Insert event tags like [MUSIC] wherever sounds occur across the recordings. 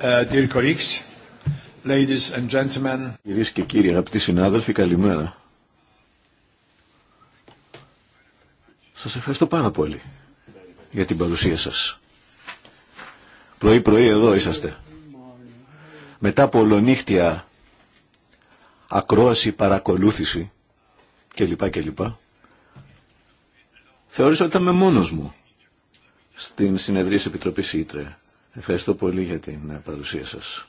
Uh, dear Κυρίες και κύριοι, αγαπητοί συνάδελφοι, καλημέρα. Σας ευχαριστώ πάρα πολύ για την παρουσία σας. Πρωί-πρωί εδώ είσαστε. Μετά από ολονύχτια ακρόαση, παρακολούθηση κλπ. Θεώρησα ότι ήταν μόνος μου στην συνεδρία της Επιτροπής Ήτρε. Ευχαριστώ πολύ για την παρουσία σας.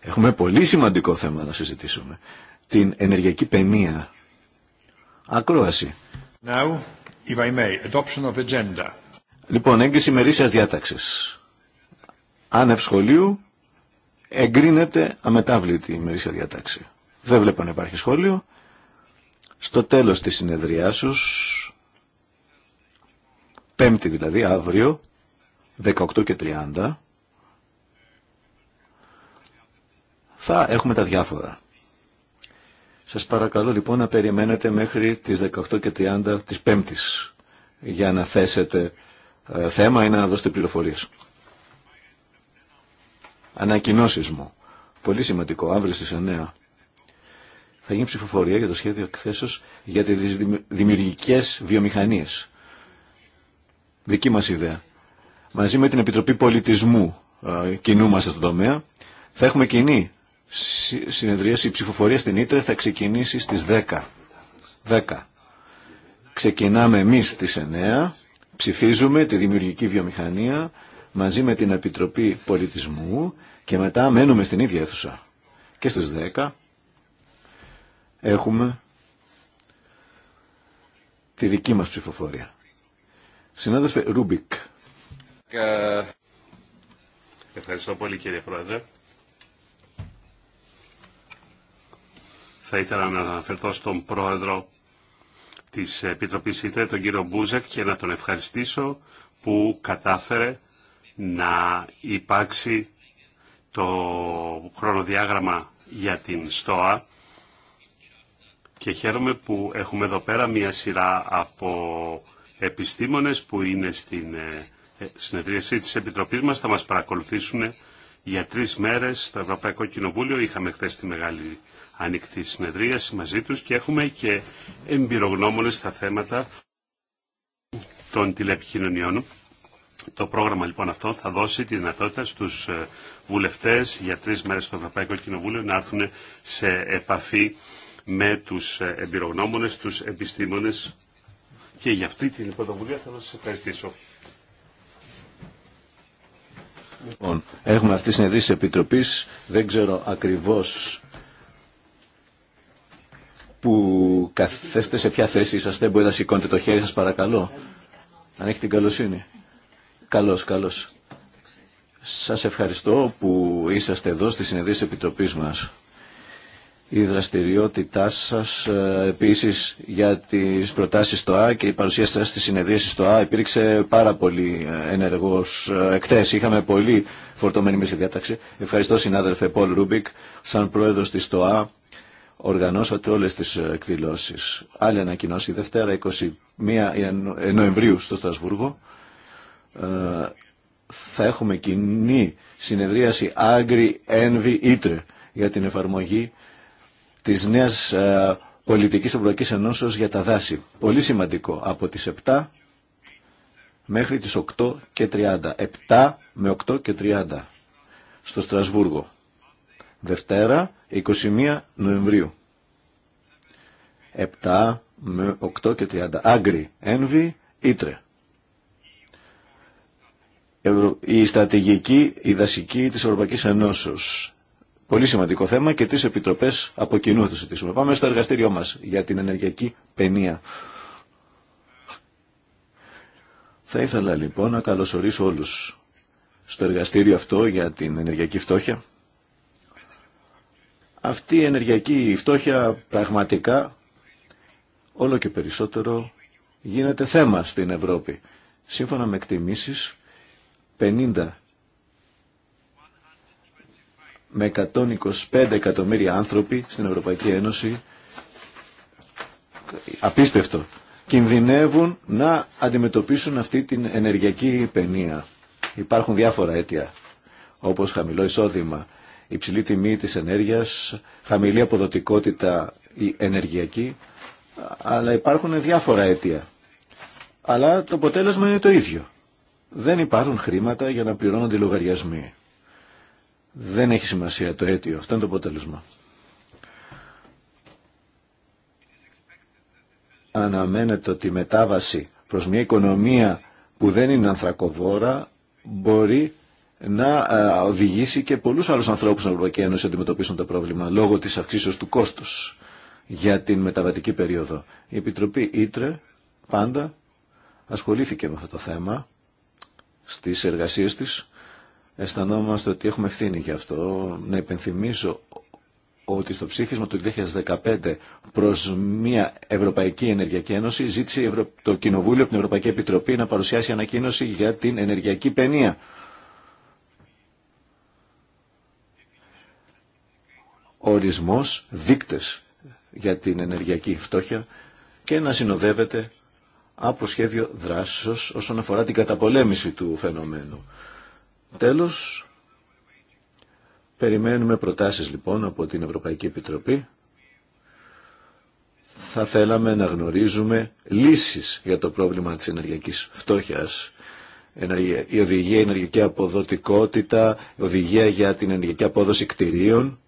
Έχουμε πολύ σημαντικό θέμα να συζητήσουμε. Την ενεργειακή παινία. Ακρόαση. Now, may, Λοιπόν, έγκριση μερίσιας διάταξης. Άνευ σχολείου εγκρίνεται αμετάβλητη η μερίσια διάταξη. Δεν βλέπω να υπάρχει σχόλιο. Στο τέλος της συνεδριάσεως, πέμπτη δηλαδή, αύριο, 18 και 30 θα έχουμε τα διάφορα. Σας παρακαλώ λοιπόν να περιμένετε μέχρι τις 18 και 30 της Πέμπτης για να θέσετε ε, θέμα ή να δώσετε πληροφορίες. Ανακοινώσεις μου. Πολύ σημαντικό. Αύριο στις 9 θα γίνει ψηφοφορία για το σχέδιο εκθέσεως για τις δημιουργικές βιομηχανίες. Δική μας ιδέα μαζί με την Επιτροπή Πολιτισμού ε, κινούμαστε στον τομέα. Θα έχουμε κοινή συνεδρίαση, η ψηφοφορία στην Ήτρε θα ξεκινήσει στις 10. 10. Ξεκινάμε εμείς στις 9, ψηφίζουμε τη δημιουργική βιομηχανία μαζί με την Επιτροπή Πολιτισμού και μετά μένουμε στην ίδια αίθουσα. Και στις 10 έχουμε τη δική μας ψηφοφορία. Συνάδελφε Ρούμπικ, ε, Ευχαριστώ πολύ κύριε Πρόεδρε. Θα ήθελα να αναφερθώ στον Πρόεδρο της Επιτροπής Ήτρε, τον κύριο Μπούζεκ, και να τον ευχαριστήσω που κατάφερε να υπάρξει το χρονοδιάγραμμα για την ΣΤΟΑ και χαίρομαι που έχουμε εδώ πέρα μια σειρά από επιστήμονες που είναι στην ε, ε, συνεδρίαση της Επιτροπής μας θα μας παρακολουθήσουν για τρεις μέρες στο Ευρωπαϊκό Κοινοβούλιο. Είχαμε χθε τη μεγάλη ανοιχτή συνεδρίαση μαζί τους και έχουμε και εμπειρογνώμονες στα θέματα των τηλεπικοινωνιών. Το πρόγραμμα λοιπόν αυτό θα δώσει τη δυνατότητα στους ε, βουλευτές για τρεις μέρες στο Ευρωπαϊκό Κοινοβούλιο να έρθουν σε επαφή με τους ε, εμπειρογνώμονες, τους επιστήμονες και για αυτή την πρωτοβουλία θέλω να σας ευχαριστήσω. Λοιπόν, έχουμε αυτή τη συνεδρία τη Επιτροπή. Δεν ξέρω ακριβώ που καθέστε σε ποια θέση είσαστε. Μπορείτε να σηκώνετε το χέρι σα, παρακαλώ. Αν έχετε την καλοσύνη. Καλώ, καλώ. Σα ευχαριστώ που είσαστε εδώ στη συνεδρία τη Επιτροπή μα η δραστηριότητά σας ε, επίσης για τις προτάσεις στο Α και η παρουσία σας στη συνεδρίαση στο Α υπήρξε πάρα πολύ ε, ενεργός εκτές. Είχαμε πολύ φορτωμένη μέσα διάταξη. Ευχαριστώ συνάδελφε Πολ Ρούμπικ σαν πρόεδρος της στο Α οργανώσατε όλες τις ε, εκδηλώσεις. Άλλη ανακοινώση Δευτέρα 21 Νοεμβρίου στο Στρασβούργο θα έχουμε κοινή συνεδρίαση Άγκρι Envy Ήτρε για την εφαρμογή Τη νέα ε, πολιτική Ευρωπαϊκή ενώσεω για τα δάση. Πολύ σημαντικό. Από τι 7 μέχρι τι 8 και 30. 7 με 8 και 30 στο Στρασβούργο. Δευτέρα 21 Νοεμβρίου. 7 με 8 και 30. Άγκρι, Ένβη, Ήτρε. Η στρατηγική, η δασική της Ευρωπαϊκής Ενώσεως. Πολύ σημαντικό θέμα και τις επιτροπέ από κοινού θα το συζητήσουμε. Πάμε στο εργαστήριό μα για την ενεργειακή παινία. Θα ήθελα λοιπόν να καλωσορίσω όλου στο εργαστήριο αυτό για την ενεργειακή φτώχεια. Αυτή η ενεργειακή φτώχεια πραγματικά όλο και περισσότερο γίνεται θέμα στην Ευρώπη. Σύμφωνα με εκτιμήσεις, 50 με 125 εκατομμύρια άνθρωποι στην Ευρωπαϊκή Ένωση απίστευτο κινδυνεύουν να αντιμετωπίσουν αυτή την ενεργειακή παινία. Υπάρχουν διάφορα αίτια όπως χαμηλό εισόδημα, υψηλή τιμή της ενέργειας, χαμηλή αποδοτικότητα η ενεργειακή αλλά υπάρχουν διάφορα αίτια. Αλλά το αποτέλεσμα είναι το ίδιο. Δεν υπάρχουν χρήματα για να πληρώνονται οι λογαριασμοί. Δεν έχει σημασία το αίτιο. Αυτό είναι το αποτέλεσμα. Αναμένεται ότι η μετάβαση προς μια οικονομία που δεν είναι ανθρακοβόρα μπορεί να ε, οδηγήσει και πολλούς άλλους ανθρώπους στην Ευρωπαϊκή Ένωση να αντιμετωπίσουν το πρόβλημα λόγω της αυξήσεως του κόστους για την μεταβατική περίοδο. Η Επιτροπή Ήτρε πάντα ασχολήθηκε με αυτό το θέμα στις εργασίες της αισθανόμαστε ότι έχουμε ευθύνη γι' αυτό. Να υπενθυμίσω ότι στο ψήφισμα του 2015 προς μια Ευρωπαϊκή Ενεργειακή Ένωση ζήτησε το Κοινοβούλιο από την Ευρωπαϊκή Επιτροπή να παρουσιάσει ανακοίνωση για την ενεργειακή παινία. Ορισμός, δείκτες για την ενεργειακή φτώχεια και να συνοδεύεται από σχέδιο δράσεως όσον αφορά την καταπολέμηση του φαινομένου. Τέλος, περιμένουμε προτάσεις λοιπόν από την Ευρωπαϊκή Επιτροπή. Θα θέλαμε να γνωρίζουμε λύσεις για το πρόβλημα της ενεργειακής φτώχειας. Η οδηγία η ενεργειακή αποδοτικότητα, η οδηγία για την ενεργειακή απόδοση κτηρίων.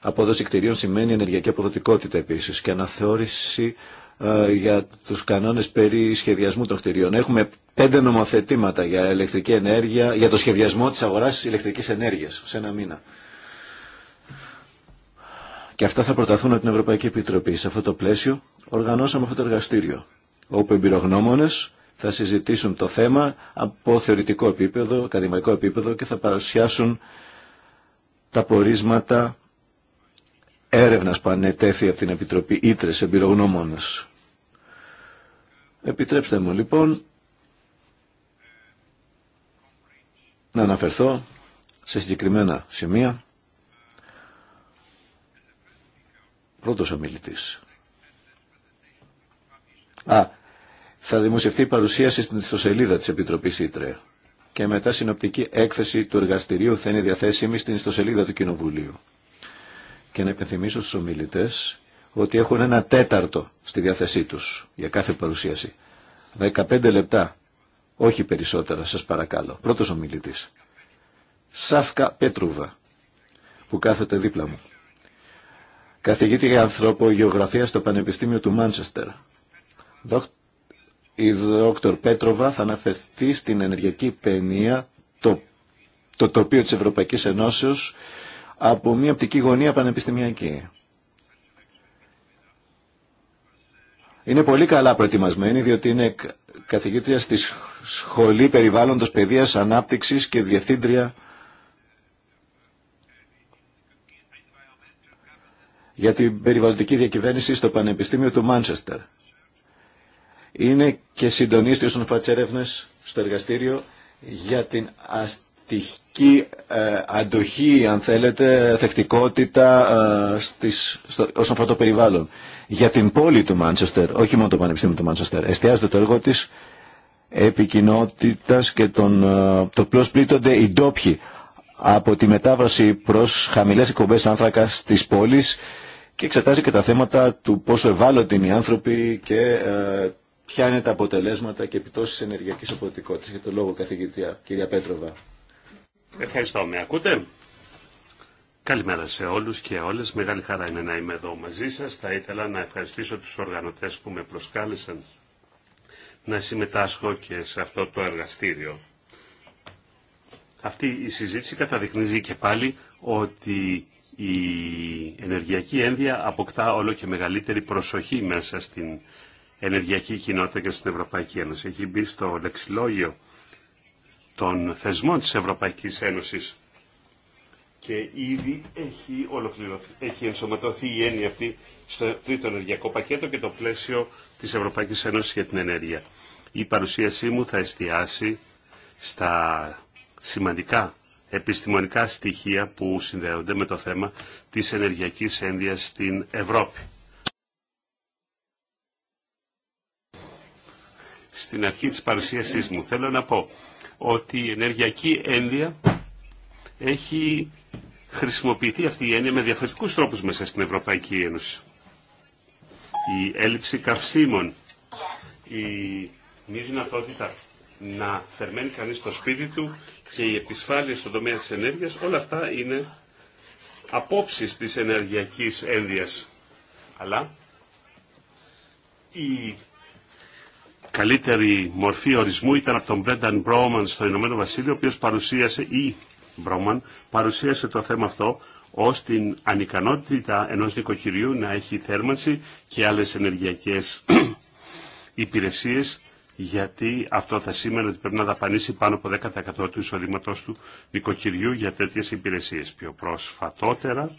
Απόδοση κτηρίων σημαίνει ενεργειακή αποδοτικότητα επίσης και αναθεώρηση ε, για τους κανόνες περί σχεδιασμού των κτηρίων. Έχουμε πέντε νομοθετήματα για, ηλεκτρική ενέργεια, για το σχεδιασμό της αγοράς ηλεκτρικής ενέργειας σε ένα μήνα. Και αυτά θα προταθούν από την Ευρωπαϊκή Επιτροπή. Σε αυτό το πλαίσιο οργανώσαμε αυτό το εργαστήριο, όπου εμπειρογνώμονε θα συζητήσουν το θέμα από θεωρητικό επίπεδο, ακαδημαϊκό επίπεδο και θα παρουσιάσουν τα πορίσματα έρευνας που ανετέθη από την Επιτροπή Ήτρες Εμπειρογνώμονες. Επιτρέψτε μου λοιπόν να αναφερθώ σε συγκεκριμένα σημεία. Πρώτος ομιλητής. Α, θα δημοσιευτεί η παρουσίαση στην ιστοσελίδα της Επιτροπής Ήτρε και μετά συνοπτική έκθεση του εργαστηρίου θα είναι διαθέσιμη στην ιστοσελίδα του Κοινοβουλίου. Και να υπενθυμίσω στους ομιλητές ότι έχουν ένα τέταρτο στη διάθεσή τους για κάθε παρουσίαση. 15 λεπτά, όχι περισσότερα, σας παρακαλώ. Πρώτος ομιλητής. Σάσκα Πέτρουβα, που κάθεται δίπλα μου. για γεωγραφία στο Πανεπιστήμιο του Μάντσεστερ. Η δόκτωρ Πέτροβα θα αναφερθεί στην ενεργειακή παινία, το, το τοπίο της Ευρωπαϊκής Ενώσεως, από μια οπτική γωνία πανεπιστημιακή. Είναι πολύ καλά προετοιμασμένη διότι είναι καθηγήτρια στη Σχολή Περιβάλλοντος Παιδείας Ανάπτυξης και Διευθύντρια για την περιβαλλοντική διακυβέρνηση στο Πανεπιστήμιο του Μάνσεστερ. Είναι και συντονίστρια των φατσερεύνες στο εργαστήριο για την αστυνομία ε, αντοχή, αν θέλετε, θεκτικότητα ε, στις, στο, όσον αφορά το περιβάλλον. Για την πόλη του Μάντσεστερ, όχι μόνο το Πανεπιστήμιο του Μάντσεστερ, εστιάζεται το έργο της επικοινότητας και τον, ε, το πλώς πλήττονται οι ντόπιοι από τη μετάβαση προς χαμηλές εκπομπές άνθρακα στις πόλεις και εξετάζει και τα θέματα του πόσο ευάλωτοι είναι οι άνθρωποι και ε, ποια είναι τα αποτελέσματα και επιτόσεις ενεργειακής αποδοτικότητας. Για το λόγο καθηγητρία, κυρία Πέτροβα. Ευχαριστώ, με ακούτε. Καλημέρα σε όλους και όλες. Μεγάλη χαρά είναι να είμαι εδώ μαζί σας. Θα ήθελα να ευχαριστήσω τους οργανωτές που με προσκάλεσαν να συμμετάσχω και σε αυτό το εργαστήριο. Αυτή η συζήτηση καταδεικνύει και πάλι ότι η ενεργειακή ένδυα αποκτά όλο και μεγαλύτερη προσοχή μέσα στην ενεργειακή κοινότητα και στην Ευρωπαϊκή Ένωση. Έχει μπει στο λεξιλόγιο των θεσμών της Ευρωπαϊκής Ένωσης. Και ήδη έχει, ολοκληρωθεί, έχει ενσωματωθεί η έννοια αυτή στο τρίτο ενεργειακό πακέτο και το πλαίσιο της Ευρωπαϊκής Ένωσης για την ενέργεια. Η παρουσίασή μου θα εστιάσει στα σημαντικά επιστημονικά στοιχεία που συνδέονται με το θέμα της ενεργειακής ένδυας στην Ευρώπη. Στην αρχή της παρουσίασής μου θέλω να πω ότι η ενεργειακή ένδυα έχει χρησιμοποιηθεί αυτή η έννοια με διαφορετικούς τρόπους μέσα στην Ευρωπαϊκή Ένωση. Η έλλειψη καυσίμων, η μη δυνατότητα να θερμαίνει κανείς το σπίτι του και η επισφάλεια στον τομέα της ενέργειας, όλα αυτά είναι απόψεις της ενεργειακής ένδυας. Αλλά η καλύτερη μορφή ορισμού ήταν από τον Μπρένταν Μπρόμαν στο Ηνωμένο Βασίλειο, ο οποίος παρουσίασε ή Μπρόμαν παρουσίασε το θέμα αυτό ως την ανικανότητα ενός νοικοκυριού να έχει θέρμανση και άλλες ενεργειακές [CLEARS THROAT] υπηρεσίες γιατί αυτό θα σήμαινε ότι πρέπει να δαπανίσει πάνω από 10% του εισοδήματό του νοικοκυριού για τέτοιες υπηρεσίες. Πιο πρόσφατότερα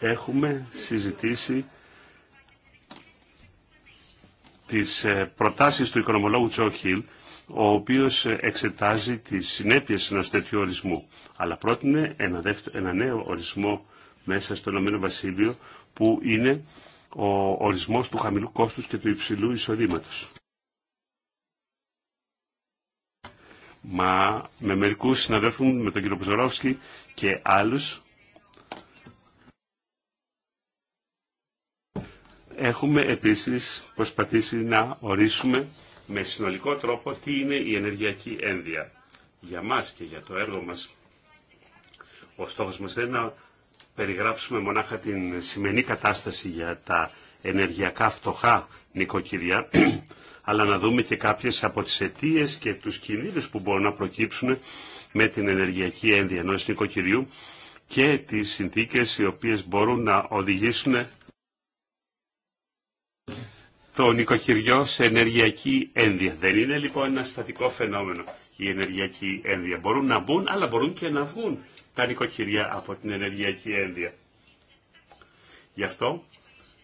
έχουμε συζητήσει τις ε, προτάσεις του οικονομολόγου Τζο Χιλ, ο οποίος εξετάζει τις συνέπειες ενός τέτοιου ορισμού. Αλλά πρότεινε ένα, νέο ορισμό μέσα στο Ηνωμένο Βασίλειο, που είναι ο ορισμός του χαμηλού κόστους και του υψηλού εισοδήματος. Μα με μερικούς συναδέλφους, με τον κύριο Ποζορόφσκι και άλλους, Έχουμε επίσης προσπαθήσει να ορίσουμε με συνολικό τρόπο τι είναι η ενεργειακή ένδυα. Για μας και για το έργο μας, ο στόχος μας δεν είναι να περιγράψουμε μονάχα την σημερινή κατάσταση για τα ενεργειακά φτωχά νοικοκυριά, [CLEARS THROAT] αλλά να δούμε και κάποιες από τις αιτίε και τους κινδύνους που μπορούν να προκύψουν με την ενεργειακή ενδια ενός νοικοκυριού και τις συνθήκες οι οποίες μπορούν να οδηγήσουν το νοικοκυριό σε ενεργειακή ένδυα. Δεν είναι λοιπόν ένα στατικό φαινόμενο η ενεργειακή ένδυα. Μπορούν να μπουν αλλά μπορούν και να βγουν τα νοικοκυριά από την ενεργειακή ένδυα. Γι' αυτό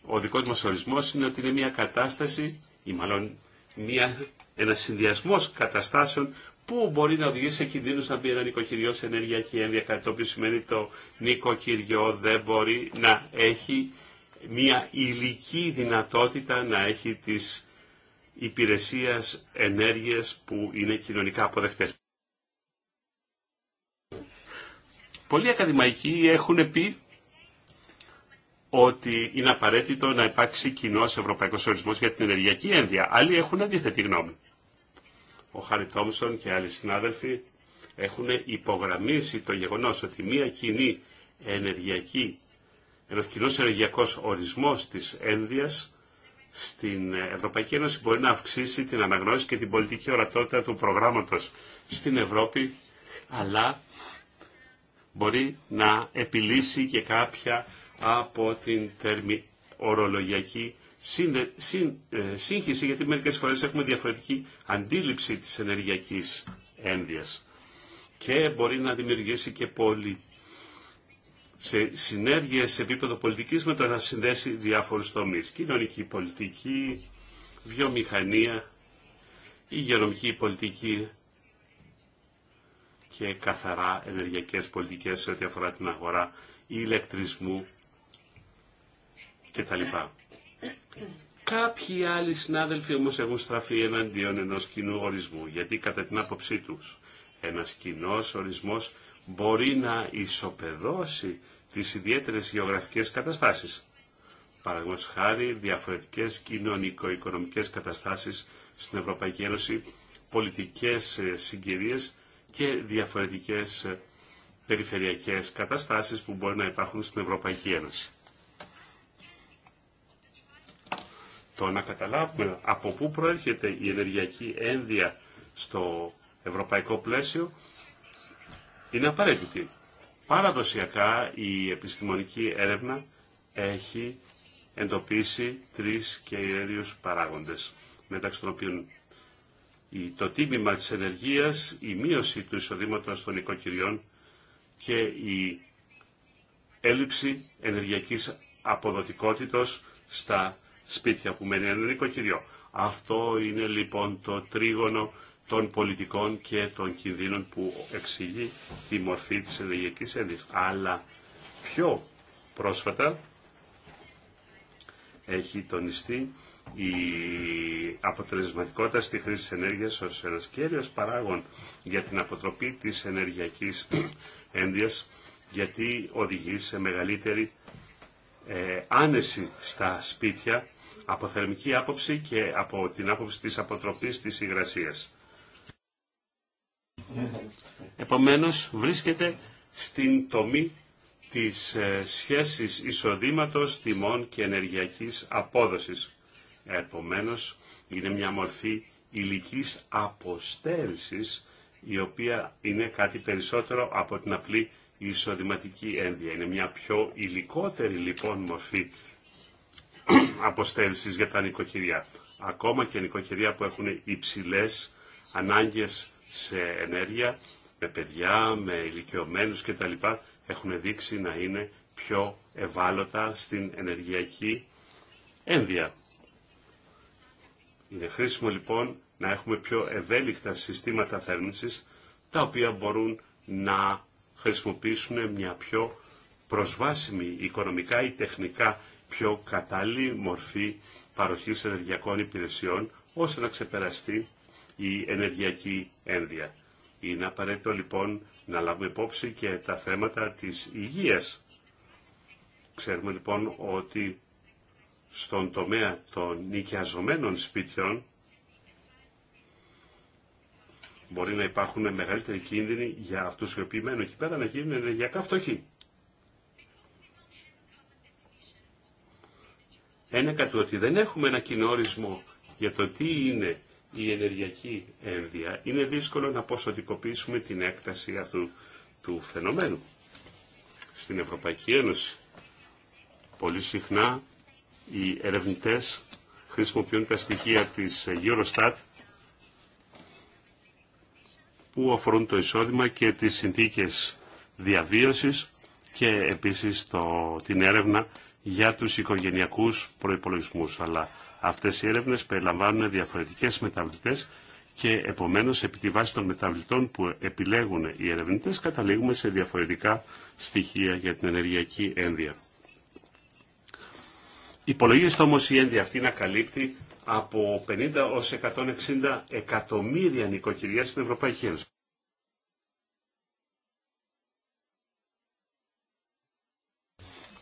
ο δικό μα ορισμό είναι ότι είναι μια κατάσταση ή μάλλον μια, ένας συνδυασμός καταστάσεων που μπορεί να οδηγήσει σε κινδύνους να μπει ένα νοικοκυριό σε ενεργειακή ένδυα, κάτι το οποίο σημαίνει το νοικοκυριό δεν μπορεί να έχει μια υλική δυνατότητα να έχει τις υπηρεσίες ενέργειας που είναι κοινωνικά αποδεκτές. Πολλοί ακαδημαϊκοί έχουν πει ότι είναι απαραίτητο να υπάρξει κοινό ευρωπαϊκό ορισμό για την ενεργειακή ενδιά. Άλλοι έχουν αντίθετη γνώμη. Ο Χάρι Τόμσον και άλλοι συνάδελφοι έχουν υπογραμμίσει το γεγονό ότι μια κοινή ενεργειακή ένας κοινός ενεργειακός ορισμός της ένδυας στην Ευρωπαϊκή Ένωση μπορεί να αυξήσει την αναγνώριση και την πολιτική ορατότητα του προγράμματος στην Ευρώπη, αλλά μπορεί να επιλύσει και κάποια από την τερμι... ορολογιακή ε, σύγχυση, γιατί μερικές φορές έχουμε διαφορετική αντίληψη της ενεργειακής ένδυας και μπορεί να δημιουργήσει και πολυ σε συνέργειες σε επίπεδο πολιτικής με το να συνδέσει διάφορους τομείς. Κοινωνική πολιτική, βιομηχανία, υγειονομική πολιτική και καθαρά ενεργειακές πολιτικές σε ό,τι αφορά την αγορά ηλεκτρισμού κτλ. Κάποιοι άλλοι συνάδελφοι όμως έχουν στραφεί εναντίον ενός κοινού ορισμού, γιατί κατά την άποψή τους ένας κοινός ορισμός μπορεί να ισοπεδώσει τις ιδιαίτερες γεωγραφικές καταστάσεις. Παραγωγή χάρη διαφορετικές κοινωνικο-οικονομικές καταστάσεις στην Ευρωπαϊκή Ένωση, πολιτικές ε, συγκυρίες και διαφορετικές ε, περιφερειακές καταστάσεις που μπορεί να υπάρχουν στην Ευρωπαϊκή Ένωση. Το να καταλάβουμε από πού προέρχεται η ενεργειακή ένδυα στο ευρωπαϊκό πλαίσιο είναι απαραίτητη. Παραδοσιακά η επιστημονική έρευνα έχει εντοπίσει τρεις κερίους παράγοντες, μεταξύ των οποίων το τίμημα της ενεργείας, η μείωση του εισοδήματος των οικοκυριών και η έλλειψη ενεργειακής αποδοτικότητος στα σπίτια που μένει ένα οικοκυριό. Αυτό είναι λοιπόν το τρίγωνο των πολιτικών και των κινδύνων που εξηγεί τη μορφή της ενεργειακής ένδυσης. Αλλά πιο πρόσφατα έχει τονιστεί η αποτελεσματικότητα στη χρήση της ενέργειας ως ένας κέριος παράγων για την αποτροπή της ενεργειακής ένδυας γιατί οδηγεί σε μεγαλύτερη ε, άνεση στα σπίτια από θερμική άποψη και από την άποψη της αποτροπής της υγρασίας. Επομένως βρίσκεται στην τομή της ε, σχέσης εισοδήματος, τιμών και ενεργειακής απόδοσης. Επομένως είναι μια μορφή υλικής αποστέρησης η οποία είναι κάτι περισσότερο από την απλή εισοδηματική ένδυα. Είναι μια πιο υλικότερη λοιπόν μορφή αποστέρησης για τα νοικοκυριά. Ακόμα και νοικοκυριά που έχουν υψηλές ανάγκες σε ενέργεια με παιδιά, με ηλικιωμένους κτλ. έχουν δείξει να είναι πιο ευάλωτα στην ενεργειακή ένδια. Είναι χρήσιμο λοιπόν να έχουμε πιο ευέλικτα συστήματα θέρμανσης τα οποία μπορούν να χρησιμοποιήσουν μια πιο προσβάσιμη οικονομικά ή τεχνικά πιο κατάλληλη μορφή παροχής ενεργειακών υπηρεσιών ώστε να ξεπεραστεί η ενεργειακή ενδια. Είναι απαραίτητο λοιπόν να λάβουμε υπόψη και τα θέματα της υγείας. Ξέρουμε λοιπόν ότι στον τομέα των νοικιαζομένων σπίτιων μπορεί να υπάρχουν μεγαλύτεροι κίνδυνοι για αυτούς οι οποίοι μένουν εκεί πέρα να γίνουν ενεργειακά φτωχοί. Ένα κατ' ότι δεν έχουμε ένα κοινό για το τι είναι η ενεργειακή ένδυα, είναι δύσκολο να ποσοτικοποιήσουμε την έκταση αυτού του φαινομένου. Στην Ευρωπαϊκή Ένωση πολύ συχνά οι ερευνητές χρησιμοποιούν τα στοιχεία της Eurostat που αφορούν το εισόδημα και τις συνθήκες διαβίωσης και επίσης το, την έρευνα για τους οικογενειακούς προϋπολογισμούς. Αλλά Αυτές οι έρευνες περιλαμβάνουν διαφορετικές μεταβλητές και επομένως επί τη βάση των μεταβλητών που επιλέγουν οι ερευνητές καταλήγουμε σε διαφορετικά στοιχεία για την ενεργειακή ένδια. Υπολογίζεται όμως η ένδια αυτή να καλύπτει από 50 ως 160 εκατομμύρια νοικοκυριά στην Ευρωπαϊκή Ένωση.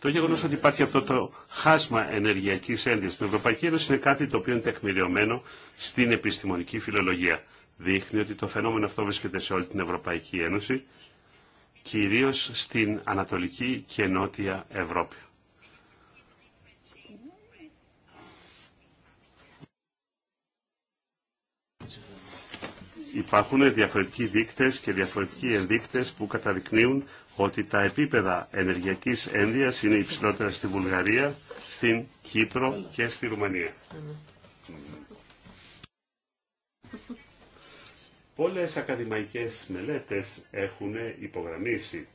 Το γεγονό ότι υπάρχει αυτό το χάσμα ενεργειακή ένδυση στην Ευρωπαϊκή Ένωση είναι κάτι το οποίο είναι τεκμηριωμένο στην επιστημονική φιλολογία. Δείχνει ότι το φαινόμενο αυτό βρίσκεται σε όλη την Ευρωπαϊκή Ένωση, κυρίω στην Ανατολική και Νότια Ευρώπη. υπάρχουν διαφορετικοί δείκτες και διαφορετικοί ενδείκτες που καταδεικνύουν ότι τα επίπεδα ενεργειακής ένδυας είναι υψηλότερα στη Βουλγαρία, στην Κύπρο και στη Ρουμανία. Πολλές ακαδημαϊκές μελέτες έχουν υπογραμμίσει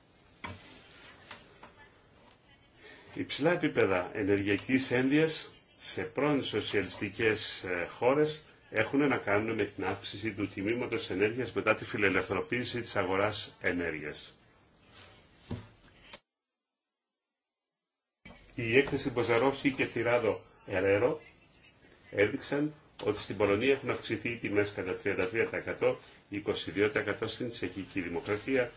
υψηλά επίπεδα ενεργειακής ένδυας σε πρώην σοσιαλιστικές ε, χώρες έχουν να κάνουν με την αύξηση του τιμήματος ενέργειας μετά τη φιλελευθερωποίηση της αγοράς ενέργειας. η έκθεση Μποζαρόφσκι και Θηράδο Ερέρο έδειξαν ότι στην Πολωνία έχουν αυξηθεί οι τιμές κατά 33%, 22% στην Τσεχική Δημοκρατία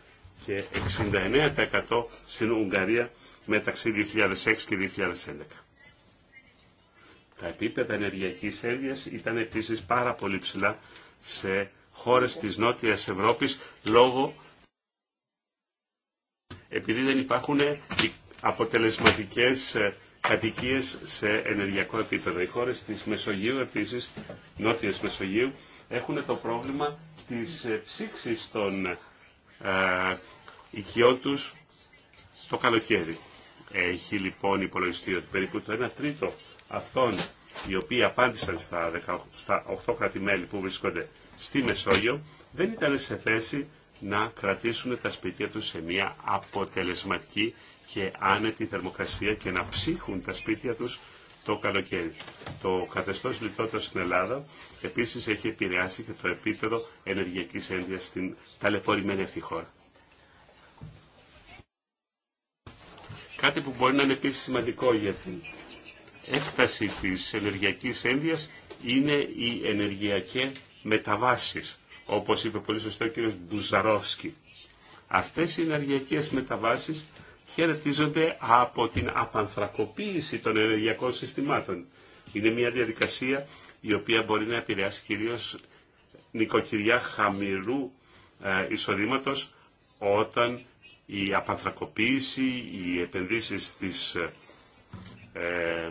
και 69% στην Ουγγαρία μεταξύ 2006 και 2011. Τα επίπεδα ενεργειακής έργειας ήταν επίσης πάρα πολύ ψηλά σε χώρες της Νότιας Ευρώπης λόγω επειδή δεν υπάρχουν αποτελεσματικές ε, κατοικίε σε ενεργειακό επίπεδο. Οι χώρες της Μεσογείου επίσης, νότιας Μεσογείου, έχουν το πρόβλημα της ε, ψήξης των ε, οικειών τους το καλοκαίρι. Έχει λοιπόν υπολογιστεί ότι περίπου το 1 τρίτο αυτών οι οποίοι απάντησαν στα, 18, στα 8 κρατημέλη που βρίσκονται στη Μεσόγειο δεν ήταν σε θέση να κρατήσουν τα σπίτια τους σε μια αποτελεσματική και άνετη θερμοκρασία και να ψύχουν τα σπίτια τους το καλοκαίρι. Το καθεστώς λιτότητας στην Ελλάδα επίσης έχει επηρεάσει και το επίπεδο ενεργειακής ένδυας στην ταλαιπωρημένη αυτή χώρα. Κάτι που μπορεί να είναι επίσης σημαντικό για την έκταση της ενεργειακής ένδειας είναι οι ενεργειακές μεταβάσεις, όπως είπε πολύ σωστό ο κ. Μπουζαρόφσκι. Αυτές οι ενεργειακές μεταβάσεις χαιρετίζονται από την απανθρακοποίηση των ενεργειακών συστημάτων. Είναι μια διαδικασία η οποία μπορεί να επηρεάσει κυρίως νοικοκυριά χαμηλού ε, εισοδήματος όταν η απανθρακοποίηση, οι επενδύσεις στις ε, ε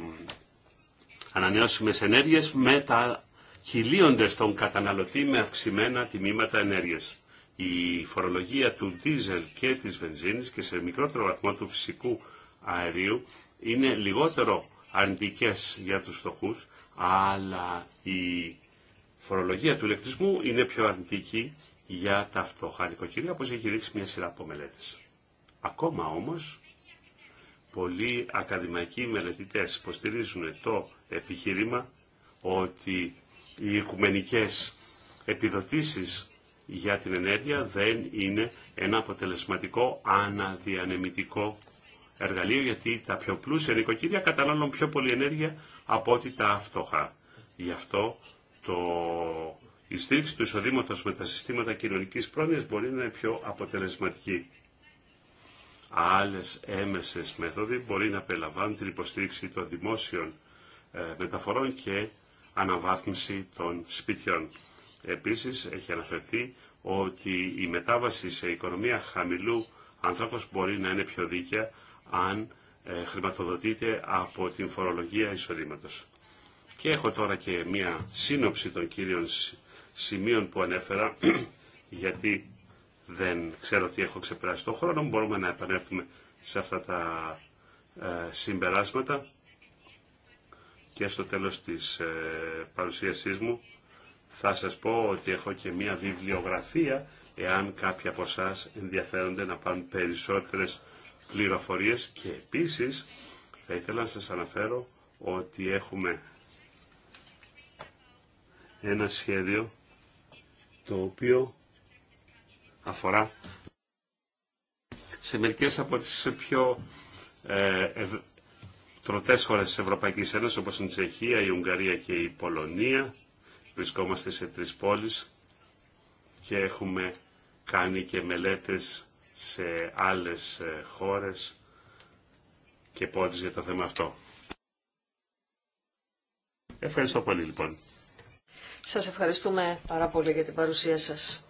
ανανεώσιμες ενέργειες μετακυλίονται στον καταναλωτή με αυξημένα τιμήματα ενέργειας η φορολογία του δίζελ και της βενζίνης και σε μικρότερο βαθμό του φυσικού αερίου είναι λιγότερο αρνητικές για τους στοχούς, αλλά η φορολογία του ηλεκτρισμού είναι πιο αρνητική για τα φτωχά νοικοκυρία, όπως έχει δείξει μια σειρά από μελέτες. Ακόμα όμως, πολλοί ακαδημαϊκοί μελετητές υποστηρίζουν το επιχείρημα ότι οι οικουμενικές επιδοτήσεις για την ενέργεια δεν είναι ένα αποτελεσματικό αναδιανεμητικό εργαλείο γιατί τα πιο πλούσια νοικοκύρια κατανάλωνουν πιο πολύ ενέργεια από ό,τι τα φτωχά. Γι' αυτό το... η στήριξη του εισοδήματο με τα συστήματα κοινωνικής πρόνοιας μπορεί να είναι πιο αποτελεσματική. Άλλες έμεσες μέθοδοι μπορεί να περιλαμβάνουν την υποστήριξη των δημόσιων ε, μεταφορών και αναβάθμιση των σπιτιών. Επίσης έχει αναφερθεί ότι η μετάβαση σε οικονομία χαμηλού ανθρώπους μπορεί να είναι πιο δίκαια αν ε, χρηματοδοτείται από την φορολογία εισοδήματος. Και έχω τώρα και μία σύνοψη των κύριων σημείων που ανέφερα, [CLEARS THROAT] γιατί δεν ξέρω τι έχω ξεπεράσει το χρόνο, μπορούμε να επανέλθουμε σε αυτά τα ε, συμπεράσματα και στο τέλος της ε, παρουσίασής μου θα σας πω ότι έχω και μία βιβλιογραφία, εάν κάποιοι από εσά ενδιαφέρονται να πάρουν περισσότερες πληροφορίες και επίσης θα ήθελα να σας αναφέρω ότι έχουμε ένα σχέδιο το οποίο αφορά σε μερικές από τις πιο ε, ευ... χώρες της Ευρωπαϊκής Ένωσης όπως η Τσεχία, η Ουγγαρία και η Πολωνία Βρισκόμαστε σε τρεις πόλεις και έχουμε κάνει και μελέτες σε άλλες ε, χώρες και πόλεις για το θέμα αυτό. Ευχαριστώ πολύ λοιπόν. Σας ευχαριστούμε πάρα πολύ για την παρουσία σας.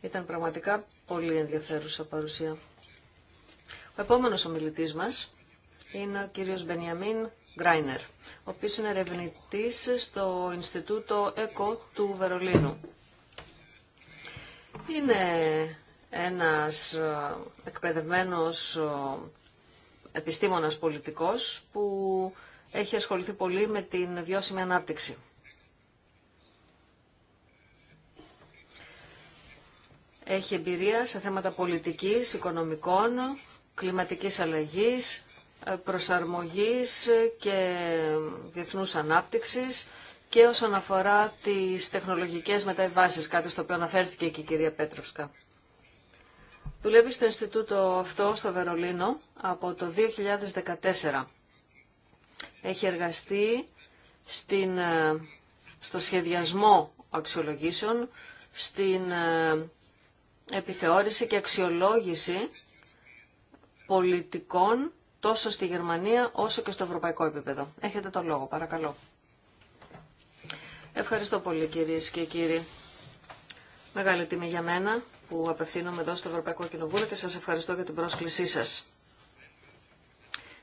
Ήταν πραγματικά πολύ ενδιαφέρουσα παρουσία. Ο επόμενος ομιλητής μας είναι ο κύριος Μπενιαμίν Γκράινερ, ο οποίος είναι ερευνητή στο Ινστιτούτο ΕΚΟ του Βερολίνου. Είναι ένας ε, εκπαιδευμένος ε, επιστήμονας πολιτικός που έχει ασχοληθεί πολύ με την βιώσιμη ανάπτυξη. Έχει εμπειρία σε θέματα πολιτικής, οικονομικών, κλιματικής αλλαγής, προσαρμογής και διεθνούς ανάπτυξης και όσον αφορά τις τεχνολογικές μεταβάσεις, κάτι στο οποίο αναφέρθηκε και η κυρία Πέτροσκα. Δουλεύει στο Ινστιτούτο αυτό στο Βερολίνο από το 2014. Έχει εργαστεί στην, ε, στο σχεδιασμό αξιολογήσεων, στην ε, επιθεώρηση και αξιολόγηση πολιτικών τόσο στη Γερμανία όσο και στο ευρωπαϊκό επίπεδο. Έχετε τον λόγο, παρακαλώ. Ευχαριστώ πολύ κυρίε και κύριοι. Μεγάλη τιμή για μένα που απευθύνομαι εδώ στο Ευρωπαϊκό Κοινοβούλιο και σας ευχαριστώ για την πρόσκλησή σας.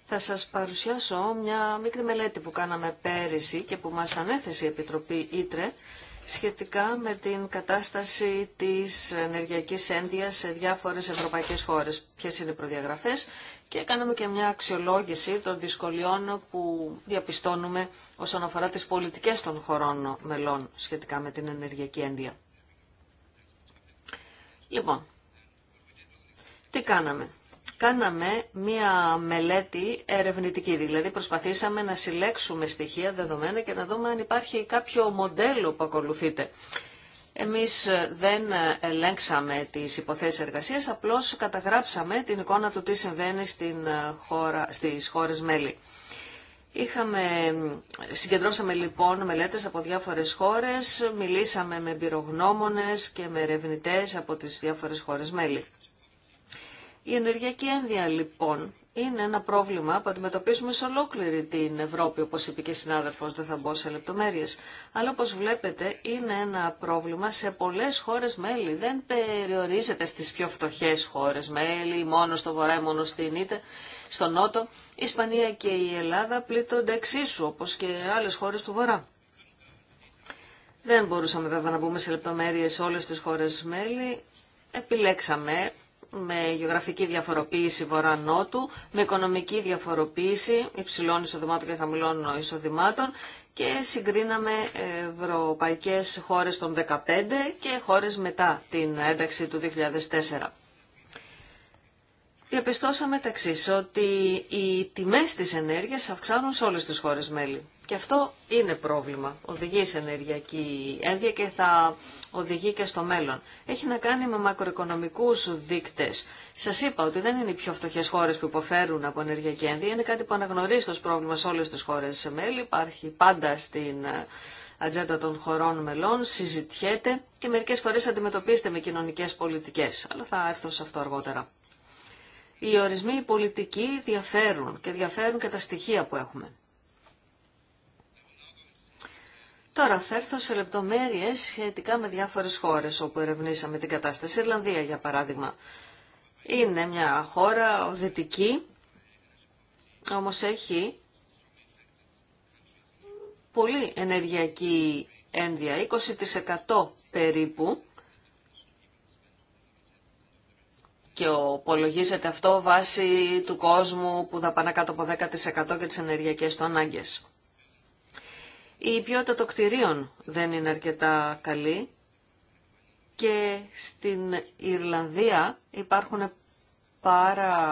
Θα σας παρουσιάσω μια μικρή μελέτη που κάναμε πέρυσι και που μας ανέθεσε η Επιτροπή Ήτρε σχετικά με την κατάσταση της ενεργειακής ένδυας σε διάφορες ευρωπαϊκές χώρες. Ποιες είναι οι προδιαγραφές και κάναμε και μια αξιολόγηση των δυσκολιών που διαπιστώνουμε όσον αφορά τις πολιτικές των χωρών μελών σχετικά με την ενεργειακή ένδυα. Λοιπόν, τι κάναμε. Κάναμε μία μελέτη ερευνητική, δηλαδή προσπαθήσαμε να συλλέξουμε στοιχεία, δεδομένα και να δούμε αν υπάρχει κάποιο μοντέλο που ακολουθείται. Εμείς δεν ελέγξαμε τις υποθέσεις εργασίας, απλώς καταγράψαμε την εικόνα του τι συμβαίνει στην ε, χώρα, στις χώρες μέλη. Είχαμε, συγκεντρώσαμε λοιπόν μελέτες από διάφορες χώρες, μιλήσαμε με εμπειρογνώμονες και με ερευνητέ από τις διάφορες χώρες μέλη. Η ενεργειακή ένδια λοιπόν είναι ένα πρόβλημα που αντιμετωπίζουμε σε ολόκληρη την Ευρώπη, όπω είπε και η δεν θα μπω σε λεπτομέρειε. Αλλά όπω βλέπετε είναι ένα πρόβλημα σε πολλέ χώρε μέλη. Δεν περιορίζεται στι πιο φτωχέ χώρε μέλη, μόνο στο βορρά, μόνο στην είτε, στο νότο. Η Ισπανία και η Ελλάδα πλήττονται εξίσου, όπω και άλλε χώρε του βορρά. Δεν μπορούσαμε βέβαια να μπούμε σε λεπτομέρειε σε όλες τις χώρες μέλη. Επιλέξαμε με γεωγραφική διαφοροποίηση βορρά-νότου, με οικονομική διαφοροποίηση υψηλών εισοδημάτων και χαμηλών εισοδημάτων και συγκρίναμε ευρωπαϊκές χώρες των 15 και χώρες μετά την ένταξη του 2004 διαπιστώσαμε τα ότι οι τιμές της ενέργειας αυξάνουν σε όλες τις χώρες μέλη. Και αυτό είναι πρόβλημα. Οδηγεί σε ενεργειακή ένδια και θα οδηγεί και στο μέλλον. Έχει να κάνει με μακροοικονομικούς δείκτες. Σας είπα ότι δεν είναι οι πιο φτωχές χώρες που υποφέρουν από ενεργειακή ένδια. Είναι κάτι που αναγνωρίζει το πρόβλημα σε όλες τις χώρες μέλη. Υπάρχει πάντα στην ε, ατζέντα των χωρών μελών, συζητιέται και μερικές φορές αντιμετωπίζεται με κοινωνικές πολιτικές. Αλλά θα έρθω σε αυτό αργότερα. Οι ορισμοί πολιτικοί διαφέρουν και διαφέρουν και τα στοιχεία που έχουμε. Τώρα θα έρθω σε λεπτομέρειες σχετικά με διάφορες χώρες όπου ερευνήσαμε την κατάσταση. Η Ιρλανδία για παράδειγμα είναι μια χώρα δυτική, όμως έχει πολύ ενεργειακή ένδια, 20% περίπου και οπολογίζεται αυτό βάσει του κόσμου που θα πάνε κάτω από 10% και τις ενεργειακές του ανάγκες. Η ποιότητα των κτηρίων δεν είναι αρκετά καλή και στην Ιρλανδία υπάρχουν πάρα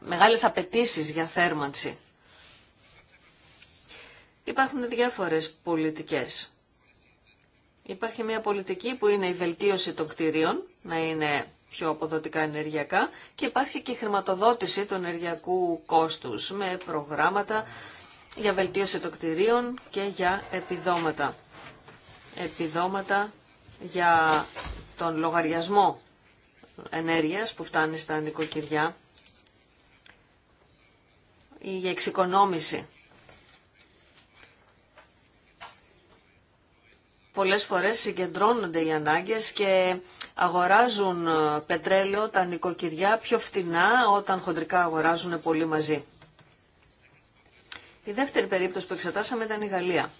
μεγάλες απαιτήσει για θέρμανση. Υπάρχουν διάφορες πολιτικές. Υπάρχει μια πολιτική που είναι η βελτίωση των κτηρίων, να είναι πιο αποδοτικά ενεργειακά και υπάρχει και χρηματοδότηση του ενεργειακού κόστους με προγράμματα για βελτίωση των κτηρίων και για επιδόματα. Επιδόματα για τον λογαριασμό ενέργειας που φτάνει στα νοικοκυριά ή για εξοικονόμηση πολλές φορές συγκεντρώνονται οι ανάγκες και αγοράζουν ε, πετρέλαιο τα νοικοκυριά πιο φτηνά όταν χοντρικά αγοράζουν πολύ μαζί. Η δεύτερη περίπτωση που εξετάσαμε ήταν η Γαλλία,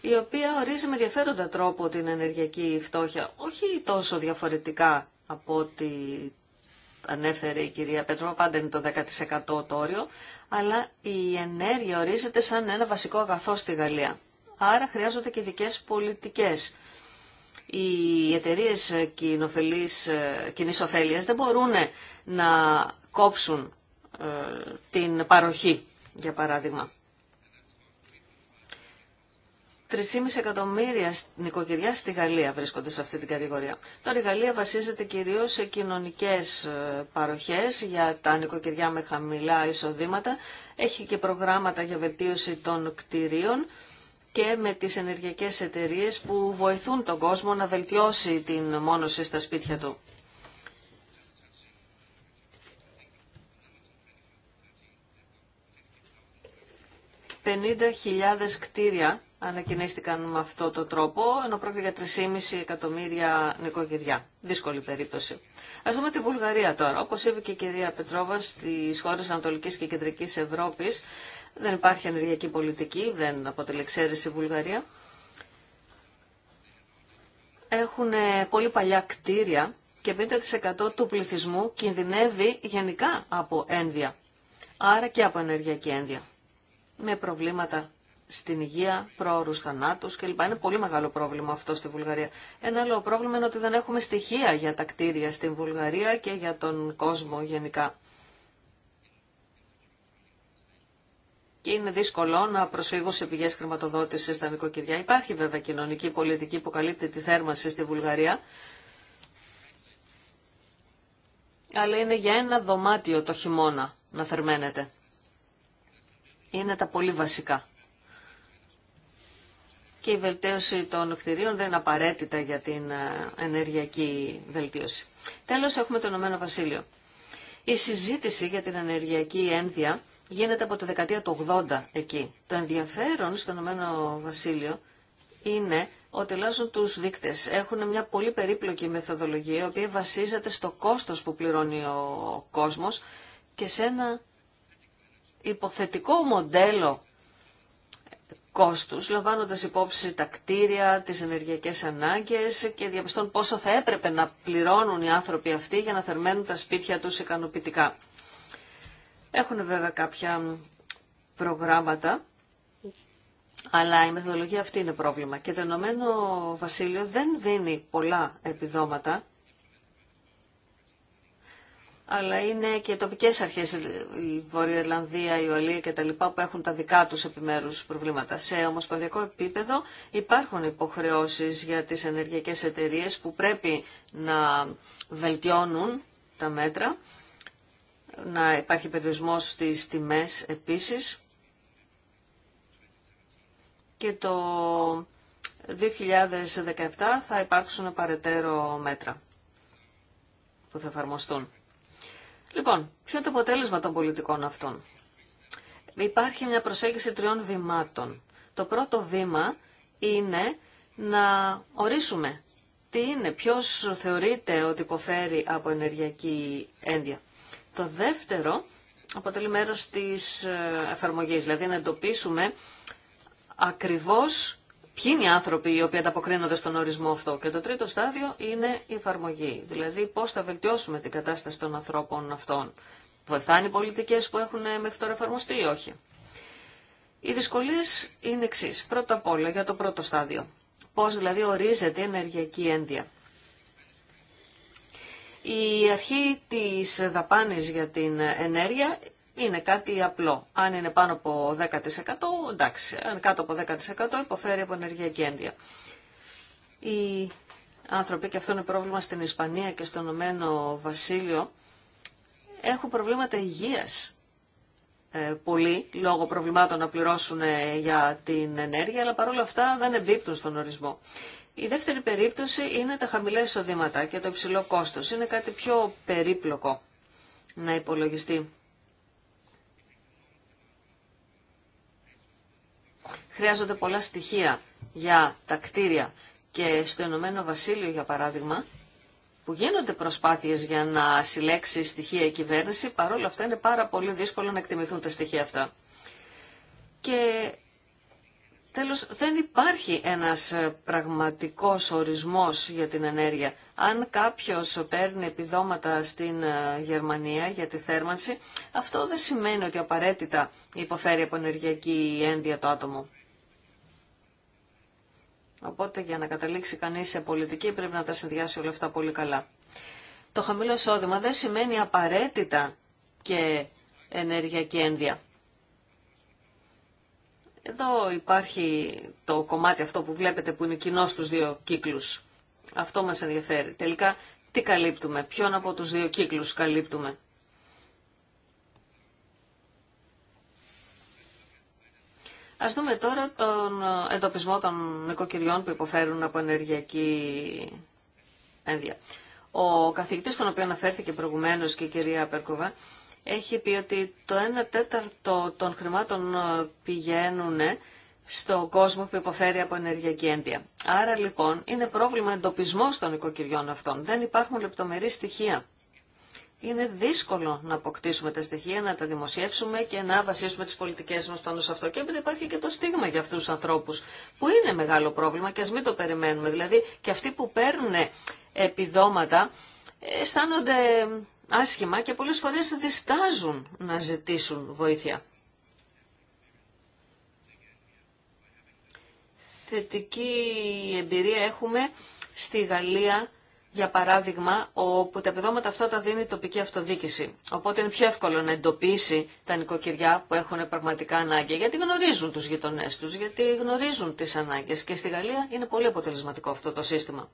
η οποία ορίζει με ενδιαφέροντα τρόπο την ενεργειακή φτώχεια, όχι τόσο διαφορετικά από ό,τι ανέφερε η κυρία Πέτρο, πάντα είναι το 10% το όριο, αλλά η ενέργεια ορίζεται σαν ένα βασικό αγαθό στη Γαλλία άρα χρειάζονται και δικές πολιτικές. Οι εταιρείε κοινή ωφέλεια δεν μπορούν να κόψουν ε, την παροχή, για παράδειγμα. 3,5 εκατομμύρια νοικοκυριά στη Γαλλία βρίσκονται σε αυτή την κατηγορία. Τώρα η Γαλλία βασίζεται κυρίως σε κοινωνικές ε, παροχές για τα νοικοκυριά με χαμηλά εισοδήματα. Έχει και προγράμματα για βελτίωση των κτηρίων και με τις ενεργειακές εταιρείες που βοηθούν τον κόσμο να βελτιώσει την μόνωση στα σπίτια του. «50.000 κτίρια ανακοινήστηκαν με αυτό το τρόπο, ενώ πρόκειται για 3,5 εκατομμύρια νοικοκυριά. Δύσκολη περίπτωση. Α δούμε τη Βουλγαρία τώρα. Όπω είπε και η κυρία Πετρόβα, στι χώρε Ανατολική και Κεντρική Ευρώπη δεν υπάρχει ενεργειακή πολιτική, δεν αποτελεί εξαίρεση η Βουλγαρία. Έχουν πολύ παλιά κτίρια και 50% του πληθυσμού κινδυνεύει γενικά από ένδια. Άρα και από ενεργειακή ένδια. Με προβλήματα στην υγεία, πρόωρους και κλπ. Είναι πολύ μεγάλο πρόβλημα αυτό στη Βουλγαρία. Ένα άλλο πρόβλημα είναι ότι δεν έχουμε στοιχεία για τα κτίρια στην Βουλγαρία και για τον κόσμο γενικά. Και είναι δύσκολο να προσφύγω σε πηγέ χρηματοδότηση στα νοικοκυριά. Υπάρχει βέβαια κοινωνική πολιτική που καλύπτει τη θέρμανση στη Βουλγαρία. Αλλά είναι για ένα δωμάτιο το χειμώνα να θερμαίνεται. Είναι τα πολύ βασικά και η βελτίωση των κτηρίων δεν είναι απαραίτητα για την ε, ενεργειακή βελτίωση. Τέλος έχουμε το Ηνωμένο Βασίλειο. Η συζήτηση για την ενεργειακή ένδια γίνεται από τη δεκαετία του 80 εκεί. Το ενδιαφέρον στο Ηνωμένο Βασίλειο είναι ότι λάζουν τους δείκτες. Έχουν μια πολύ περίπλοκη μεθοδολογία, η οποία βασίζεται στο κόστος που πληρώνει ο κόσμος και σε ένα υποθετικό μοντέλο κόστους, λαμβάνοντας υπόψη τα κτίρια, τις ενεργειακές ανάγκες και διαπιστώνουν πόσο θα έπρεπε να πληρώνουν οι άνθρωποι αυτοί για να θερμαίνουν τα σπίτια τους ικανοποιητικά. Έχουν βέβαια κάποια προγράμματα, αλλά η μεθοδολογία αυτή είναι πρόβλημα. Και το Ηνωμένο Βασίλειο δεν δίνει πολλά επιδόματα αλλά είναι και τοπικές αρχές, η Βόρεια Ιρλανδία, η Ουαλία και τα λοιπά, που έχουν τα δικά τους επιμέρους προβλήματα. Σε ομοσπονδιακό επίπεδο υπάρχουν υποχρεώσεις για τις ενεργειακές εταιρείε που πρέπει να βελτιώνουν τα μέτρα, να υπάρχει περιορισμό στι τιμέ. επίσης. Και το 2017 θα υπάρξουν παρετέρω μέτρα που θα εφαρμοστούν. Λοιπόν, ποιο είναι το αποτέλεσμα των πολιτικών αυτών. Υπάρχει μια προσέγγιση τριών βημάτων. Το πρώτο βήμα είναι να ορίσουμε τι είναι, ποιος θεωρείται ότι υποφέρει από ενεργειακή ένδια. Το δεύτερο αποτελεί μέρος της ε, εφαρμογής, δηλαδή να εντοπίσουμε ακριβώς ποιοι είναι οι άνθρωποι οι οποίοι ανταποκρίνονται στον ορισμό αυτό. Και το τρίτο στάδιο είναι η εφαρμογή. Δηλαδή πώς θα βελτιώσουμε την κατάσταση των ανθρώπων αυτών. Βοηθάνε οι πολιτικές που έχουν μέχρι τώρα εφαρμοστεί ή όχι. Οι δυσκολίε είναι εξή. Πρώτα απ' όλα για το πρώτο στάδιο. Πώς δηλαδή ορίζεται η ενεργειακή ένδια. Η αρχή της δαπάνης για την ενέργεια είναι κάτι απλό. Αν είναι πάνω από 10% εντάξει, αν κάτω από 10% υποφέρει από ενεργειακή ένδυα. Οι άνθρωποι, και αυτό είναι πρόβλημα στην Ισπανία και στο Ηνωμένο Βασίλειο, έχουν προβλήματα υγείας ε, πολλοί λόγω προβλημάτων να πληρώσουν ε, για την ενέργεια, αλλά παρόλα αυτά δεν εμπίπτουν στον ορισμό. Η δεύτερη περίπτωση είναι τα χαμηλά εισοδήματα και το υψηλό κόστος. Είναι κάτι πιο περίπλοκο να υπολογιστεί. χρειάζονται πολλά στοιχεία για τα κτίρια και στο Ηνωμένο Βασίλειο για παράδειγμα που γίνονται προσπάθειες για να συλλέξει στοιχεία η κυβέρνηση, παρόλα αυτά είναι πάρα πολύ δύσκολο να εκτιμηθούν τα στοιχεία αυτά. Και τέλος δεν υπάρχει ένας πραγματικός ορισμός για την ενέργεια. Αν κάποιος παίρνει επιδόματα στην ε, Γερμανία για τη θέρμανση, αυτό δεν σημαίνει ότι απαραίτητα υποφέρει από ενεργειακή ένδια το άτομο. Οπότε για να καταλήξει κανείς σε πολιτική πρέπει να τα συνδυάσει όλα αυτά πολύ καλά. Το χαμηλό εισόδημα δεν σημαίνει απαραίτητα και ενέργεια και ένδια. Εδώ υπάρχει το κομμάτι αυτό που βλέπετε που είναι κοινό στους δύο κύκλους. Αυτό μας ενδιαφέρει. Τελικά τι καλύπτουμε, ποιον από τους δύο κύκλους καλύπτουμε. Α δούμε τώρα τον εντοπισμό των νοικοκυριών που υποφέρουν από ενεργειακή ένδια. Ο καθηγητής, τον οποίο αναφέρθηκε προηγουμένω και η κυρία Περκοβά, έχει πει ότι το 1 τέταρτο των χρημάτων πηγαίνουν στον κόσμο που υποφέρει από ενεργειακή ένδια. Άρα λοιπόν είναι πρόβλημα εντοπισμό των οικοκυριών αυτών. Δεν υπάρχουν λεπτομερεί στοιχεία είναι δύσκολο να αποκτήσουμε τα στοιχεία, να τα δημοσιεύσουμε και να βασίσουμε τις πολιτικές μας πάνω σε αυτό. Και έπειτα υπάρχει και το στίγμα για αυτούς τους ανθρώπους, που είναι μεγάλο πρόβλημα και α μην το περιμένουμε. Δηλαδή και αυτοί που παίρνουν επιδόματα ε, αισθάνονται άσχημα και πολλές φορές διστάζουν να ζητήσουν βοήθεια. Θετική εμπειρία έχουμε στη Γαλλία για παράδειγμα, όπου τα επιδόματα αυτά τα δίνει η τοπική αυτοδίκηση. Οπότε είναι πιο εύκολο να εντοπίσει τα νοικοκυριά που έχουν πραγματικά ανάγκη, γιατί γνωρίζουν τους γειτονέ τους, γιατί γνωρίζουν τις ανάγκες και στη Γαλλία είναι πολύ αποτελεσματικό αυτό το σύστημα.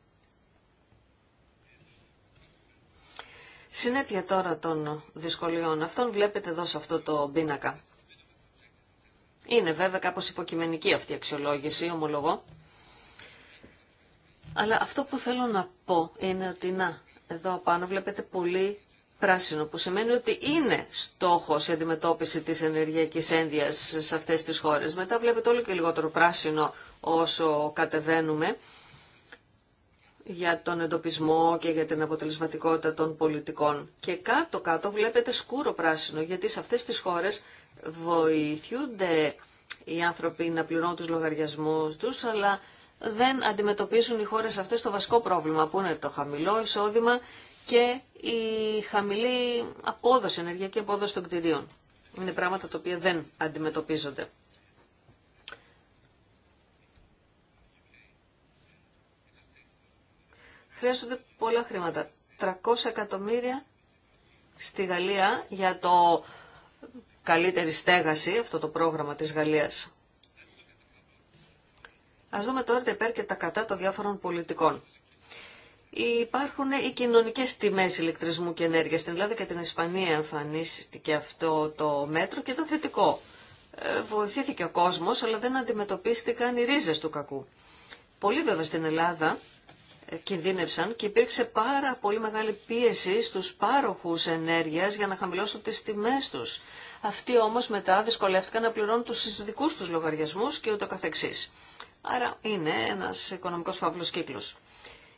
Συνέπεια τώρα των δυσκολιών αυτών βλέπετε εδώ σε αυτό το πίνακα. Είναι βέβαια κάπως υποκειμενική αυτή η αξιολόγηση, ομολογώ, αλλά αυτό που θέλω να πω είναι ότι να, εδώ πάνω βλέπετε πολύ πράσινο, που σημαίνει ότι είναι στόχος η αντιμετώπιση της ενεργειακής ένδυας σε αυτές τις χώρες. Μετά βλέπετε όλο και λιγότερο πράσινο όσο κατεβαίνουμε για τον εντοπισμό και για την αποτελεσματικότητα των πολιτικών. Και κάτω-κάτω βλέπετε σκούρο πράσινο, γιατί σε αυτές τις χώρες βοηθούνται οι άνθρωποι να πληρώνουν τους λογαριασμούς τους, αλλά δεν αντιμετωπίζουν οι χώρες αυτές το βασικό πρόβλημα που είναι το χαμηλό εισόδημα και η χαμηλή απόδοση, ενεργειακή απόδοση των κτηρίων. Είναι πράγματα τα οποία δεν αντιμετωπίζονται. Χρειάζονται πολλά χρήματα. 300 εκατομμύρια στη Γαλλία για το καλύτερη στέγαση, αυτό το πρόγραμμα της Γαλλίας. Ας δούμε τώρα τα υπέρ και τα κατά των διάφορων πολιτικών. Υπάρχουν οι κοινωνικέ τιμέ ηλεκτρισμού και ενέργεια. Στην Ελλάδα και την Ισπανία εμφανίστηκε αυτό το μέτρο και ήταν θετικό. Ε, βοηθήθηκε ο κόσμο, αλλά δεν αντιμετωπίστηκαν οι ρίζε του κακού. Πολλοί βέβαια στην Ελλάδα ε, κινδύνευσαν και υπήρξε πάρα πολύ μεγάλη πίεση στου πάροχου ενέργεια για να χαμηλώσουν τις τιμές τους. Αυτοί όμως μετά δυσκολεύτηκαν να πληρώνουν του δικού του λογαριασμού και ούτω καθεξής. Άρα είναι ένας οικονομικός φαύλος κύκλος.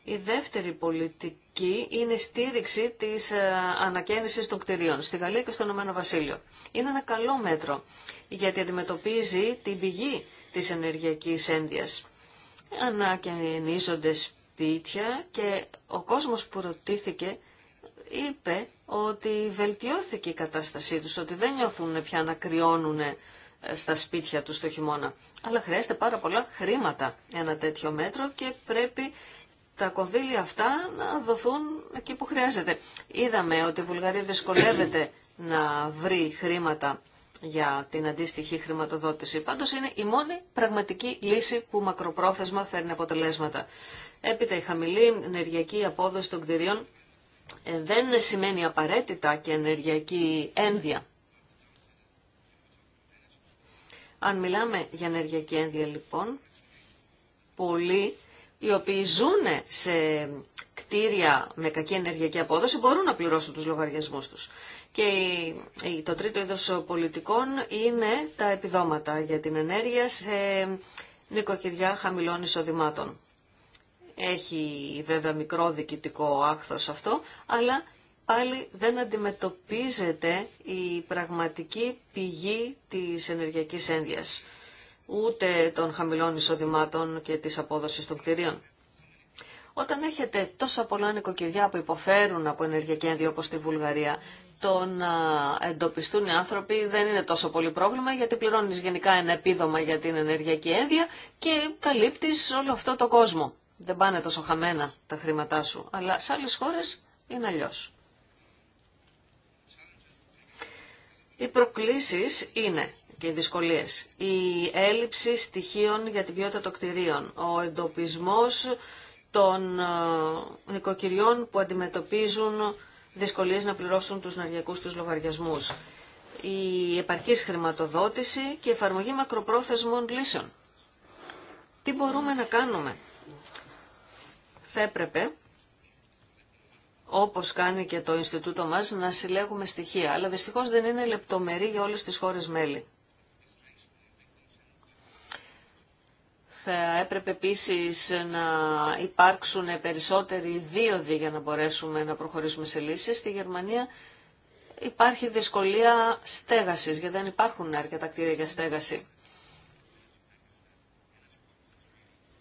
Η δεύτερη πολιτική είναι η στήριξη της ε, ανακαίνησης των κτηρίων στη Γαλλία και στο Ηνωμένο Βασίλειο. Είναι ένα καλό μέτρο γιατί αντιμετωπίζει την πηγή της ενεργειακής ένδυας. Ανακαινίζονται σπίτια και ο κόσμος που ρωτήθηκε είπε ότι βελτιώθηκε η κατάστασή τους, ότι δεν νιώθουν πια να κρυώνουν στα σπίτια τους το χειμώνα. Αλλά χρειάζεται πάρα πολλά χρήματα ένα τέτοιο μέτρο και πρέπει τα κονδύλια αυτά να δοθούν εκεί που χρειάζεται. Είδαμε ότι η Βουλγαρία δυσκολεύεται να βρει χρήματα για την αντίστοιχη χρηματοδότηση. Πάντως είναι η μόνη πραγματική λύση που μακροπρόθεσμα φέρνει αποτελέσματα. Έπειτα η χαμηλή ενεργειακή απόδοση των κτηρίων ε, δεν σημαίνει απαραίτητα και ενεργειακή ένδια. Αν μιλάμε για ενεργειακή ένδυα λοιπόν, πολλοί οι οποίοι ζουν σε κτίρια με κακή ενεργειακή απόδοση μπορούν να πληρώσουν τους λογαριασμούς τους. Και το τρίτο είδος πολιτικών είναι τα επιδόματα για την ενέργεια σε νοικοκυριά χαμηλών εισοδημάτων. Έχει βέβαια μικρό διοικητικό άκθος αυτό, αλλά πάλι δεν αντιμετωπίζεται η πραγματική πηγή της ενεργειακής ένδυας, ούτε των χαμηλών εισοδημάτων και της απόδοσης των κτηρίων. Όταν έχετε τόσα πολλά νοικοκυριά που υποφέρουν από ενεργειακή ένδυα όπως στη Βουλγαρία, το να εντοπιστούν οι άνθρωποι δεν είναι τόσο πολύ πρόβλημα γιατί πληρώνεις γενικά ένα επίδομα για την ενεργειακή ένδυα και καλύπτεις όλο αυτό το κόσμο. Δεν πάνε τόσο χαμένα τα χρήματά σου, αλλά σε άλλες χώρες είναι αλλιώς. Οι προκλήσεις είναι και οι δυσκολίες. Η έλλειψη στοιχείων για την ποιότητα των κτηρίων, ο εντοπισμός των ε, νοικοκυριών που αντιμετωπίζουν δυσκολίες να πληρώσουν τους ναριακούς τους λογαριασμούς, η επαρκής χρηματοδότηση και η εφαρμογή μακροπρόθεσμων λύσεων. Τι μπορούμε να κάνουμε. Θα έπρεπε όπως κάνει και το Ινστιτούτο μας, να συλλέγουμε στοιχεία. Αλλά δυστυχώς δεν είναι λεπτομερή για όλες τις χώρες μέλη. Θα έπρεπε επίσης να υπάρξουν περισσότεροι δίωδοι για να μπορέσουμε να προχωρήσουμε σε λύσεις. Στη Γερμανία υπάρχει δυσκολία στέγασης, γιατί δεν υπάρχουν αρκετά κτίρια για στέγαση.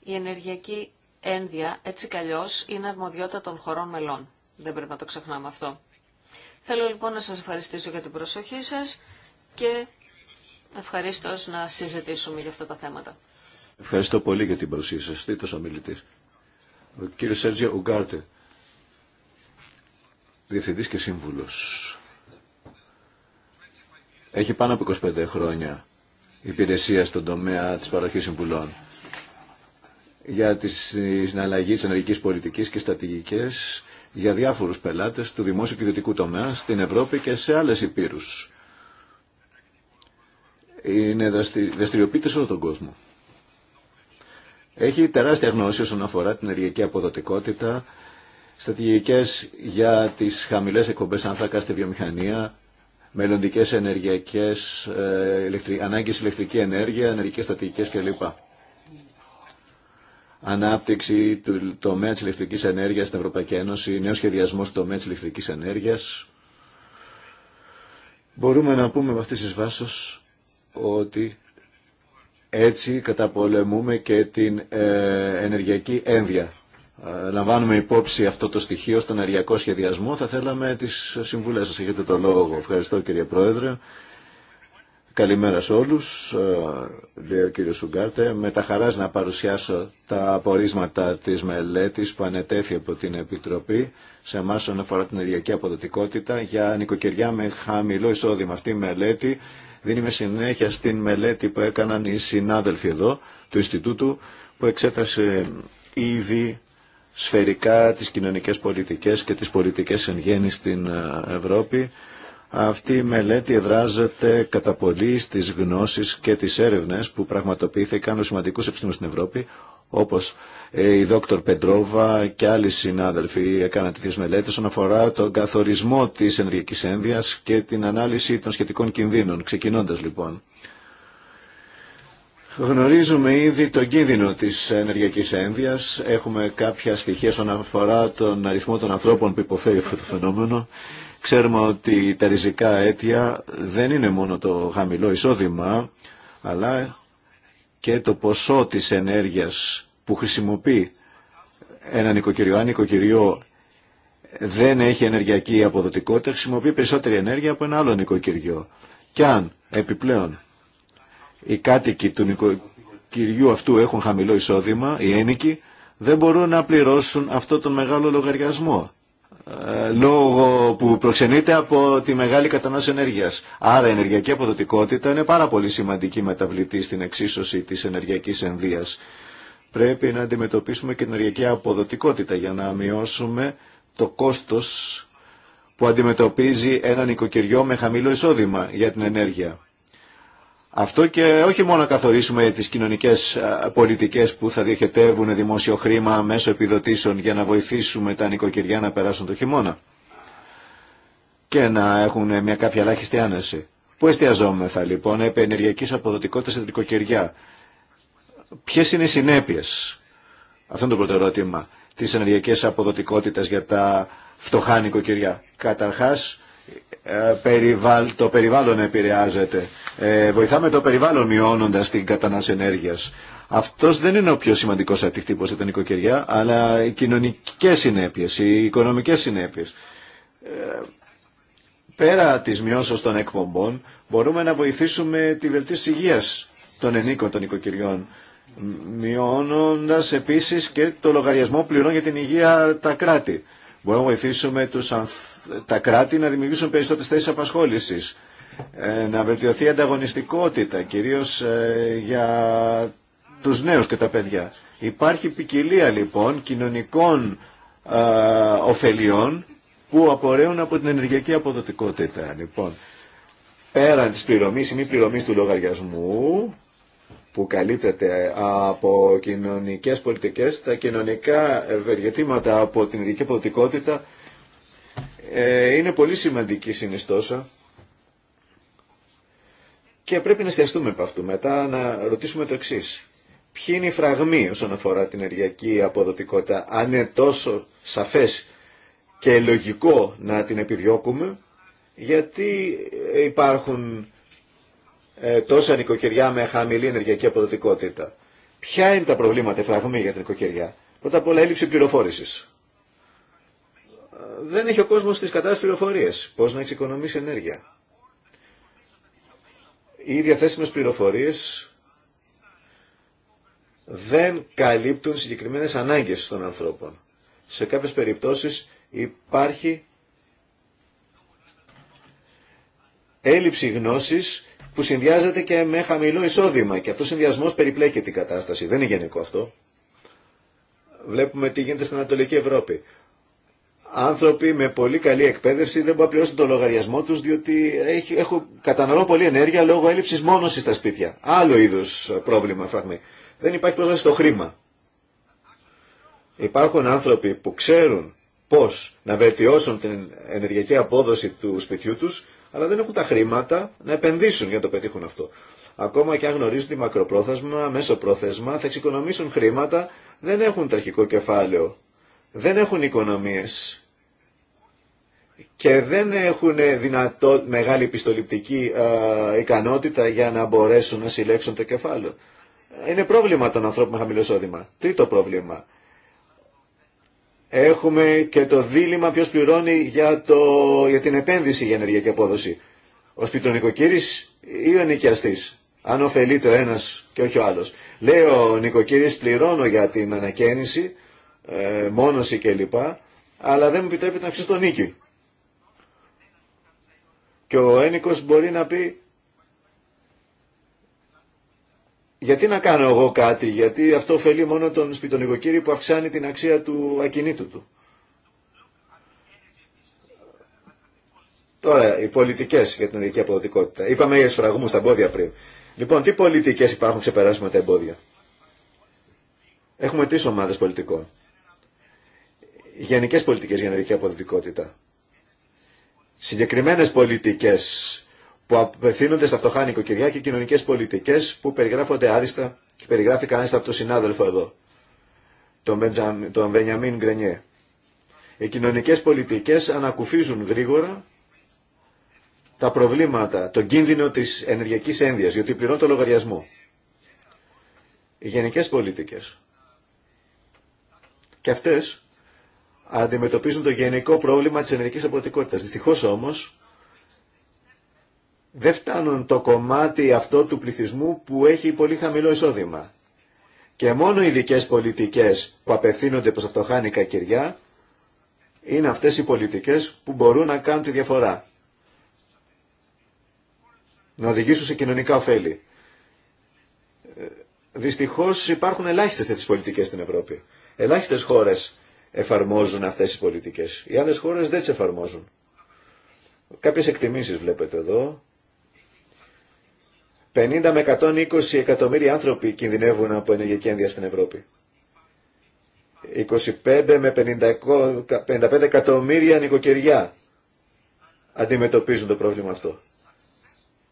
Η ενεργειακή ένδια, έτσι καλλιώς, είναι αρμοδιότητα των χωρών μελών. Δεν πρέπει να το ξεχνάμε αυτό. Θέλω λοιπόν να σας ευχαριστήσω για την προσοχή σας και ευχαρίστω να συζητήσουμε για αυτά τα θέματα. Ευχαριστώ πολύ για την παρουσία σας. τόσο ομιλητής. Ο κύριος Σέρτζιο Ουγκάρτε, διευθυντής και σύμβουλος. Έχει πάνω από 25 χρόνια υπηρεσία στον τομέα της παροχής συμβουλών για τη συναλλαγή της ενεργικής πολιτικής και στρατηγικές για διάφορους πελάτες του δημόσιου και ιδιωτικού τομέα στην Ευρώπη και σε άλλες υπήρους. Είναι δραστηριοποιείται σε όλο τον κόσμο. Έχει τεράστια γνώση όσον αφορά την ενεργειακή αποδοτικότητα, στρατηγικές για τις χαμηλές εκπομπές άνθρακα στη βιομηχανία, μελλοντικές ενεργειακές, ε, ανάγκες ηλεκτρική ενέργεια, ενεργειακές στρατηγικές κλπ ανάπτυξη του τομέα της ηλεκτρικής ενέργειας στην Ευρωπαϊκή Ένωση, νέος σχεδιασμός του τομέα της ηλεκτρικής ενέργειας. Μπορούμε να πούμε με αυτή τη βάσεις ότι έτσι καταπολεμούμε και την ε, ενεργειακή ένδια. Ε, λαμβάνουμε υπόψη αυτό το στοιχείο στον ενεργειακό σχεδιασμό. Θα θέλαμε τις συμβουλές σας. Έχετε το λόγο. Ευχαριστώ κύριε Πρόεδρε. Καλημέρα σε όλους, ε, λέει ο κύριος Σουγκάρτε. Με τα χαράς να παρουσιάσω τα απορίσματα της μελέτης που ανετέθη από την Επιτροπή σε εμά όσον αφορά την ενεργειακή αποδοτικότητα για νοικοκυριά με χαμηλό εισόδημα. Αυτή η μελέτη δίνει με συνέχεια στην μελέτη που έκαναν οι συνάδελφοι εδώ του Ινστιτούτου που εξέτασε ήδη σφαιρικά τις κοινωνικές πολιτικές και τις πολιτικές εν γέννη στην ε, Ευρώπη αυτή η μελέτη εδράζεται κατά πολύ στις γνώσεις και τις έρευνες που πραγματοποιήθηκαν ο σημαντικούς επιστήμονες στην Ευρώπη, όπως ε, η δόκτωρ Πεντρόβα και άλλοι συνάδελφοι έκαναν τέτοιες μελέτες όσον αφορά τον καθορισμό της ενεργικής ένδυας και την ανάλυση των σχετικών κινδύνων. Ξεκινώντας λοιπόν. Γνωρίζουμε ήδη τον κίνδυνο της ενεργειακής ένδυας. Έχουμε κάποια στοιχεία όσον αφορά τον αριθμό των ανθρώπων που υποφέρει αυτό το φαινόμενο Ξέρουμε ότι τα ριζικά αίτια δεν είναι μόνο το χαμηλό εισόδημα, αλλά και το ποσό της ενέργειας που χρησιμοποιεί ένα νοικοκυριό. Αν νοικοκυριό δεν έχει ενεργειακή αποδοτικότητα, χρησιμοποιεί περισσότερη ενέργεια από ένα άλλο νοικοκυριό. Και αν επιπλέον οι κάτοικοι του νοικοκυριού αυτού έχουν χαμηλό εισόδημα, οι ένικοι, δεν μπορούν να πληρώσουν αυτό τον μεγάλο λογαριασμό. Ε, λόγω που προξενείται από τη μεγάλη κατανάλωση ενέργειας. Άρα η ενεργειακή αποδοτικότητα είναι πάρα πολύ σημαντική μεταβλητή στην εξίσωση της ενεργειακής ενδίας. Πρέπει να αντιμετωπίσουμε και την ενεργειακή αποδοτικότητα για να μειώσουμε το κόστος που αντιμετωπίζει ένα νοικοκυριό με χαμηλό εισόδημα για την ενέργεια. Αυτό και όχι μόνο να καθορίσουμε τις κοινωνικές πολιτικές που θα διοχετεύουν δημόσιο χρήμα μέσω επιδοτήσεων για να βοηθήσουμε τα νοικοκυριά να περάσουν το χειμώνα και να έχουν μια κάποια ελάχιστη άνεση. Πού εστιαζόμεθα λοιπόν επί ενεργειακής αποδοτικότητας σε νοικοκυριά. Ποιες είναι οι συνέπειες, αυτό είναι το πρώτο ερώτημα, της ενεργειακής αποδοτικότητας για τα φτωχά νοικοκυριά. Καταρχάς, ε, το περιβάλλον επηρεάζεται. Ε, βοηθάμε το περιβάλλον μειώνοντας την κατανάλωση ενέργειας. Αυτός δεν είναι ο πιο σημαντικός αντίκτυπος για την οικοκυριά, αλλά οι κοινωνικές συνέπειες, οι οικονομικές συνέπειες. Ε, πέρα της μειώσεως των εκπομπών, μπορούμε να βοηθήσουμε τη βελτίωση υγείας των ενίκων των οικοκυριών, μειώνοντας επίσης και το λογαριασμό πληρών για την υγεία τα κράτη. Μπορούμε να βοηθήσουμε τους τα κράτη να δημιουργήσουν περισσότερες θέσεις απασχόλησης, ε, να βελτιωθεί η ανταγωνιστικότητα, κυρίως ε, για τους νέους και τα παιδιά. Υπάρχει ποικιλία λοιπόν κοινωνικών ε, ωφελιών που απορρέουν από την ενεργειακή αποδοτικότητα. Λοιπόν, πέραν της πληρωμής ή μη πληρωμής του λογαριασμού, που καλύπτεται από κοινωνικές πολιτικές, τα κοινωνικά ευεργετήματα από την ειδική αποδοτικότητα ε, είναι πολύ σημαντική συνιστόσα και πρέπει να εστιαστούμε από αυτού. Μετά να ρωτήσουμε το εξή. Ποιοι είναι οι φραγμοί όσον αφορά την ενεργειακή αποδοτικότητα, αν είναι τόσο σαφές και λογικό να την επιδιώκουμε, γιατί υπάρχουν ε, τόσα νοικοκυριά με χαμηλή ενεργειακή αποδοτικότητα. Ποια είναι τα προβλήματα, φραγμοί για την νοικοκυριά. Πρώτα απ' όλα έλλειψη πληροφόρησης δεν έχει ο κόσμος τις κατάλληλες πληροφορίες. Πώς να εξοικονομήσει ενέργεια. Οι διαθέσιμες πληροφορίες δεν καλύπτουν συγκεκριμένες ανάγκες των ανθρώπων. Σε κάποιες περιπτώσεις υπάρχει έλλειψη γνώσης που συνδυάζεται και με χαμηλό εισόδημα και αυτός ο συνδυασμός περιπλέκει την κατάσταση. Δεν είναι γενικό αυτό. Βλέπουμε τι γίνεται στην Ανατολική Ευρώπη άνθρωποι με πολύ καλή εκπαίδευση δεν μπορούν να πληρώσουν τον λογαριασμό τους διότι έχουν καταναλώ πολύ ενέργεια λόγω έλλειψης μόνωση στα σπίτια. Άλλο είδους πρόβλημα φραγμή. Δεν υπάρχει πρόσβαση στο χρήμα. Υπάρχουν άνθρωποι που ξέρουν πώς να βελτιώσουν την ενεργειακή απόδοση του σπιτιού τους αλλά δεν έχουν τα χρήματα να επενδύσουν για να το πετύχουν αυτό. Ακόμα και αν γνωρίζουν τη μακροπρόθεσμα, μέσο πρόθεσμα, θα εξοικονομήσουν χρήματα, δεν έχουν το αρχικό κεφάλαιο, δεν έχουν οικονομίες και δεν έχουν δυνατό, μεγάλη επιστοληπτική ε, ικανότητα για να μπορέσουν να συλλέξουν το κεφάλαιο. Είναι πρόβλημα των ανθρώπων με χαμηλό Τρίτο πρόβλημα. Έχουμε και το δίλημα ποιο πληρώνει για, το, για την επένδυση για ενεργειακή απόδοση. Ο σπιτρονικοκύρης ή ο νοικιαστής. Αν ωφελείται ο ένας και όχι ο άλλος. Λέει ο νοικοκύρης πληρώνω για την ανακαίνιση, ε, μόνωση κλπ. Αλλά δεν μου επιτρέπεται να αυξήσω το νίκη. Και ο ένικος μπορεί να πει γιατί να κάνω εγώ κάτι, γιατί αυτό ωφελεί μόνο τον σπιτονικοκύρη που αυξάνει την αξία του ακινήτου του. Τώρα, οι πολιτικέ για την ενεργική αποδοτικότητα. Είπαμε για του στα εμπόδια πριν. Λοιπόν, τι πολιτικέ υπάρχουν ξεπεράσουμε τα εμπόδια. Έχουμε τρει ομάδε πολιτικών. Γενικέ πολιτικέ για ενεργική αποδοτικότητα συγκεκριμένες πολιτικές που απευθύνονται στα φτωχά νοικοκυριά και κοινωνικές πολιτικές που περιγράφονται άριστα και περιγράφει κανένα από τον συνάδελφο εδώ, τον Βενιαμίν Γκρενιέ. Οι κοινωνικές πολιτικές ανακουφίζουν γρήγορα τα προβλήματα, τον κίνδυνο της ενεργειακής ένδυας, γιατί πληρώνει το λογαριασμό. Οι γενικές πολιτικές. Και αυτές αντιμετωπίζουν το γενικό πρόβλημα της ενεργικής αποδοτικότητας. Δυστυχώς όμως δεν φτάνουν το κομμάτι αυτό του πληθυσμού που έχει πολύ χαμηλό εισόδημα. Και μόνο οι ειδικέ πολιτικές που απευθύνονται προς αυτοχάνικα κυριά είναι αυτές οι πολιτικές που μπορούν να κάνουν τη διαφορά. Να οδηγήσουν σε κοινωνικά ωφέλη. Ε, δυστυχώς υπάρχουν ελάχιστες τέτοιες πολιτικές στην Ευρώπη. Ελάχιστες χώρες εφαρμόζουν αυτές τις πολιτικές. Οι άλλες χώρες δεν τις εφαρμόζουν. Κάποιες εκτιμήσεις βλέπετε εδώ. 50 με 120 εκατομμύρια άνθρωποι κινδυνεύουν από ενεργειακή ένδυα στην Ευρώπη. 25 με 55 εκατομμύρια νοικοκυριά αντιμετωπίζουν το πρόβλημα αυτό.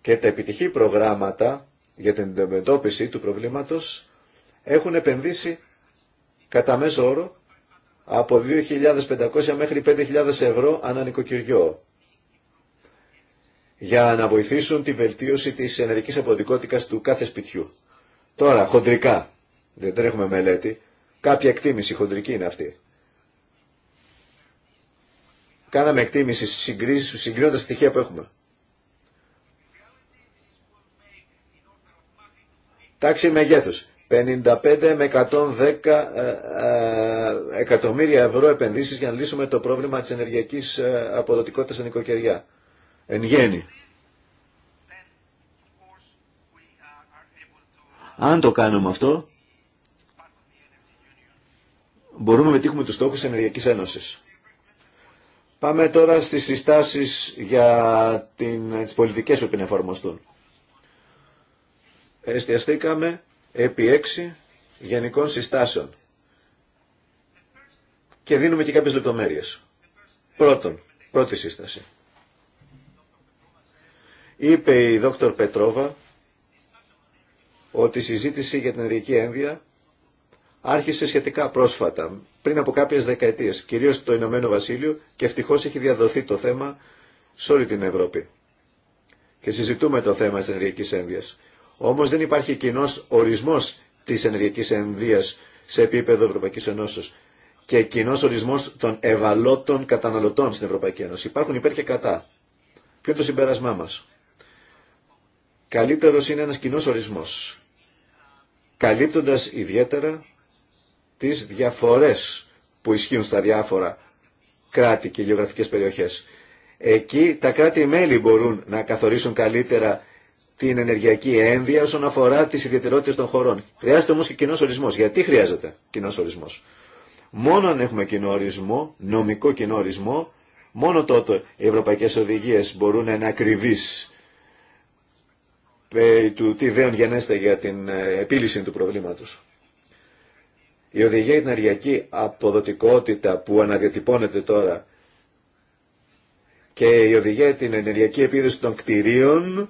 Και τα επιτυχή προγράμματα για την αντιμετώπιση του προβλήματος έχουν επενδύσει κατά μέσο όρο από 2.500 μέχρι 5.000 ευρώ ανά νοικοκυριό για να βοηθήσουν τη βελτίωση της ενεργικής αποδικότητας του κάθε σπιτιού. Τώρα, χοντρικά, δεν τρέχουμε μελέτη, κάποια εκτίμηση χοντρική είναι αυτή. Κάναμε εκτίμηση συγκρίνοντας στοιχεία που έχουμε. Τάξη μεγέθους. 55 με 110 ε, ε, εκατομμύρια ευρώ επενδύσεις για να λύσουμε το πρόβλημα της ενεργειακής ε, αποδοτικότητας στην οικοκαιριά. Εν γέννη. Αν το κάνουμε αυτό, μπορούμε να πετύχουμε τους στόχους της Ενεργειακής Ένωσης. Πάμε τώρα στις συστάσεις για την, τις πολιτικές που πρέπει να εφαρμοστούν. Εστιαστήκαμε επί έξι γενικών συστάσεων. Και δίνουμε και κάποιες λεπτομέρειες. Πρώτον, πρώτη σύσταση. Είπε η δόκτωρ Πετρόβα ότι η συζήτηση για την ενεργειακή ένδυα άρχισε σχετικά πρόσφατα, πριν από κάποιες δεκαετίες, κυρίως στο Ηνωμένο Βασίλειο και ευτυχώς έχει διαδοθεί το θέμα σε όλη την Ευρώπη. Και συζητούμε το θέμα της ενεργειακής ένδυας. Όμως δεν υπάρχει κοινός ορισμός της ενεργειακής ενδίας σε επίπεδο Ευρωπαϊκής Ενώσης και κοινό ορισμός των ευαλώτων καταναλωτών στην Ευρωπαϊκή Ένωση. Υπάρχουν υπέρ και κατά. Ποιο είναι το συμπέρασμά μας. Καλύτερος είναι ένας κοινό ορισμός καλύπτοντας ιδιαίτερα τις διαφορές που ισχύουν στα διάφορα κράτη και γεωγραφικές περιοχές. Εκεί τα κράτη-μέλη μπορούν να καθορίσουν καλύτερα την ενεργειακή ένδυα όσον αφορά τι ιδιαιτερότητε των χωρών. Χρειάζεται όμω και κοινό ορισμό. Γιατί χρειάζεται κοινό ορισμό. Μόνο αν έχουμε κοινό ορισμό, νομικό κοινό ορισμό, μόνο τότε οι ευρωπαϊκέ οδηγίε μπορούν να είναι ακριβεί ε, του τι δέον γενέστε για την ε, επίλυση του προβλήματο. Η οδηγία για την αποδοτικότητα που αναδιατυπώνεται τώρα και η οδηγία την ενεργειακή επίδοση των κτηρίων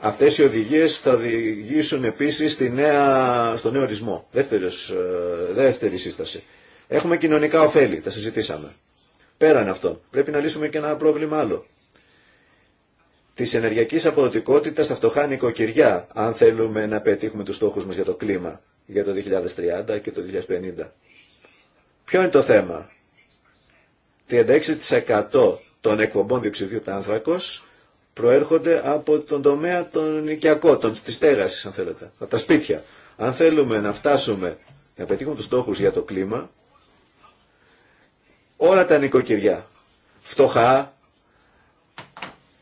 Αυτές οι οδηγίες θα οδηγήσουν επίσης στη νέα, στο νέο ορισμό. Δεύτερος, ε, δεύτερη σύσταση. Έχουμε κοινωνικά ωφέλη, τα συζητήσαμε. Πέραν αυτό, πρέπει να λύσουμε και ένα πρόβλημα άλλο. Τη ενεργειακή αποδοτικότητα στα φτωχά νοικοκυριά, αν θέλουμε να πετύχουμε του στόχου μα για το κλίμα, για το 2030 και το 2050. Ποιο είναι το θέμα. 36% των εκπομπών διοξιδίου του άνθρακο προέρχονται από τον τομέα των νοικιακών, τη της αν θέλετε, από τα σπίτια. Αν θέλουμε να φτάσουμε, να πετύχουμε του στόχους για το κλίμα, όλα τα νοικοκυριά, φτωχά,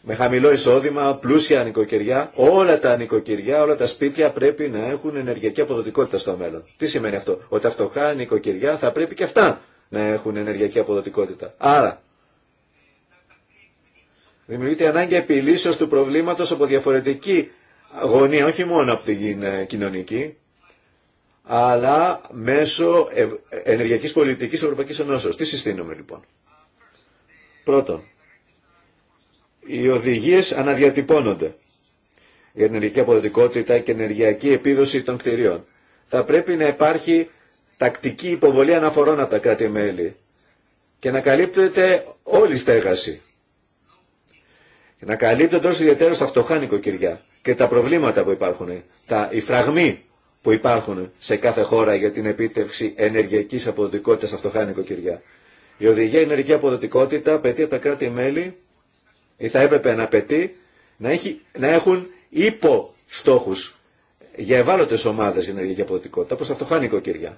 με χαμηλό εισόδημα, πλούσια νοικοκυριά, όλα τα νοικοκυριά, όλα τα σπίτια πρέπει να έχουν ενεργειακή αποδοτικότητα στο μέλλον. Τι σημαίνει αυτό, ότι τα φτωχά νοικοκυριά θα πρέπει και αυτά να έχουν ενεργειακή αποδοτικότητα. Άρα Δημιουργείται ανάγκη επιλύσεως του προβλήματος από διαφορετική γωνία, όχι μόνο από την ε, κοινωνική, αλλά μέσω ενεργειακής πολιτικής Ευρωπαϊκής Ενώσεως. Τι συστήνουμε λοιπόν. Πρώτον, οι οδηγίες αναδιατυπώνονται για την ενεργειακή αποδοτικότητα και ενεργειακή επίδοση των κτηρίων. Θα πρέπει να υπάρχει τακτική υποβολή αναφορών από τα κράτη-μέλη και να καλύπτεται όλη η στέγαση να καλύπτω τόσο ιδιαίτερω τα φτωχά νοικοκυριά και τα προβλήματα που υπάρχουν, τα, οι φραγμοί που υπάρχουν σε κάθε χώρα για την επίτευξη ενεργειακή αποδοτικότητα στα φτωχά Η οδηγία ενεργειακή αποδοτικότητα απαιτεί από τα κράτη-μέλη ή θα έπρεπε να απαιτεί να, έχει, να έχουν υπό για ευάλωτε ομάδε ενεργειακή αποδοτικότητα, όπω τα φτωχά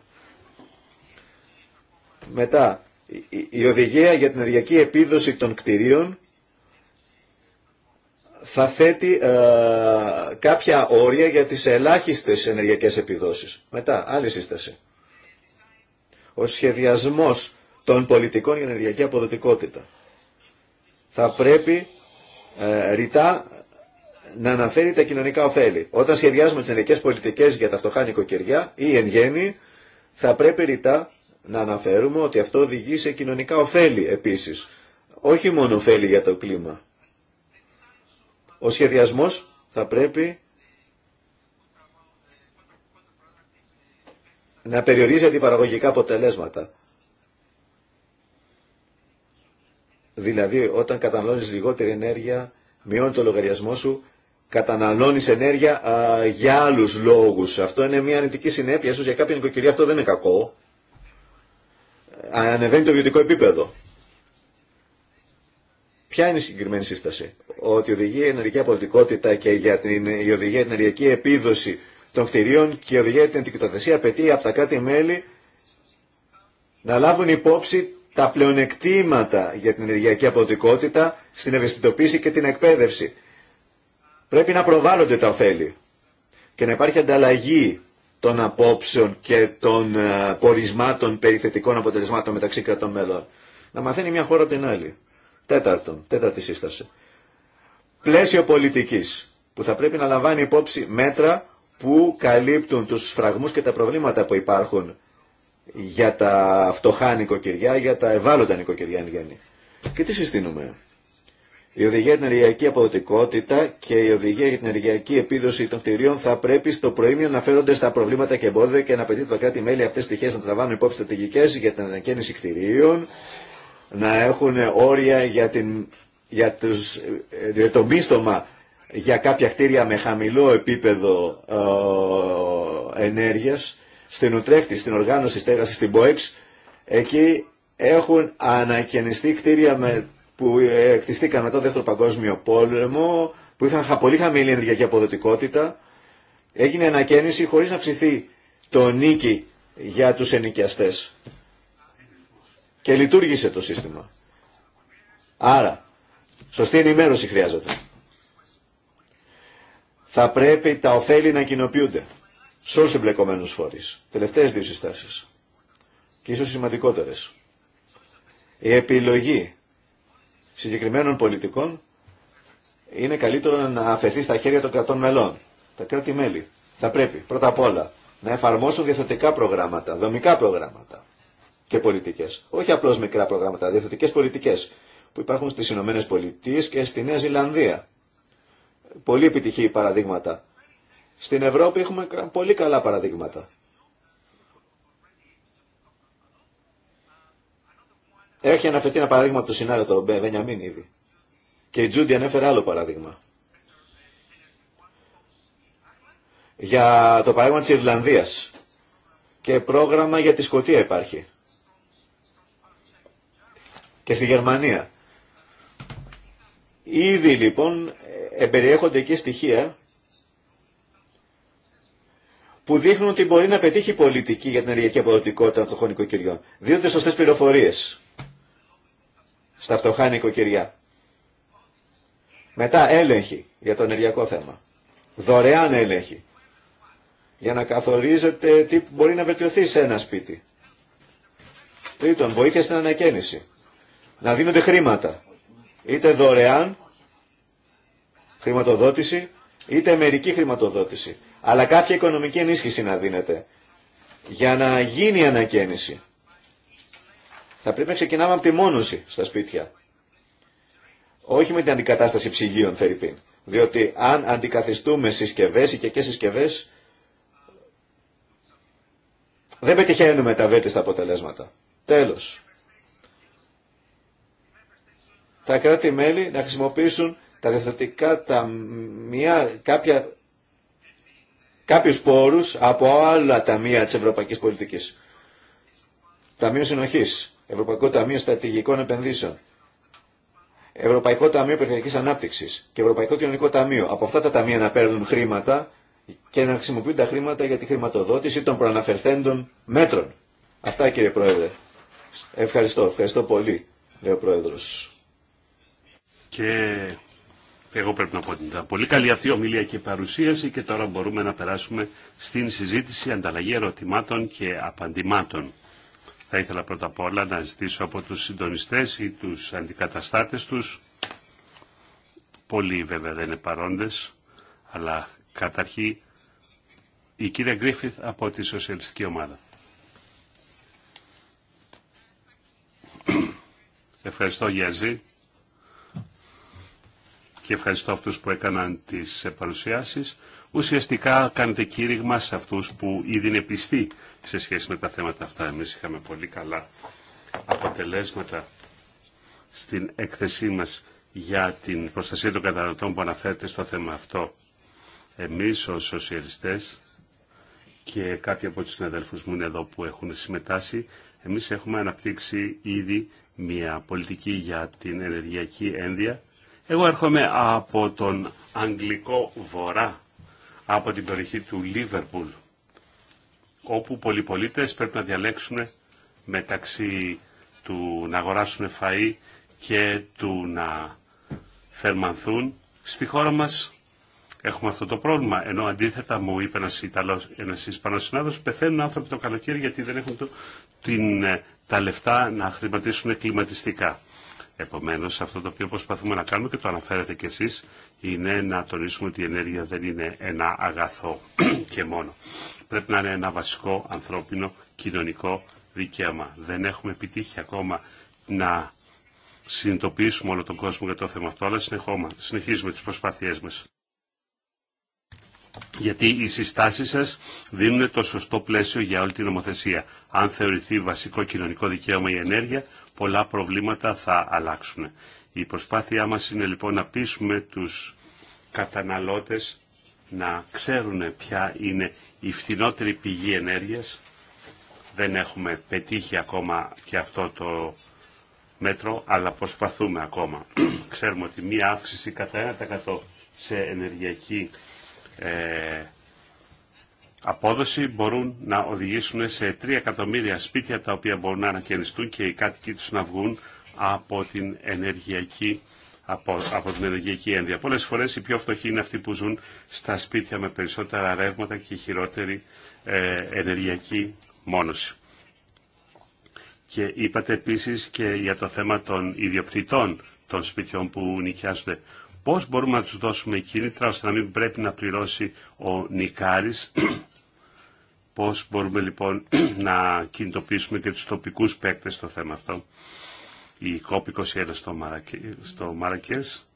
Μετά, η, η οδηγία για την ενεργειακή επίδοση των κτηρίων θα θέτει ε, κάποια όρια για τις ελάχιστες ενεργειακές επιδόσεις. Μετά, άλλη σύσταση. Ο σχεδιασμός των πολιτικών για ενεργειακή αποδοτικότητα. Θα πρέπει ε, ρητά να αναφέρει τα κοινωνικά ωφέλη. Όταν σχεδιάζουμε τις ενεργειακές πολιτικές για τα φτωχά νοικοκυριά ή εν γέννη, θα πρέπει ρητά να αναφέρουμε ότι αυτό οδηγεί σε κοινωνικά ωφέλη επίσης. Όχι μόνο ωφέλη για το κλίμα ο σχεδιασμός θα πρέπει να περιορίζει αντιπαραγωγικά αποτελέσματα. Δηλαδή, όταν καταναλώνεις λιγότερη ενέργεια, μειώνει το λογαριασμό σου, καταναλώνεις ενέργεια για άλλους λόγους. Αυτό είναι μια αρνητική συνέπεια, ίσως για κάποια νοικοκυρία αυτό δεν είναι κακό. Ανεβαίνει το βιωτικό επίπεδο. Ποια είναι η συγκεκριμένη σύσταση. Ότι οδηγεί η ενεργειακή αποδοτικότητα και για την η οδηγία ενεργειακή επίδοση των κτηρίων και η οδηγία την αντικειτοθεσία απαιτεί από τα κάτι μέλη να λάβουν υπόψη τα πλεονεκτήματα για την ενεργειακή αποδοτικότητα στην ευαισθητοποίηση και την εκπαίδευση. Πρέπει να προβάλλονται τα ωφέλη και να υπάρχει ανταλλαγή των απόψεων και των ε, πορισμάτων περιθετικών αποτελεσμάτων μεταξύ κρατών μέλων. Να μαθαίνει μια χώρα την άλλη. Τέταρτον, τέταρτη σύσταση. Πλαίσιο πολιτική που θα πρέπει να λαμβάνει υπόψη μέτρα που καλύπτουν τους φραγμούς και τα προβλήματα που υπάρχουν για τα φτωχά νοικοκυριά, για τα ευάλωτα νοικοκυριά εν γέννη. Και τι συστήνουμε. Η οδηγία για την ενεργειακή αποδοτικότητα και η οδηγία για την ενεργειακή επίδοση των κτηρίων θα πρέπει στο προήμιο να φέρονται στα προβλήματα και εμπόδια και να απαιτεί το κράτη-μέλη αυτέ τι στοιχείε να τραβάνουν υπόψη στρατηγικέ για την ανακαίνιση κτηρίων, να έχουν όρια για, την, για, τους, ε, το μίστομα για κάποια κτίρια με χαμηλό επίπεδο ε, ενέργειας στην Ουτρέχτη, στην οργάνωση στέγασης, στην ΠΟΕΞ, εκεί έχουν ανακαινιστεί κτίρια με, που ε, εκτιστήκαν μετά το Δεύτερο Παγκόσμιο Πόλεμο, που είχαν πολύ χαμηλή και αποδοτικότητα. Έγινε ανακαίνιση χωρίς να ψηθεί το νίκη για τους ενοικιαστές και λειτουργήσε το σύστημα. Άρα, σωστή ενημέρωση χρειάζεται. Θα πρέπει τα ωφέλη να κοινοποιούνται σε όλου του εμπλεκομένου φορεί. Τελευταίε δύο συστάσει. Και ίσω σημαντικότερε. Η επιλογή συγκεκριμένων πολιτικών είναι καλύτερο να αφαιθεί στα χέρια των κρατών μελών. Τα κράτη-μέλη θα πρέπει πρώτα απ' όλα να εφαρμόσουν διαθετικά προγράμματα, δομικά προγράμματα και πολιτικέ. Όχι απλώ μικρά προγράμματα, διαθετικέ πολιτικέ που υπάρχουν στι Ηνωμένε Πολιτείε και στη Νέα Ζηλανδία. Πολύ επιτυχή παραδείγματα. Στην Ευρώπη έχουμε πολύ καλά παραδείγματα. Έχει αναφερθεί ένα παράδειγμα από τον συνάδελφο, τον ήδη. Και η Τζούντι ανέφερε άλλο παράδειγμα. Για το παράδειγμα της Ιρλανδίας. Και πρόγραμμα για τη σκοτία υπάρχει και στη Γερμανία. Ήδη λοιπόν εμπεριέχονται εκεί στοιχεία που δείχνουν ότι μπορεί να πετύχει πολιτική για την ενεργειακή αποδοτικότητα των φτωχών οικοκυριών. Δίνονται σωστέ πληροφορίε στα φτωχά νοικοκυριά. Μετά έλεγχη για το ενεργειακό θέμα. Δωρεάν έλεγχη. Για να καθορίζεται τι μπορεί να βελτιωθεί σε ένα σπίτι. Τρίτον, βοήθεια στην ανακαίνιση να δίνονται χρήματα. Είτε δωρεάν χρηματοδότηση, είτε μερική χρηματοδότηση. Αλλά κάποια οικονομική ενίσχυση να δίνεται για να γίνει η ανακαίνιση. Θα πρέπει να ξεκινάμε από τη μόνωση στα σπίτια. Όχι με την αντικατάσταση ψυγείων, Φερρυπίν. Διότι αν αντικαθιστούμε συσκευές, και συσκευές, δεν πετυχαίνουμε τα βέλτιστα αποτελέσματα. Τέλος τα κράτη-μέλη να χρησιμοποιήσουν τα διαθετικά μία κάποια, κάποιους πόρους από άλλα ταμεία της ευρωπαϊκής πολιτικής. Ταμείο Συνοχής, Ευρωπαϊκό Ταμείο Στρατηγικών Επενδύσεων, Ευρωπαϊκό Ταμείο Περιφερειακής Ανάπτυξης και Ευρωπαϊκό Κοινωνικό Ταμείο. Από αυτά τα ταμεία να παίρνουν χρήματα και να χρησιμοποιούν τα χρήματα για τη χρηματοδότηση των προαναφερθέντων μέτρων. Αυτά κύριε Πρόεδρε. Ευχαριστώ. Ευχαριστώ πολύ, λέει ο και εγώ πρέπει να πω ότι πολύ καλή αυτή η ομιλία και παρουσίαση και τώρα μπορούμε να περάσουμε στην συζήτηση ανταλλαγή ερωτημάτων και απαντημάτων. Θα ήθελα πρώτα απ' όλα να ζητήσω από τους συντονιστές ή τους αντικαταστάτες τους. Πολλοί βέβαια δεν είναι παρόντες, αλλά καταρχή η κυρία Γκρίφιθ από τη Σοσιαλιστική Ομάδα. Ευχαριστώ Γιαζή και ευχαριστώ αυτούς που έκαναν τις παρουσιάσεις. Ουσιαστικά κάνετε κήρυγμα σε αυτούς που ήδη είναι πιστοί σε σχέση με τα θέματα αυτά. Εμείς είχαμε πολύ καλά αποτελέσματα στην έκθεσή μας για την προστασία των καταναλωτών που αναφέρεται στο θέμα αυτό. Εμείς ως σοσιαλιστές και κάποιοι από τους συναδέλφους μου είναι εδώ που έχουν συμμετάσει. εμείς έχουμε αναπτύξει ήδη μια πολιτική για την ενεργειακή ένδυα εγώ έρχομαι από τον Αγγλικό Βορρά, από την περιοχή του Λίβερπουλ, όπου πολλοί πολίτες πρέπει να διαλέξουν μεταξύ του να αγοράσουν φαΐ και του να θερμανθούν. Στη χώρα μας έχουμε αυτό το πρόβλημα, ενώ αντίθετα μου είπε ένας, Ιταλός, ένας Ισπανός συνάδελφος, πεθαίνουν άνθρωποι το καλοκαίρι γιατί δεν έχουν το, την, ε, τα λεφτά να χρηματίσουν κλιματιστικά. Επομένως αυτό το οποίο προσπαθούμε να κάνουμε και το αναφέρετε κι εσείς είναι να τονίσουμε ότι η ενέργεια δεν είναι ένα αγαθό [CLEARS THROAT] και μόνο. Πρέπει να είναι ένα βασικό ανθρώπινο κοινωνικό δικαίωμα. Δεν έχουμε επιτύχει ακόμα να συνειδητοποιήσουμε όλο τον κόσμο για το θέμα αυτό, αλλά συνεχίζουμε τις προσπάθειε μα γιατί οι συστάσεις σας δίνουν το σωστό πλαίσιο για όλη την νομοθεσία. Αν θεωρηθεί βασικό κοινωνικό δικαίωμα η ενέργεια, πολλά προβλήματα θα αλλάξουν. Η προσπάθειά μας είναι λοιπόν να πείσουμε τους καταναλώτες να ξέρουν ποια είναι η φθηνότερη πηγή ενέργειας. Δεν έχουμε πετύχει ακόμα και αυτό το μέτρο, αλλά προσπαθούμε ακόμα. [CLEARS THROAT] Ξέρουμε ότι μία αύξηση κατά 1% σε ενεργειακή ε, απόδοση μπορούν να οδηγήσουν σε 3 εκατομμύρια σπίτια τα οποία μπορούν να ανακαινιστούν και οι κάτοικοι τους να βγουν από την ενεργειακή από, την ενεργειακή ένδια. Πολλέ φορέ οι πιο φτωχοί είναι αυτοί που ζουν στα σπίτια με περισσότερα ρεύματα και χειρότερη ε, ενεργειακή μόνωση. Και είπατε επίση και για το θέμα των ιδιοκτητών των σπιτιών που νοικιάζονται Πώς μπορούμε να τους δώσουμε κίνητρα ώστε να μην πρέπει να πληρώσει ο Νικάρης. [CLEARS THROAT] Πώς μπορούμε λοιπόν [CLEARS THROAT] να κινητοποιήσουμε και τους τοπικούς παίκτες στο θέμα αυτό. Η COP21 στο, Μαρακέ, στο Μαρακές.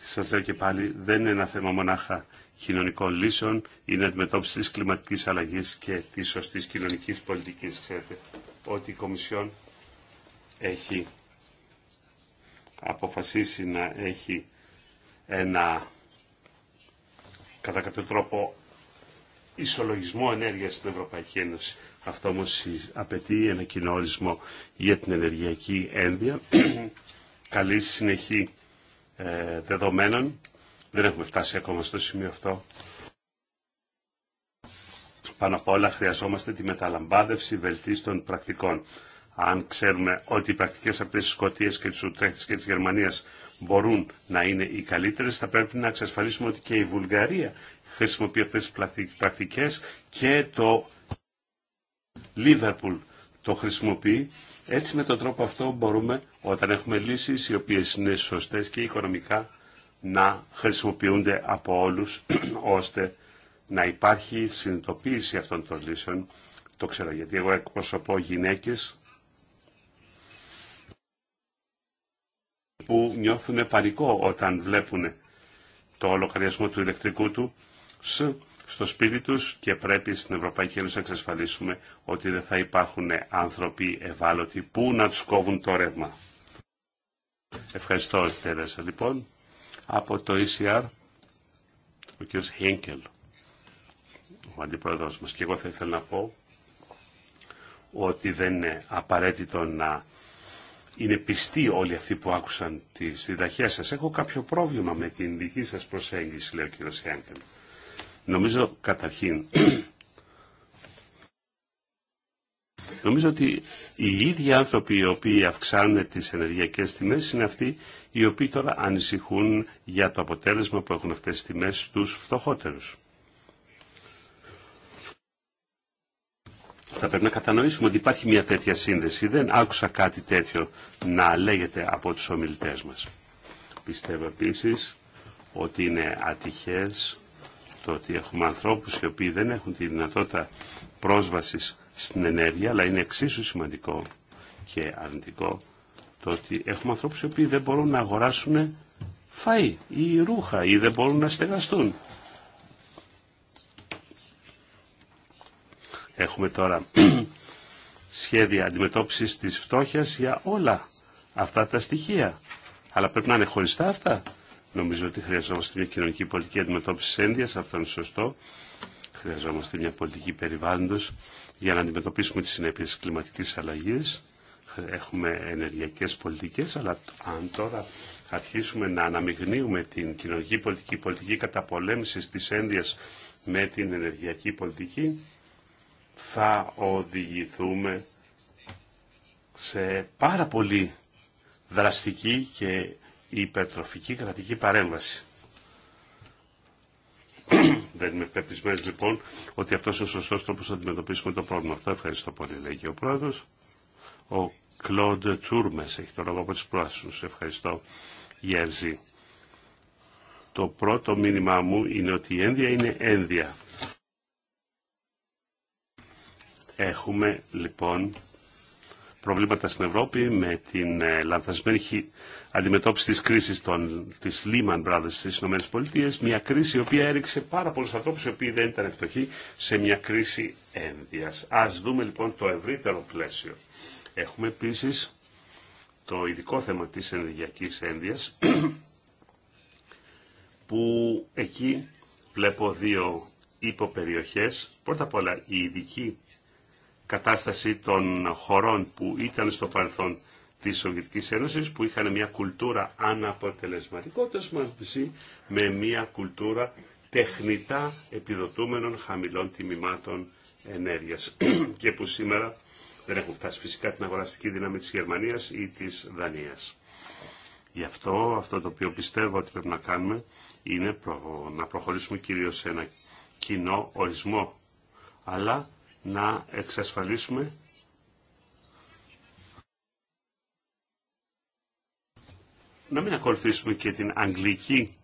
Σας λέω και πάλι δεν είναι ένα θέμα μονάχα κοινωνικών λύσεων, είναι αντιμετώπιση της κλιματικής αλλαγής και της σωστής κοινωνικής πολιτικής. Ξέρετε ότι η Κομισιόν έχει αποφασίσει να έχει ένα κατά κάποιο τρόπο ισολογισμό ενέργειας στην Ευρωπαϊκή Ένωση. Αυτό όμως απαιτεί ένα κοινό για την ενεργειακή ένδυα, [CLEARS THROAT] καλή συνεχή ε, δεδομένων. Δεν έχουμε φτάσει ακόμα στο σημείο αυτό. Πάνω απ' όλα χρειαζόμαστε τη μεταλαμπάδευση βελτίστων πρακτικών αν ξέρουμε ότι οι πρακτικέ αυτέ τη Σκωτία και της Ουτρέχτη και τη Γερμανία μπορούν να είναι οι καλύτερε, θα πρέπει να εξασφαλίσουμε ότι και η Βουλγαρία χρησιμοποιεί αυτέ τι πρακτικέ και το Λίβερπουλ το χρησιμοποιεί. Έτσι με τον τρόπο αυτό μπορούμε όταν έχουμε λύσεις οι οποίες είναι σωστές και οικονομικά να χρησιμοποιούνται από όλους [CLEARS THROAT] ώστε να υπάρχει συνειδητοποίηση αυτών των λύσεων. Το ξέρω γιατί εγώ εκπροσωπώ γυναίκες που νιώθουν παρικό όταν βλέπουν το λογαριασμό του ηλεκτρικού του στο σπίτι τους και πρέπει στην Ευρωπαϊκή Ένωση να εξασφαλίσουμε ότι δεν θα υπάρχουν άνθρωποι ευάλωτοι που να τους κόβουν το ρεύμα. Ευχαριστώ, Τέρεσα, λοιπόν. Από το ECR, ο κ. Χένκελ, ο αντιπρόεδρος μας. Και εγώ θα ήθελα να πω ότι δεν είναι απαραίτητο να είναι πιστοί όλοι αυτοί που άκουσαν τη συνταχέ σας. Έχω κάποιο πρόβλημα με την δική σας προσέγγιση, λέει ο κ. Χέγκελ. Νομίζω καταρχήν, [CLEARS THROAT] νομίζω ότι οι ίδιοι άνθρωποι οι οποίοι αυξάνουν τις ενεργειακές τιμέ είναι αυτοί οι οποίοι τώρα ανησυχούν για το αποτέλεσμα που έχουν αυτέ τις τιμέ στου φτωχότερου. θα πρέπει να κατανοήσουμε ότι υπάρχει μια τέτοια σύνδεση. Δεν άκουσα κάτι τέτοιο να λέγεται από τους ομιλητές μας. Πιστεύω επίσης ότι είναι ατυχές το ότι έχουμε ανθρώπους οι οποίοι δεν έχουν τη δυνατότητα πρόσβασης στην ενέργεια, αλλά είναι εξίσου σημαντικό και αρνητικό το ότι έχουμε ανθρώπους οι οποίοι δεν μπορούν να αγοράσουν φαΐ ή ρούχα ή δεν μπορούν να στεγαστούν. Έχουμε τώρα [CLEARS THROAT] σχέδια αντιμετώπισης της φτώχειας για όλα αυτά τα στοιχεία. Αλλά πρέπει να είναι χωριστά αυτά. Νομίζω ότι χρειαζόμαστε μια κοινωνική πολιτική αντιμετώπιση ένδυα, αυτό είναι σωστό. Χρειαζόμαστε μια πολιτική περιβάλλοντος για να αντιμετωπίσουμε τις συνέπειες της κλιματικής αλλαγής. Έχουμε ενεργειακές πολιτικές, αλλά αν τώρα αρχίσουμε να αναμειγνύουμε την κοινωνική πολιτική, πολιτική καταπολέμησης της ένδειας με την ενεργειακή πολιτική, θα οδηγηθούμε σε πάρα πολύ δραστική και υπερτροφική κρατική παρέμβαση. [CLEARS THROAT] Δεν είμαι πεπισμένος λοιπόν ότι αυτός είναι ο σωστός τρόπος να αντιμετωπίσουμε το πρόβλημα. Αυτό ευχαριστώ πολύ λέει και ο πρόεδρος. Ο Κλοντ Τσούρμες έχει το λόγο από τις πρόασους. Ευχαριστώ Γερζή. Το πρώτο μήνυμά μου είναι ότι η ένδια είναι ένδια. Έχουμε λοιπόν προβλήματα στην Ευρώπη με την ε, λανθασμένη αντιμετώπιση της κρίσης των, της Lehman Brothers στις ΗΠΑ, μια κρίση η οποία έριξε πάρα πολλούς ανθρώπους οι οποίοι δεν ήταν φτωχοί σε μια κρίση ένδυας. Ας δούμε λοιπόν το ευρύτερο πλαίσιο. Έχουμε επίσης το ειδικό θέμα της ενεργειακής ένδυας [CLEARS THROAT] που εκεί βλέπω δύο υποπεριοχές. Πρώτα απ' όλα η ειδική κατάσταση των χωρών που ήταν στο παρελθόν της Σοβιετικής Ένωσης που είχαν μια κουλτούρα αναποτελεσματικότητας με μια κουλτούρα τεχνητά επιδοτούμενων χαμηλών τιμημάτων ενέργειας [CLEARS THROAT] και που σήμερα δεν έχουν φτάσει φυσικά την αγοραστική δύναμη της Γερμανίας ή της Δανίας. Γι' αυτό αυτό το οποίο πιστεύω ότι πρέπει να κάνουμε είναι να προχωρήσουμε κυρίως σε ένα κοινό ορισμό αλλά να εξασφαλίσουμε να μην ακολουθήσουμε και την αγγλική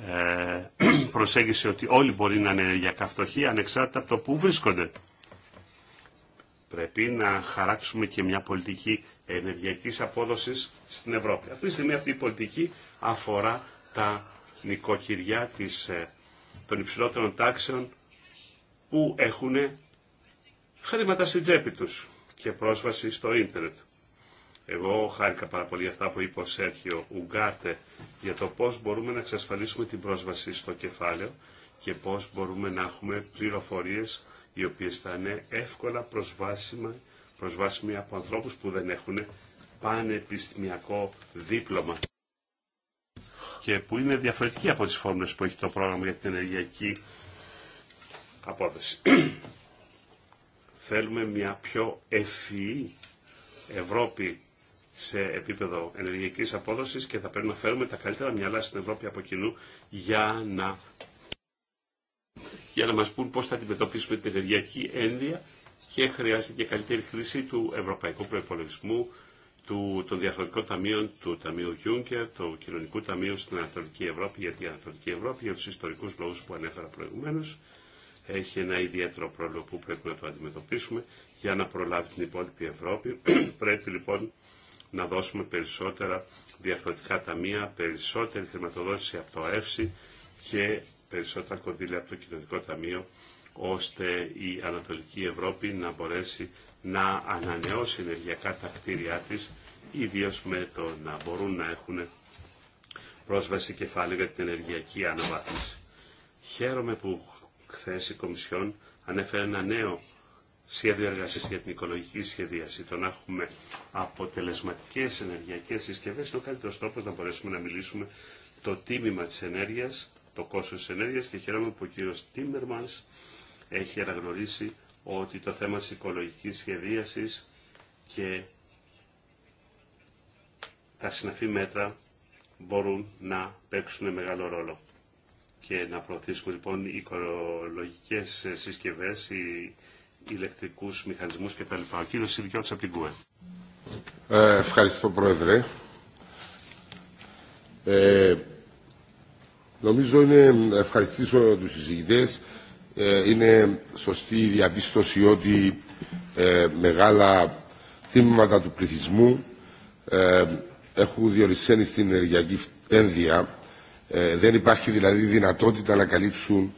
ε, [CLEARS THROAT] προσέγγιση ότι όλοι μπορεί να είναι ενεργειακά φτωχοί ανεξάρτητα από το που βρίσκονται. Πρέπει να χαράξουμε και μια πολιτική ενεργειακής απόδοσης στην Ευρώπη. Αυτή τη στιγμή αυτή η πολιτική αφορά τα νοικοκυριά της, ε, των υψηλότερων τάξεων που έχουν χρήματα στην τσέπη τους και πρόσβαση στο ίντερνετ. Εγώ χάρηκα πάρα πολύ αυτά που είπε ο Σέρχιο για το πώς μπορούμε να εξασφαλίσουμε την πρόσβαση στο κεφάλαιο και πώς μπορούμε να έχουμε πληροφορίες οι οποίες θα είναι εύκολα προσβάσιμα, προσβάσιμοι από ανθρώπους που δεν έχουν πανεπιστημιακό δίπλωμα και που είναι διαφορετική από τις φόρμες που έχει το πρόγραμμα για την ενεργειακή απόδοση. Θέλουμε μια πιο ευφυή Ευρώπη σε επίπεδο ενεργειακής απόδοσης και θα πρέπει να φέρουμε τα καλύτερα μυαλά στην Ευρώπη από κοινού για να, για να μας πούν πώ θα αντιμετωπίσουμε την ενεργειακή ένδυα και χρειάζεται και καλύτερη χρήση του ευρωπαϊκού προπολογισμού, του, των διαφορετικών ταμείων, του Ταμείου Γιούγκερ, του Κοινωνικού Ταμείου στην Ανατολική Ευρώπη, γιατί η Ανατολική Ευρώπη, για του ιστορικούς λόγους που ανέφερα προηγουμένω έχει ένα ιδιαίτερο πρόβλημα που πρέπει να το αντιμετωπίσουμε για να προλάβει την υπόλοιπη Ευρώπη. [CLEARS THROAT] πρέπει λοιπόν να δώσουμε περισσότερα διαφορετικά ταμεία, περισσότερη χρηματοδότηση από το ΕΦΣΥ και περισσότερα κονδύλια από το Κοινωνικό Ταμείο, ώστε η Ανατολική Ευρώπη να μπορέσει να ανανεώσει ενεργειακά τα κτίρια της, ιδίως με το να μπορούν να έχουν πρόσβαση κεφάλαιο για την ενεργειακή αναβάθμιση. Χαίρομαι που χθε η Κομισιόν ανέφερε ένα νέο σχέδιο εργασία για την οικολογική σχεδίαση. Το να έχουμε αποτελεσματικέ ενεργειακέ συσκευέ είναι ο καλύτερο τρόπο να μπορέσουμε να μιλήσουμε το τίμημα τη ενέργεια, το κόστο τη ενέργεια και χαίρομαι που ο κύριο Τίμερμαν έχει αναγνωρίσει ότι το θέμα της οικολογική σχεδίαση και τα συναφή μέτρα μπορούν να παίξουν μεγάλο ρόλο και να προωθήσουμε λοιπόν οικολογικές συσκευές, οι ηλεκτρικούς μηχανισμούς κτλ. Ο κύριος Σιδικιώτης από την ΚΟΕ. Ε, ευχαριστώ Πρόεδρε. Ε, νομίζω είναι ευχαριστήσω τους συζητητές. Ε, είναι σωστή η διαπίστωση ότι ε, μεγάλα τίμηματα του πληθυσμού ε, έχουν διορισμένη στην ενεργειακή ένδυα ε, δεν υπάρχει δηλαδή δυνατότητα να καλύψουν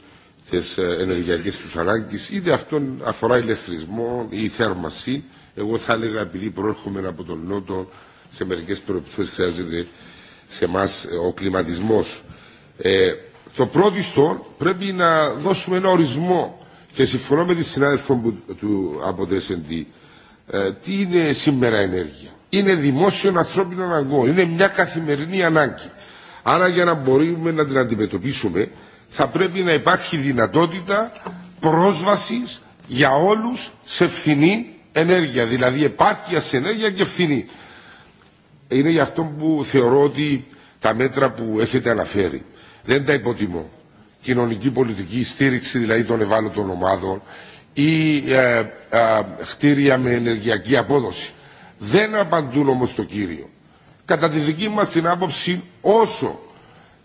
τις ε, ενεργειακές τους ανάγκες είτε αυτό αφορά ηλεκτρισμό ή θέρμαση εγώ θα έλεγα επειδή προέρχομαι από τον Νότο σε μερικές περιπτώσεις χρειάζεται σε εμά ε, ο κλιματισμός ε, το στο πρέπει να δώσουμε ένα ορισμό και συμφωνώ με τη συνάδελφο του, από το S&D τι είναι σήμερα ενέργεια είναι δημόσιο ανθρώπινο αναγκό είναι μια καθημερινή ανάγκη Άρα για να μπορούμε να την αντιμετωπίσουμε θα πρέπει να υπάρχει δυνατότητα πρόσβασης για όλους σε φθηνή ενέργεια, δηλαδή επάρκεια σε ενέργεια και φθηνή. Είναι γι' αυτό που θεωρώ ότι τα μέτρα που έχετε αναφέρει δεν τα υποτιμώ. Κοινωνική πολιτική στήριξη δηλαδή των ευάλωτων ομάδων ή ε, ε χτίρια με ενεργειακή απόδοση. Δεν απαντούν όμως το κύριο. Κατά τη δική μας την άποψη όσο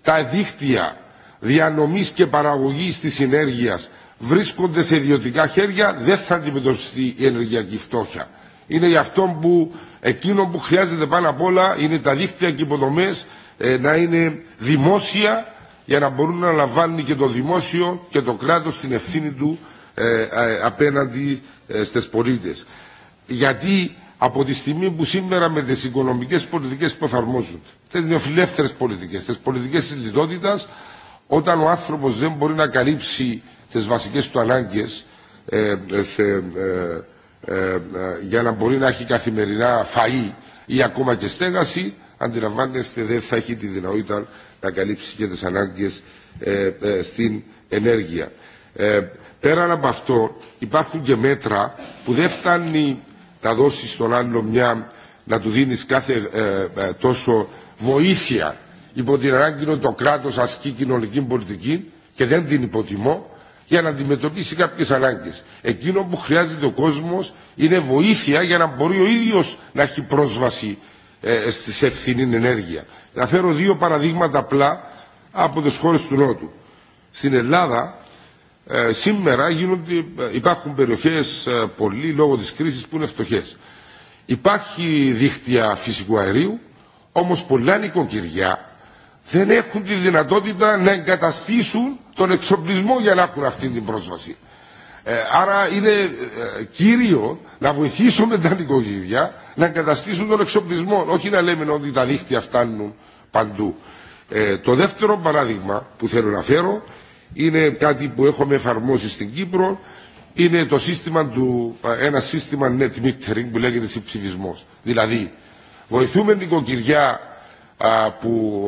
τα δίχτυα διανομής και παραγωγής της ενέργειας βρίσκονται σε ιδιωτικά χέρια, δεν θα αντιμετωπιστεί η ενεργειακή φτώχεια. Είναι για αυτό που εκείνο που χρειάζεται πάνω απ' όλα είναι τα δίχτυα και υποδομέ ε, να είναι δημόσια για να μπορούν να λαμβάνουν και το δημόσιο και το κράτος την ευθύνη του ε, ε απέναντι ε, στις πολίτες. Γιατί από τη στιγμή που σήμερα με τι οικονομικέ πολιτικέ που εφαρμόζονται, τι νεοφιλεύθερε πολιτικέ, τι πολιτικέ τη λιτότητα, όταν ο άνθρωπο δεν μπορεί να καλύψει τι βασικέ του ανάγκε ε, ε, ε, για να μπορεί να έχει καθημερινά φαΐ ή ακόμα και στέγαση, αντιλαμβάνεστε δεν θα έχει τη δυνατότητα να καλύψει και τις ανάγκες στην ενέργεια. Πέραν από αυτό υπάρχουν και μέτρα που δεν φτάνει να δώσει στον άλλο μια, να του δίνει κάθε ε, ε, τόσο βοήθεια υπό την ανάγκη ότι το κράτο ασκεί κοινωνική πολιτική και δεν την υποτιμώ για να αντιμετωπίσει κάποιε ανάγκε. Εκείνο που χρειάζεται ο κόσμο είναι βοήθεια για να μπορεί ο ίδιο να έχει πρόσβαση ε, σε ευθυνή ενέργεια. Θα φέρω δύο παραδείγματα απλά από τι χώρε του Νότου. Στην Ελλάδα ε, σήμερα γίνονται, υπάρχουν περιοχές ε, πολλοί λόγω της κρίσης που είναι φτωχές. Υπάρχει δίχτυα φυσικού αερίου, όμως πολλά νοικοκυριά δεν έχουν τη δυνατότητα να εγκαταστήσουν τον εξοπλισμό για να έχουν αυτή την πρόσβαση. Ε, άρα είναι κύριο να βοηθήσουμε τα νοικοκυριά να εγκαταστήσουν τον εξοπλισμό, όχι να λέμε ότι τα δίχτυα φτάνουν παντού. το δεύτερο παράδειγμα που θέλω να φέρω είναι κάτι που έχουμε εφαρμόσει στην Κύπρο. Είναι το σύστημα του, ένα σύστημα net metering που λέγεται συμψηφισμό. Δηλαδή, βοηθούμε νοικοκυριά που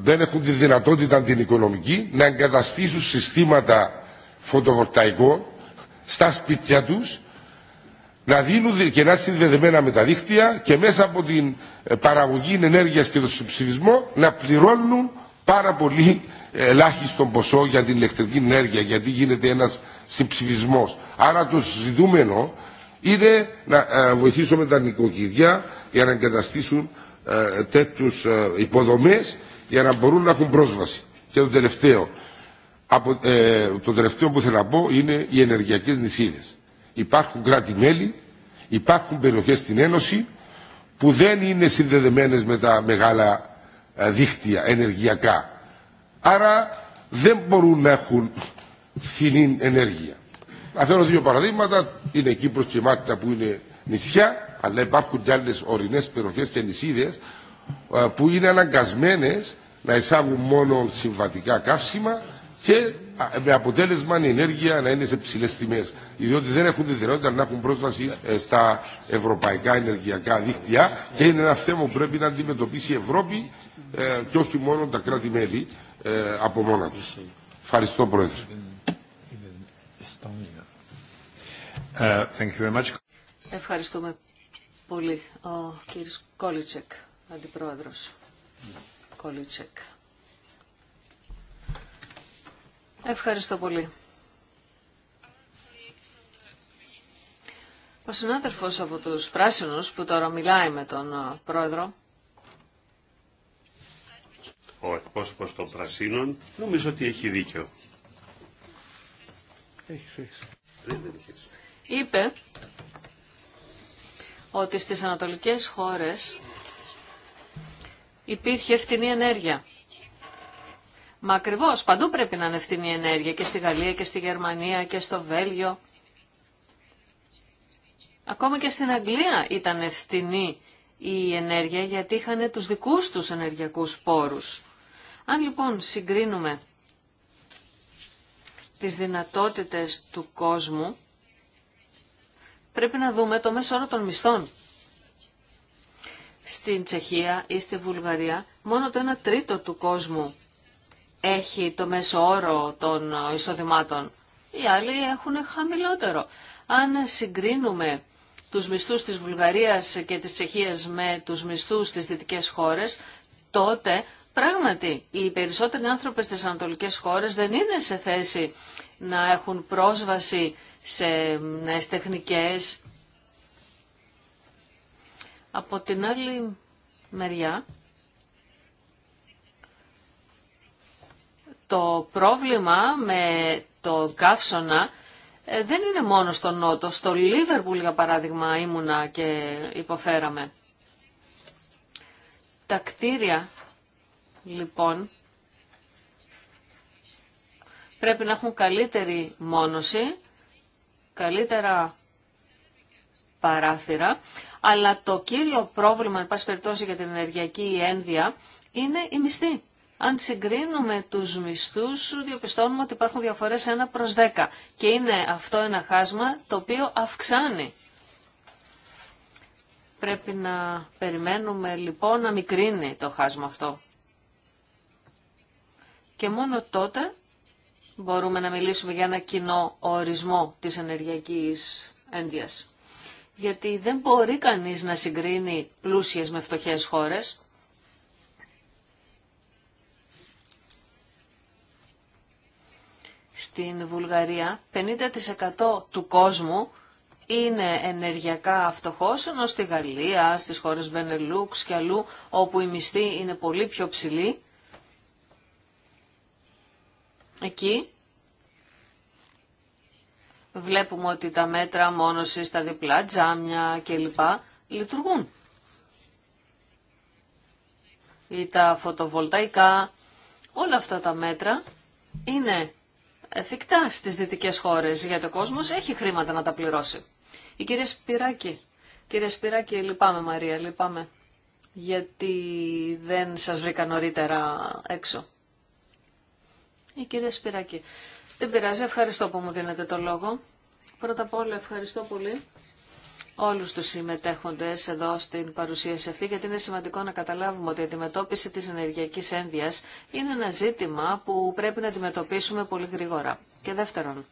δεν έχουν τη δυνατότητα την οικονομική να εγκαταστήσουν συστήματα φωτοβολταϊκό στα σπίτια τους να δίνουν και να συνδεδεμένα με τα δίχτυα και μέσα από την ε, παραγωγή ενέργειας και τον συμψηφισμό να πληρώνουν πάρα πολύ ελάχιστο ποσό για την ηλεκτρική ενέργεια, γιατί γίνεται ένας συμψηφισμός. Άρα το συζητούμενο είναι να ε, βοηθήσουμε τα νοικοκυριά για να εγκαταστήσουν ε, τέτοιους ε, υποδομές για να μπορούν να έχουν πρόσβαση. Και το τελευταίο, από, το τελευταίο που θέλω να πω είναι οι ενεργειακές νησίδες. Υπάρχουν κράτη-μέλη, υπάρχουν περιοχές στην Ένωση που δεν είναι συνδεδεμένες με τα μεγάλα δίχτυα ενεργειακά. Άρα δεν μπορούν να έχουν φθηνή ενέργεια. Να φέρω δύο παραδείγματα. Είναι Κύπρος και Μάρτα που είναι νησιά, αλλά υπάρχουν και άλλες ορεινές περιοχές και νησίδες ε, που είναι αναγκασμένες να εισάγουν μόνο συμβατικά καύσιμα και με αποτέλεσμα η ενέργεια να είναι σε ψηλέ τιμέ. Διότι δεν έχουν τη δυνατότητα να έχουν πρόσβαση ε, στα ευρωπαϊκά ενεργειακά δίκτυα και είναι ένα θέμα που πρέπει να αντιμετωπίσει η Ευρώπη ε, και όχι μόνο τα κράτη-μέλη. Ε, από μόνα του. Ευχαριστώ, Πρόεδρε. Ευχαριστούμε πολύ. Ο κύριος Κόλιτσεκ, αντιπρόεδρος. Κόλιτσεκ. Ευχαριστώ πολύ. Ο συνάδελφος από τους Πράσινους που τώρα μιλάει με τον ε, πρόεδρο ο εκπρόσωπος των Πρασίνων, νομίζω ότι έχει δίκιο. Είπε ότι στις ανατολικές χώρες υπήρχε φτηνή ενέργεια. Μα ακριβώ παντού πρέπει να είναι φτηνή ενέργεια και στη Γαλλία και στη Γερμανία και στο Βέλγιο. Ακόμα και στην Αγγλία ήταν φτηνή η ενέργεια γιατί είχαν τους δικούς τους ενεργειακούς πόρους. Αν λοιπόν συγκρίνουμε τις δυνατότητες του κόσμου, πρέπει να δούμε το μέσο όρο των μισθών. Στην Τσεχία ή στη Βουλγαρία, μόνο το 1 τρίτο του κόσμου έχει το μέσο όρο των εισοδημάτων. Οι άλλοι έχουν χαμηλότερο. Αν συγκρίνουμε τους μισθούς της Βουλγαρίας και της Τσεχίας με τους μισθούς της δυτικές χώρες, τότε Πράγματι, οι περισσότεροι άνθρωποι στις ανατολικές χώρες δεν είναι σε θέση να έχουν πρόσβαση σε νέες τεχνικές. Από την άλλη μεριά, το πρόβλημα με το καύσωνα ε, δεν είναι μόνο στο Νότο. Στο Λίβερπουλ, για παράδειγμα, ήμουνα και υποφέραμε. Τα κτίρια λοιπόν πρέπει να έχουν καλύτερη μόνωση, καλύτερα παράθυρα, αλλά το κύριο πρόβλημα, εν πάση περιπτώσει, για την ενεργειακή ένδυα είναι η μισθή. Αν συγκρίνουμε τους μισθούς, διοπιστώνουμε ότι υπάρχουν διαφορές 1 προς 10 και είναι αυτό ένα χάσμα το οποίο αυξάνει. Πρέπει να περιμένουμε λοιπόν να μικρύνει το χάσμα αυτό και μόνο τότε μπορούμε να μιλήσουμε για ένα κοινό ορισμό της ενεργειακής ένδυας. Γιατί δεν μπορεί κανείς να συγκρίνει πλούσιες με φτωχές χώρες. Στην Βουλγαρία 50% του κόσμου είναι ενεργειακά φτωχός, ενώ στη Γαλλία, στις χώρες Μπενελούξ και αλλού, όπου η μισθή είναι πολύ πιο ψηλή, Εκεί βλέπουμε ότι τα μέτρα μόνωση στα διπλά τζάμια κλπ. λειτουργούν. Ή τα φωτοβολταϊκά, όλα αυτά τα μέτρα είναι εφικτά στις δυτικές χώρες, γιατί ο κόσμος έχει χρήματα να τα πληρώσει. Η κυρία Σπυράκη, κύριε Σπυράκη, λυπάμαι Μαρία, λυπάμαι, γιατί δεν σας βρήκα νωρίτερα έξω. Η κυρία Σπυράκη. Δεν πειράζει, ευχαριστώ που μου δίνετε το λόγο. Πρώτα απ' όλα ευχαριστώ πολύ όλους τους συμμετέχοντες εδώ στην παρουσίαση αυτή, γιατί είναι σημαντικό να καταλάβουμε ότι η αντιμετώπιση της ενεργειακής ένδειας είναι ένα ζήτημα που πρέπει να αντιμετωπίσουμε πολύ γρήγορα. Και δεύτερον,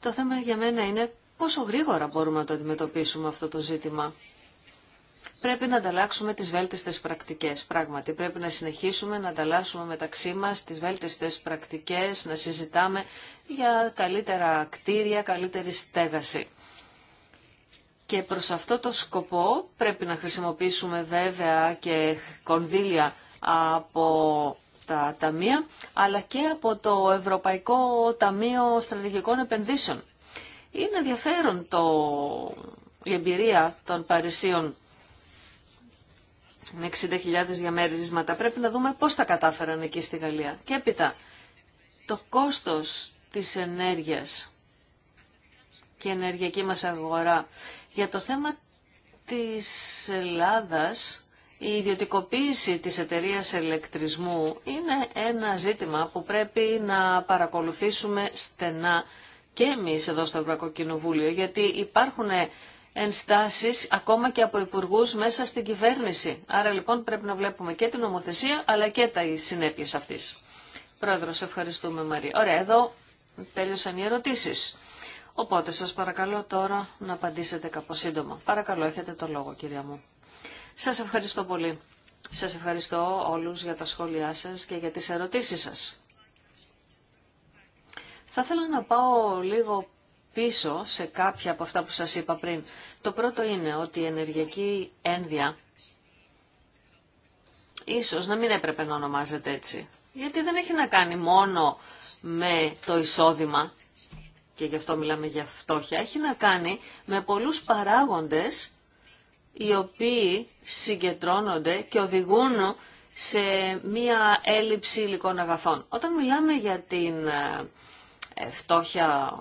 το θέμα για μένα είναι πόσο γρήγορα μπορούμε να το αντιμετωπίσουμε αυτό το ζήτημα πρέπει να ανταλλάξουμε τις βέλτιστες πρακτικές. Πράγματι, πρέπει να συνεχίσουμε να ανταλλάσσουμε μεταξύ μας τις βέλτιστες πρακτικές, να συζητάμε για καλύτερα κτίρια, καλύτερη στέγαση. Και προς αυτό το σκοπό πρέπει να χρησιμοποιήσουμε βέβαια και κονδύλια από τα ταμεία, αλλά και από το Ευρωπαϊκό Ταμείο Στρατηγικών Επενδύσεων. Είναι ενδιαφέρον το... η εμπειρία των Παρισίων με 60.000 διαμέρισματα. Πρέπει να δούμε πώς τα κατάφεραν εκεί στη Γαλλία. Και έπειτα, το κόστος της ενέργειας και ενεργειακή μας αγορά. Για το θέμα της Ελλάδας, η ιδιωτικοποίηση της εταιρείας ηλεκτρισμού είναι ένα ζήτημα που πρέπει να παρακολουθήσουμε στενά και εμείς εδώ στο Ευρωπαϊκό Κοινοβούλιο, γιατί υπάρχουν ενστάσεις ακόμα και από υπουργού μέσα στην κυβέρνηση. Άρα λοιπόν πρέπει να βλέπουμε και την ομοθεσία, αλλά και τα συνέπειε αυτής. Πρόεδρος, ευχαριστούμε Μαρία. Ωραία, εδώ τέλειωσαν οι ερωτήσεις. Οπότε σας παρακαλώ τώρα να απαντήσετε κάπως σύντομα. Παρακαλώ, έχετε το λόγο κυρία μου. Σας ευχαριστώ πολύ. Σας ευχαριστώ όλους για τα σχόλιά σας και για τις ερωτήσεις σας. Θα ήθελα να πάω λίγο πίσω σε κάποια από αυτά που σας είπα πριν. Το πρώτο είναι ότι η ενεργειακή ένδια ίσως να μην έπρεπε να ονομάζεται έτσι. Γιατί δεν έχει να κάνει μόνο με το εισόδημα, και γι' αυτό μιλάμε για φτώχεια, έχει να κάνει με πολλούς παράγοντες οι οποίοι συγκεντρώνονται και οδηγούν σε μία έλλειψη υλικών αγαθών. Όταν μιλάμε για την ε, φτώχεια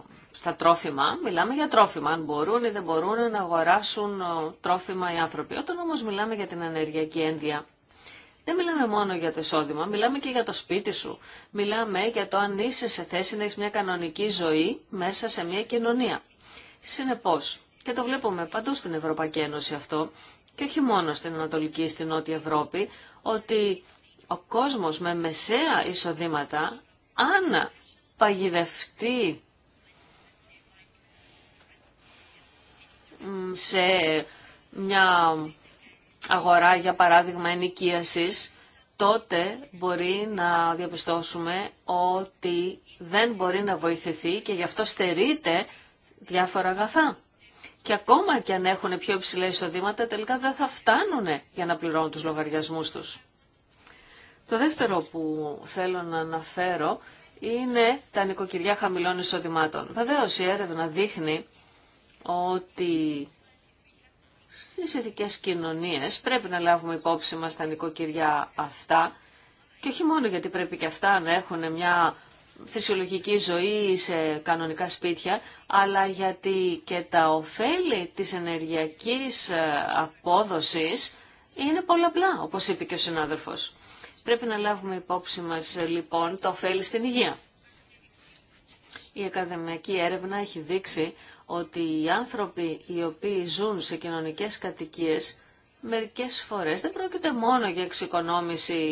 στα τρόφιμα, μιλάμε για τρόφιμα, αν μπορούν ή δεν μπορούν να αγοράσουν ε, τρόφιμα οι άνθρωποι. Όταν όμως μιλάμε για την ενεργειακή ένδυα, δεν μιλάμε μόνο για το εισόδημα, μιλάμε και για το σπίτι σου. Μιλάμε για το αν είσαι σε θέση να έχει μια κανονική ζωή μέσα σε μια κοινωνία. Συνεπώ, και το βλέπουμε παντού στην Ευρωπαϊκή Ένωση αυτό, και όχι μόνο στην Ανατολική ή στην Νότια Ευρώπη, ότι ο κόσμος με μεσαία εισοδήματα, αν παγιδευτεί σε μια αγορά, για παράδειγμα, ενοικίασης, τότε μπορεί να διαπιστώσουμε ότι δεν μπορεί να βοηθηθεί και γι' αυτό στερείται διάφορα αγαθά. Και ακόμα και αν έχουν πιο υψηλά εισοδήματα, τελικά δεν θα φτάνουν για να πληρώνουν τους λογαριασμούς τους. Το δεύτερο που θέλω να αναφέρω είναι τα νοικοκυριά χαμηλών εισοδημάτων. Βεβαίω η έρευνα δείχνει ότι στις ηθικές κοινωνίες πρέπει να λάβουμε υπόψη μας τα νοικοκυριά αυτά και όχι μόνο γιατί πρέπει και αυτά να έχουν μια φυσιολογική ζωή σε κανονικά σπίτια, αλλά γιατί και τα ωφέλη της ενεργειακής ε, απόδοσης είναι πολλαπλά, όπως είπε και ο συνάδελφος. Πρέπει να λάβουμε υπόψη μας ε, λοιπόν το ωφέλη στην υγεία. Η ακαδημαϊκή έρευνα έχει δείξει ότι οι άνθρωποι οι οποίοι ζουν σε κοινωνικές κατοικίες μερικές φορές δεν πρόκειται μόνο για εξοικονόμηση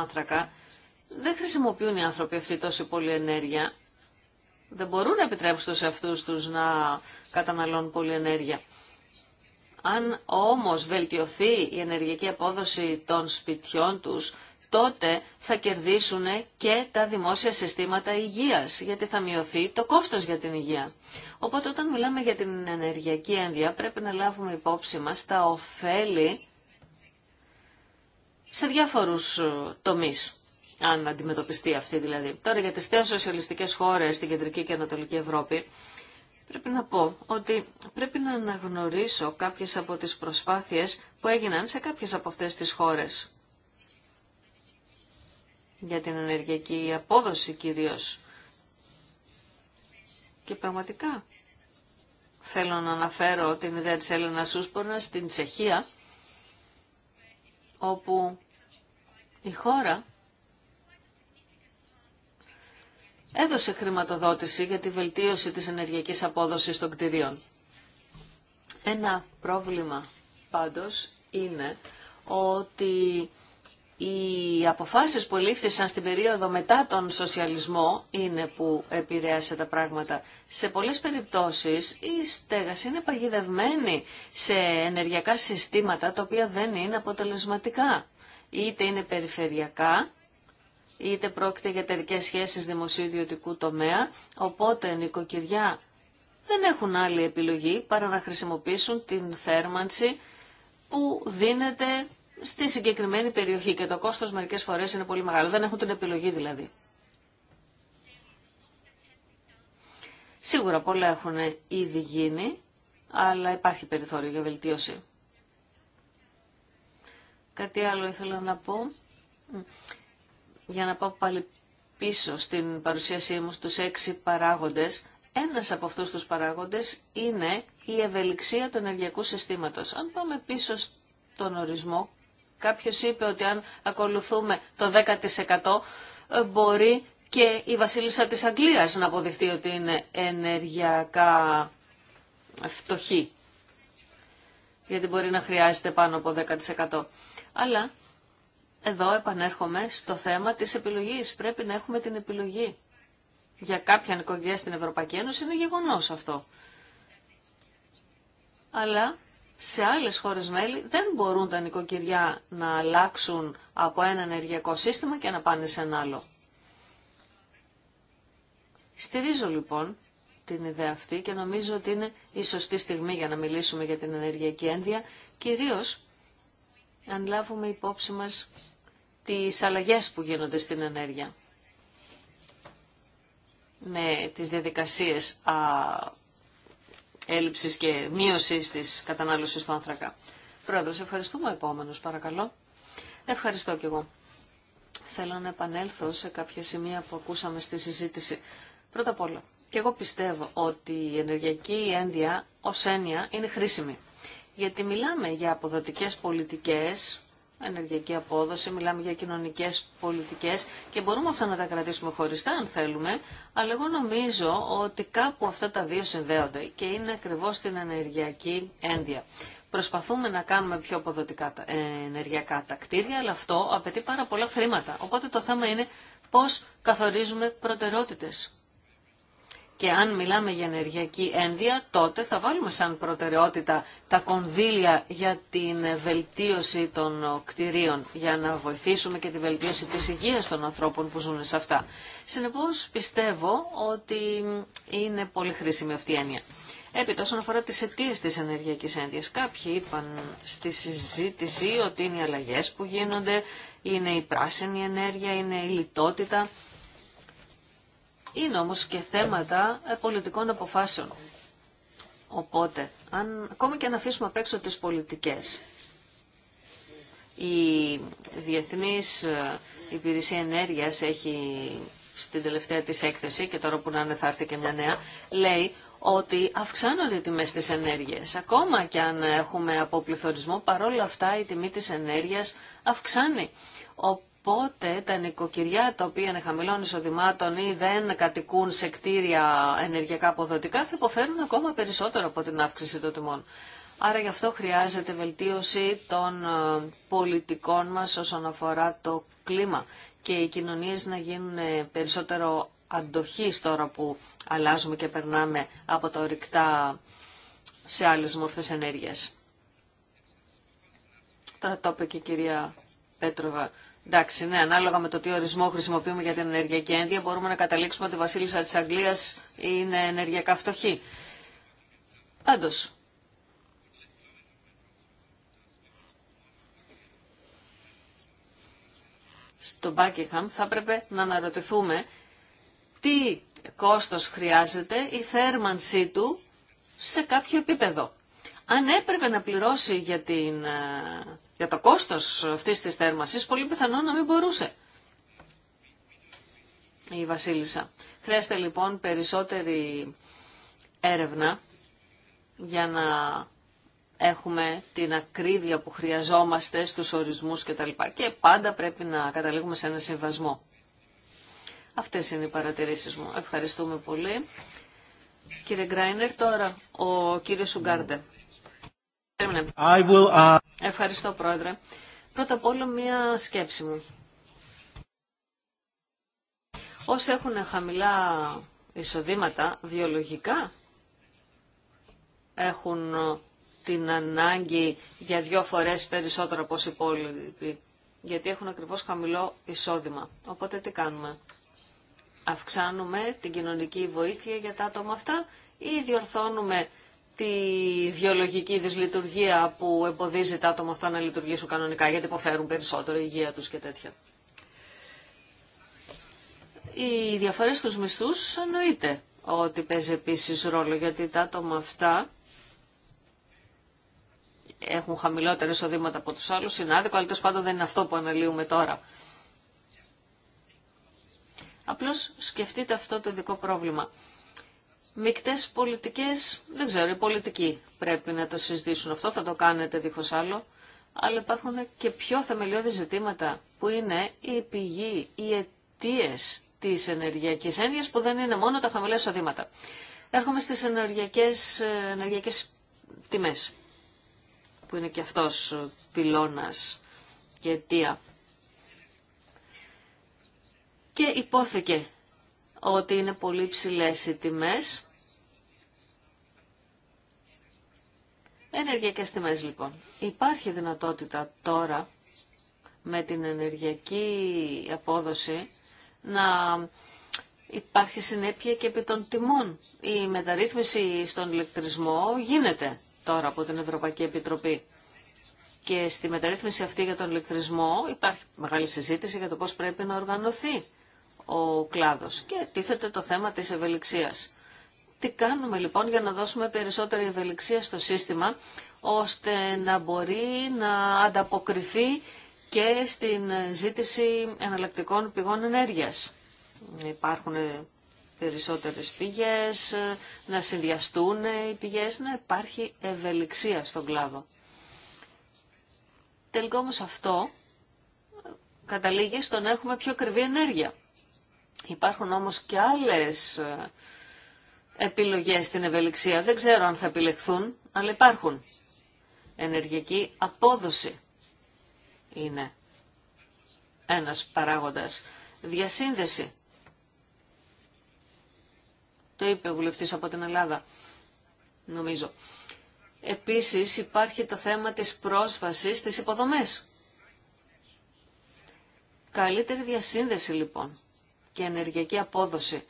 άνθρακα. Δεν χρησιμοποιούν οι άνθρωποι αυτοί τόση πολύ ενέργεια. Δεν μπορούν να επιτρέψουν σε αυτούς τους να καταναλώνουν πολύ ενέργεια. Αν όμως βελτιωθεί η ενεργειακή απόδοση των σπιτιών τους τότε θα κερδίσουν και τα δημόσια συστήματα υγείας, γιατί θα μειωθεί το κόστος για την υγεία. Οπότε όταν μιλάμε για την ενεργειακή ένδια, πρέπει να λάβουμε υπόψη μας τα ωφέλη σε διάφορους ε, τομείς, αν αντιμετωπιστεί αυτή δηλαδή. Τώρα για τις θέσεις σοσιαλιστικές χώρες στην Κεντρική και Ανατολική Ευρώπη, Πρέπει να πω ότι πρέπει να αναγνωρίσω κάποιες από τις προσπάθειες που έγιναν σε κάποιες από αυτές τις χώρες για την ενεργειακή απόδοση κυρίως. Και πραγματικά θέλω να αναφέρω την ιδέα της Έλενα Σούσπορνα στην Τσεχία, όπου η χώρα έδωσε χρηματοδότηση για τη βελτίωση της ενεργειακής απόδοσης των κτηρίων. Ένα πρόβλημα πάντως είναι ότι οι αποφάσεις που λήφθησαν στην περίοδο μετά τον σοσιαλισμό είναι που επηρέασε τα πράγματα. Σε πολλές περιπτώσεις η στέγαση είναι παγιδευμένη σε ενεργειακά συστήματα τα οποία δεν είναι αποτελεσματικά. Είτε είναι περιφερειακά, είτε πρόκειται για τερικές σχέσεις δημοσίου-ιδιωτικού τομέα, οπότε νοικοκυριά δεν έχουν άλλη επιλογή παρά να χρησιμοποιήσουν την θέρμανση που δίνεται στη συγκεκριμένη περιοχή και το κόστος μερικές φορές είναι πολύ μεγάλο. Δεν έχουν την επιλογή δηλαδή. Σίγουρα πολλά έχουν ήδη γίνει, αλλά υπάρχει περιθώριο για βελτίωση. Κάτι άλλο ήθελα να πω. Για να πάω πάλι πίσω στην παρουσίασή μου στους έξι παράγοντες, ένας από αυτούς τους παράγοντες είναι η ευελιξία του ενεργειακού συστήματος. Αν πάμε πίσω στον ορισμό, Κάποιος είπε ότι αν ακολουθούμε το 10% ε, μπορεί και η βασίλισσα της Αγγλίας να αποδειχτεί ότι είναι ενεργειακά φτωχή. Γιατί μπορεί να χρειάζεται πάνω από 10%. Αλλά εδώ επανέρχομαι στο θέμα της επιλογής. Πρέπει να έχουμε την επιλογή. Για κάποια νοικοκυριά στην Ευρωπαϊκή Ένωση είναι γεγονός αυτό. Αλλά σε άλλες χώρες μέλη δεν μπορούν τα νοικοκυριά να αλλάξουν από ένα ενεργειακό σύστημα και να πάνε σε ένα άλλο. Στηρίζω λοιπόν την ιδέα αυτή και νομίζω ότι είναι η σωστή στιγμή για να μιλήσουμε για την ενεργειακή ένδυα, κυρίως αν λάβουμε υπόψη μας τις αλλαγές που γίνονται στην ενέργεια με τις διαδικασίες έλλειψης και μείωσης της κατανάλωσης του άνθρακα. Πρόεδρο, ευχαριστούμε. επόμενο, παρακαλώ. Ευχαριστώ κι εγώ. Θέλω να επανέλθω σε κάποια σημεία που ακούσαμε στη συζήτηση. Πρώτα απ' όλα, και εγώ πιστεύω ότι η ενεργειακή ένδια ω έννοια είναι χρήσιμη. Γιατί μιλάμε για αποδοτικές πολιτικές ενεργειακή απόδοση, μιλάμε για κοινωνικές πολιτικές και μπορούμε αυτά να τα κρατήσουμε χωριστά αν θέλουμε, αλλά εγώ νομίζω ότι κάπου αυτά τα δύο συνδέονται και είναι ακριβώ την ενεργειακή ένδια. Προσπαθούμε να κάνουμε πιο αποδοτικά τα, ε, ενεργειακά τα κτίρια, αλλά αυτό απαιτεί πάρα πολλά χρήματα. Οπότε το θέμα είναι πώς καθορίζουμε προτεραιότητες. Και αν μιλάμε για ενεργειακή ένδυα, τότε θα βάλουμε σαν προτεραιότητα τα κονδύλια για την βελτίωση των κτηρίων, για να βοηθήσουμε και τη βελτίωση της υγείας των ανθρώπων που ζουν σε αυτά. Συνεπώς πιστεύω ότι είναι πολύ χρήσιμη αυτή η έννοια. Έπειτα, όσον αφορά τις αιτίες της ενεργειακής ένδυας, κάποιοι είπαν στη συζήτηση ότι είναι οι αλλαγές που γίνονται, είναι η πράσινη ενέργεια, είναι η λιτότητα. Είναι όμως και θέματα ε, πολιτικών αποφάσεων. Οπότε, αν, ακόμη και να αφήσουμε απ' έξω τις πολιτικές, η Διεθνής ε, Υπηρεσία Ενέργειας έχει στην τελευταία της έκθεση, και τώρα που να είναι θα έρθει και μια νέα, λέει ότι αυξάνονται οι τιμές της ενέργειας. Ακόμα και αν έχουμε αποπληθωρισμό, παρόλα αυτά η τιμή της ενέργειας αυξάνει. Οπότε τα νοικοκυριά τα οποία είναι χαμηλών εισοδημάτων ή δεν κατοικούν σε κτίρια ενεργειακά αποδοτικά θα υποφέρουν ακόμα περισσότερο από την αύξηση των τιμών. Άρα γι' αυτό χρειάζεται βελτίωση των ε, πολιτικών μας όσον αφορά το κλίμα και οι κοινωνίες να γίνουν ε, περισσότερο αντοχής τώρα που αλλάζουμε και περνάμε από τα ορυκτά σε άλλες μορφές ενέργειας. Τώρα το είπε και η κυρία Πέτροβα Εντάξει, ναι, ανάλογα με το τι ορισμό χρησιμοποιούμε για την ενεργειακή ένδια, μπορούμε να καταλήξουμε ότι η Βασίλισσα της Αγγλίας είναι ενεργειακά φτωχή. Πάντως, στο Μπάκεχαμ θα έπρεπε να αναρωτηθούμε τι κόστος χρειάζεται η θέρμανσή του σε κάποιο επίπεδο. Αν έπρεπε να πληρώσει για την ε, για το κόστος αυτής της θέρμασης, πολύ πιθανό να μην μπορούσε η Βασίλισσα. Χρειάζεται λοιπόν περισσότερη έρευνα για να έχουμε την ακρίβεια που χρειαζόμαστε στους ορισμούς κτλ. Και πάντα πρέπει να καταλήγουμε σε ένα συμβασμό. Αυτές είναι οι παρατηρήσεις μου. Ευχαριστούμε πολύ. Κύριε Γκράινερ, τώρα ο κύριος Σουγκάρντε. Uh, Ευχαριστώ, Πρόεδρε. Πρώτα απ' όλα μία σκέψη μου. Όσοι έχουν χαμηλά εισοδήματα βιολογικά έχουν ε, την ανάγκη για δύο φορές περισσότερο από όσοι υπόλοιποι, γιατί έχουν ακριβώς χαμηλό εισόδημα. Οπότε τι κάνουμε. Αυξάνουμε την κοινωνική βοήθεια για τα άτομα αυτά ή διορθώνουμε τη βιολογική δυσλειτουργία που εμποδίζει τα άτομα αυτά να λειτουργήσουν κανονικά, γιατί υποφέρουν περισσότερο η υγεία τους και τέτοια. Οι διαφορές στους μισθούς εννοείται ότι παίζει επίσης ρόλο, γιατί τα άτομα αυτά έχουν χαμηλότερα εισοδήματα από τους άλλους, άδικο, αλλά πάντων δεν είναι αυτό που αναλύουμε τώρα. Απλώς σκεφτείτε αυτό το ειδικό πρόβλημα. Μικτές πολιτικές, δεν ξέρω, οι πολιτικοί πρέπει να το συζητήσουν αυτό, θα το κάνετε δίχως άλλο. Αλλά υπάρχουν και πιο θεμελιώδη ζητήματα που είναι η πηγή, οι αιτίε της ενεργειακής ένδυας που δεν είναι μόνο τα χαμηλά εισοδήματα. Έρχομαι στις ενεργειακές, ενεργειακές τιμές που είναι και αυτός πυλώνας και αιτία. Και υπόθηκε ότι είναι πολύ ψηλές οι τιμές. Ενεργειακές τιμές λοιπόν. Υπάρχει δυνατότητα τώρα με την ενεργειακή απόδοση να υπάρχει συνέπεια και επί των τιμών. Η μεταρρύθμιση στον ηλεκτρισμό γίνεται τώρα από την Ευρωπαϊκή Επιτροπή. Και στη μεταρρύθμιση αυτή για τον ηλεκτρισμό υπάρχει μεγάλη συζήτηση για το πώς πρέπει να οργανωθεί ο κλάδος. Και τίθεται το θέμα της ευελιξίας. Τι κάνουμε λοιπόν για να δώσουμε περισσότερη ευελιξία στο σύστημα, ώστε να μπορεί να ανταποκριθεί και στην ζήτηση εναλλακτικών πηγών ενέργειας. Υπάρχουν περισσότερες πηγές, να συνδυαστούν οι πηγές, να υπάρχει ευελιξία στον κλάδο. Τελικά όμως αυτό καταλήγει στο να έχουμε πιο ακριβή ενέργεια. Υπάρχουν όμως και άλλες ε, επιλογές στην ευελιξία. Δεν ξέρω αν θα επιλεχθούν, αλλά υπάρχουν. Ενεργειακή απόδοση είναι ένας παράγοντας. Διασύνδεση. Το είπε ο βουλευτής από την Ελλάδα, νομίζω. Επίσης υπάρχει το θέμα της πρόσβασης στις υποδομές. Καλύτερη διασύνδεση λοιπόν και ενεργειακή απόδοση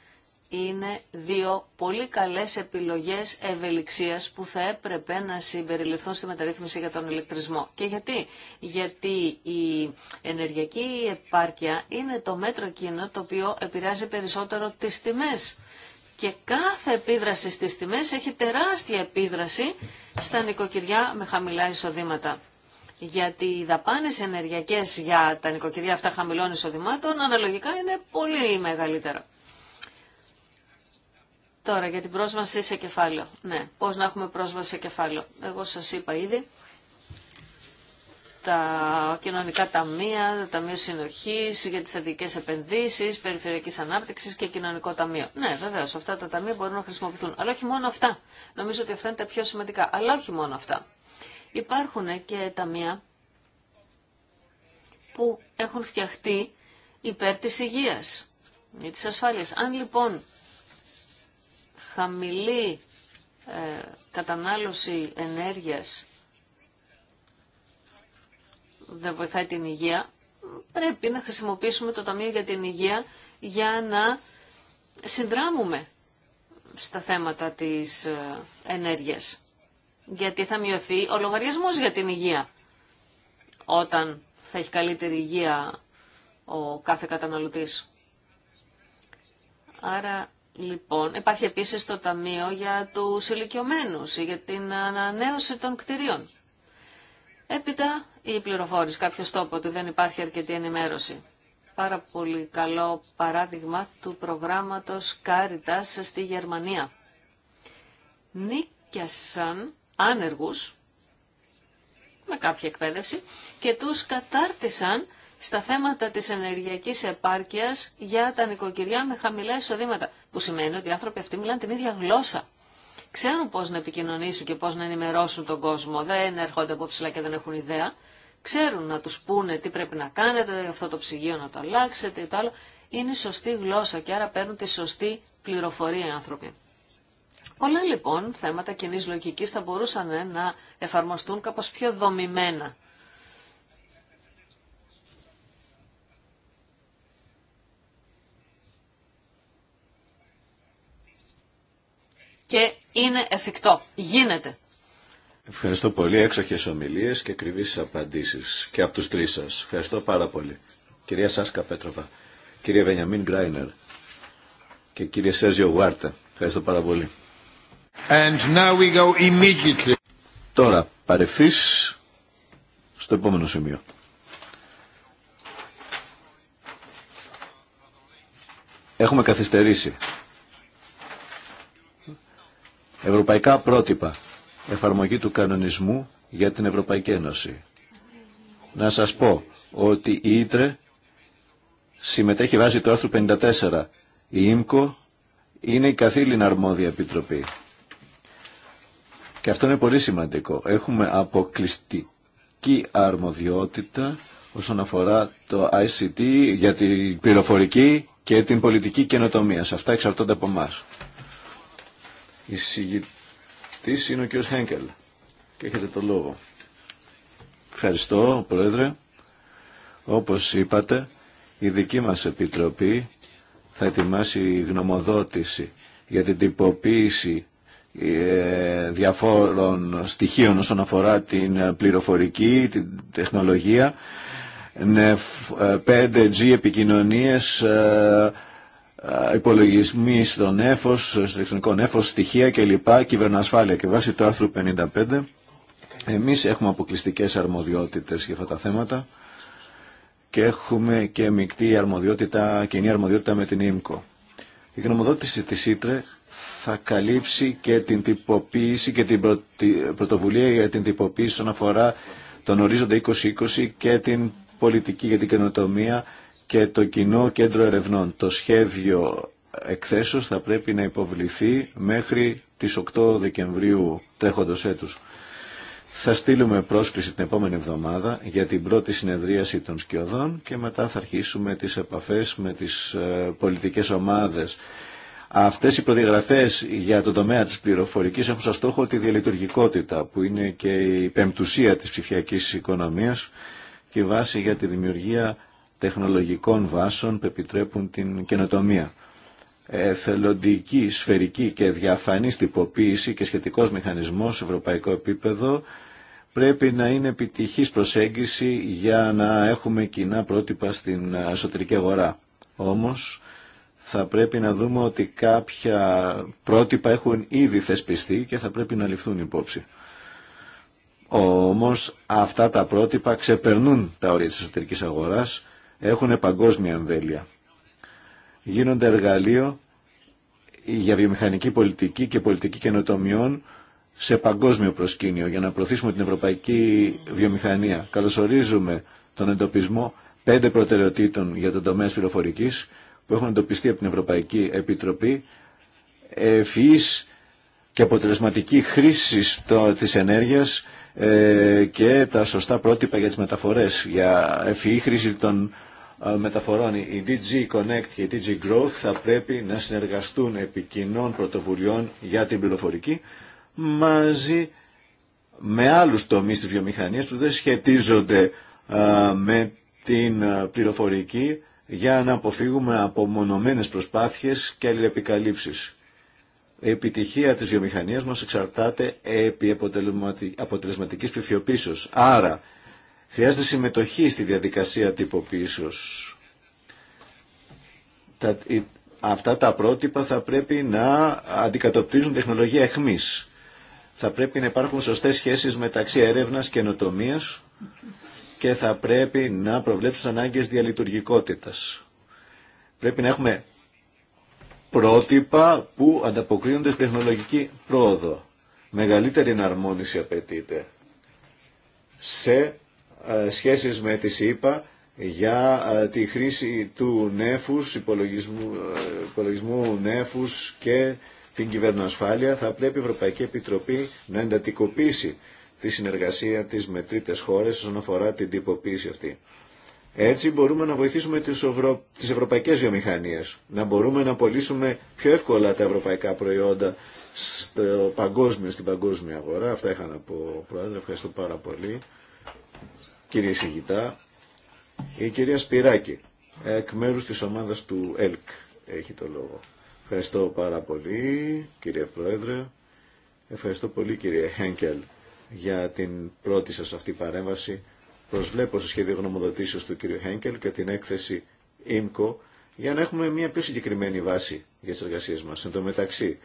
είναι δύο πολύ καλές επιλογές ευελιξίας που θα έπρεπε να συμπεριληφθούν στη μεταρρύθμιση για τον ηλεκτρισμό. Και γιατί. Γιατί η ενεργειακή επάρκεια είναι το μέτρο εκείνο το οποίο επηρεάζει περισσότερο τις τιμές. Και κάθε επίδραση στις τιμές έχει τεράστια επίδραση στα νοικοκυριά με χαμηλά εισοδήματα γιατί οι δαπάνε ενεργειακέ για τα νοικοκυριά αυτά χαμηλών εισοδημάτων αναλογικά είναι πολύ μεγαλύτερα. Τώρα για την πρόσβαση σε κεφάλαιο. Ναι, πώ να έχουμε πρόσβαση σε κεφάλαιο. Εγώ σα είπα ήδη τα κοινωνικά ταμεία, τα Ταμείο συνοχή για τι αντικέ επενδύσει, περιφερειακή ανάπτυξη και κοινωνικό ταμείο. Ναι, βεβαίω, αυτά τα ταμεία μπορούν να χρησιμοποιηθούν. Αλλά όχι μόνο αυτά. Νομίζω ότι αυτά είναι τα πιο σημαντικά. Αλλά όχι μόνο αυτά. Υπάρχουν και ταμεία που έχουν φτιαχτεί υπέρ της υγείας ή της ασφάλειας. Αν λοιπόν χαμηλή ε, κατανάλωση ενέργειας δεν βοηθάει την υγεία, πρέπει να χρησιμοποιήσουμε το Ταμείο για την Υγεία για να συνδράμουμε στα θέματα της ε, ενέργειας γιατί θα μειωθεί ο λογαριασμός για την υγεία. Όταν θα έχει καλύτερη υγεία ο κάθε καταναλωτής. Άρα λοιπόν υπάρχει επίσης το ταμείο για τους ηλικιωμένους ή για την ανανέωση των κτηρίων. Έπειτα η πληροφόρηση κάποιος τόπο ότι δεν υπάρχει αρκετή ενημέρωση. Πάρα πολύ καλό παράδειγμα του προγράμματος Κάριτας στη Γερμανία. Νίκιασαν άνεργους με κάποια εκπαίδευση και τους κατάρτισαν στα θέματα της ενεργειακής επάρκειας για τα νοικοκυριά με χαμηλά εισοδήματα, που σημαίνει ότι οι άνθρωποι αυτοί μιλάνε την ίδια γλώσσα. Ξέρουν πώς να επικοινωνήσουν και πώς να ενημερώσουν τον κόσμο, δεν έρχονται από ψηλά και δεν έχουν ιδέα. Ξέρουν να τους πούνε τι πρέπει να κάνετε, αυτό το ψυγείο να το αλλάξετε ή το άλλο. Είναι η σωστή σωστη γλωσσα και άρα παίρνουν τη σωστή πληροφορία οι άνθρωποι. Πολλά λοιπόν θέματα κοινή λογική θα μπορούσαν ε, να εφαρμοστούν κάπως πιο δομημένα. Και είναι εφικτό. Γίνεται. Ευχαριστώ πολύ. Έξοχε ομιλίε και ακριβείς απαντήσεις. Και από τους τρεις σας. Ευχαριστώ πάρα πολύ. Κυρία Σάσκα Πέτροβα, κύριε Βενιαμίν Γκράινερ και κύριε Σέζιο Γουάρτα. Ευχαριστώ πάρα πολύ. And now Τώρα παρευθύ στο επόμενο σημείο. Έχουμε καθυστερήσει. Ευρωπαϊκά πρότυπα. Εφαρμογή του κανονισμού για την Ευρωπαϊκή Ένωση. Να σας πω ότι η Ήτρε συμμετέχει βάσει το άρθρο 54. Η ΙΜΚΟ είναι η καθήλυνα αρμόδια επιτροπή. Και αυτό είναι πολύ σημαντικό. Έχουμε αποκλειστική αρμοδιότητα όσον αφορά το ICT για την πληροφορική και την πολιτική καινοτομία. Σε αυτά εξαρτώνται από εμά. Η είναι ο κ. Χέγκελ. και έχετε το λόγο. Ευχαριστώ, Πρόεδρε. Όπως είπατε, η δική μας Επιτροπή θα ετοιμάσει γνωμοδότηση για την τυποποίηση ε, διαφόρων στοιχείων όσον αφορά την πληροφορική, την τεχνολογία, 5G ε, επικοινωνίες, ε, υπολογισμοί στον έφος, στο ηλεκτρονικό έφος, στοιχεία κλπ. Κυβερνοασφάλεια και βάσει του άρθρου 55 εμείς έχουμε αποκλειστικές αρμοδιότητες για αυτά τα θέματα και έχουμε και μεικτή αρμοδιότητα, κοινή αρμοδιότητα με την ΙΜΚΟ. Η γνωμοδότηση της ΙΤΡΕ θα καλύψει και την τυποποίηση και την πρωτοβουλία για την τυποποίηση όσον αφορά τον ορίζοντα 2020 και την πολιτική για την καινοτομία και το κοινό κέντρο ερευνών. Το σχέδιο εκθέσεως θα πρέπει να υποβληθεί μέχρι τις 8 Δεκεμβρίου τρέχοντος έτους. Θα στείλουμε πρόσκληση την επόμενη εβδομάδα για την πρώτη συνεδρίαση των σκιωδών και μετά θα αρχίσουμε τις επαφές με τις ε, πολιτικές ομάδες Αυτές οι προδιαγραφές για τον τομέα της πληροφορικής έχουν σαν στόχο τη διαλειτουργικότητα που είναι και η πεμπτουσία της ψηφιακής οικονομίας και βάση για τη δημιουργία τεχνολογικών βάσεων που επιτρέπουν την καινοτομία. Εθελοντική, σφαιρική και διαφανής τυποποίηση και σχετικός μηχανισμός σε ευρωπαϊκό επίπεδο πρέπει να είναι επιτυχής προσέγγιση για να έχουμε κοινά πρότυπα στην εσωτερική αγορά. Όμως, θα πρέπει να δούμε ότι κάποια πρότυπα έχουν ήδη θεσπιστεί και θα πρέπει να ληφθούν υπόψη. Όμως αυτά τα πρότυπα ξεπερνούν τα όρια της εσωτερικής αγοράς, έχουν παγκόσμια εμβέλεια. Γίνονται εργαλείο για βιομηχανική πολιτική και πολιτική καινοτομιών σε παγκόσμιο προσκήνιο για να προωθήσουμε την ευρωπαϊκή βιομηχανία. Καλωσορίζουμε τον εντοπισμό πέντε προτεραιοτήτων για τον τομέα της πληροφορικής που έχουν εντοπιστεί από την Ευρωπαϊκή Επιτροπή ευφυής και αποτελεσματική χρήση της ενέργειας ε, και τα σωστά πρότυπα για τις μεταφορές, για ευφυή χρήση των ε, μεταφορών. Η DG Connect και η DG Growth θα πρέπει να συνεργαστούν επί κοινών πρωτοβουλειών για την πληροφορική μαζί με άλλους τομείς της βιομηχανίας που δεν σχετίζονται ε, με την πληροφορική για να αποφύγουμε μονομένες προσπάθειες και αλληλεπικαλύψεις. Η επιτυχία της βιομηχανίας μας εξαρτάται επί αποτελεσματικής ψηφιοποίησης. Άρα, χρειάζεται συμμετοχή στη διαδικασία τυποποίησης. Τα, αυτά τα πρότυπα θα πρέπει να αντικατοπτρίζουν τεχνολογία εχμής. Θα πρέπει να υπάρχουν σωστές σχέσεις μεταξύ έρευνας και ενοτομίας και θα πρέπει να προβλέψουν ανάγκες διαλειτουργικότητας. Πρέπει να έχουμε πρότυπα που ανταποκρίνονται στην τεχνολογική πρόοδο. Μεγαλύτερη εναρμόνιση απαιτείται σε ε, σχέσεις με τη ΣΥΠΑ για ε, τη χρήση του νέφους, υπολογισμού, ε, υπολογισμού νέφους και την ασφάλεια. θα πρέπει η Ευρωπαϊκή Επιτροπή να εντατικοποιήσει τη συνεργασία της με τρίτες χώρες όσον αφορά την τυποποίηση αυτή. Έτσι μπορούμε να βοηθήσουμε τις, ευρω... τις ευρωπαϊκές βιομηχανίες, να μπορούμε να πωλήσουμε πιο εύκολα τα ευρωπαϊκά προϊόντα στο παγκόσμιο, στην παγκόσμια αγορά. Αυτά είχα να πω, Πρόεδρε. Ευχαριστώ πάρα πολύ. Κύριε Σιγητά, η κυρία Σπυράκη, εκ μέρους της ομάδας του ΕΛΚ, έχει το λόγο. Ευχαριστώ πάρα πολύ, κύριε Πρόεδρε. Ευχαριστώ πολύ, κύριε Χένκελ, για την πρώτη σας αυτή παρέμβαση. Προσβλέπω στο σχέδιο γνωμοδοτήσεως του κ. Χένκελ και την έκθεση ΙΜΚΟ για να έχουμε μια πιο συγκεκριμένη βάση για τις εργασίες μας. Εν τω μεταξύ,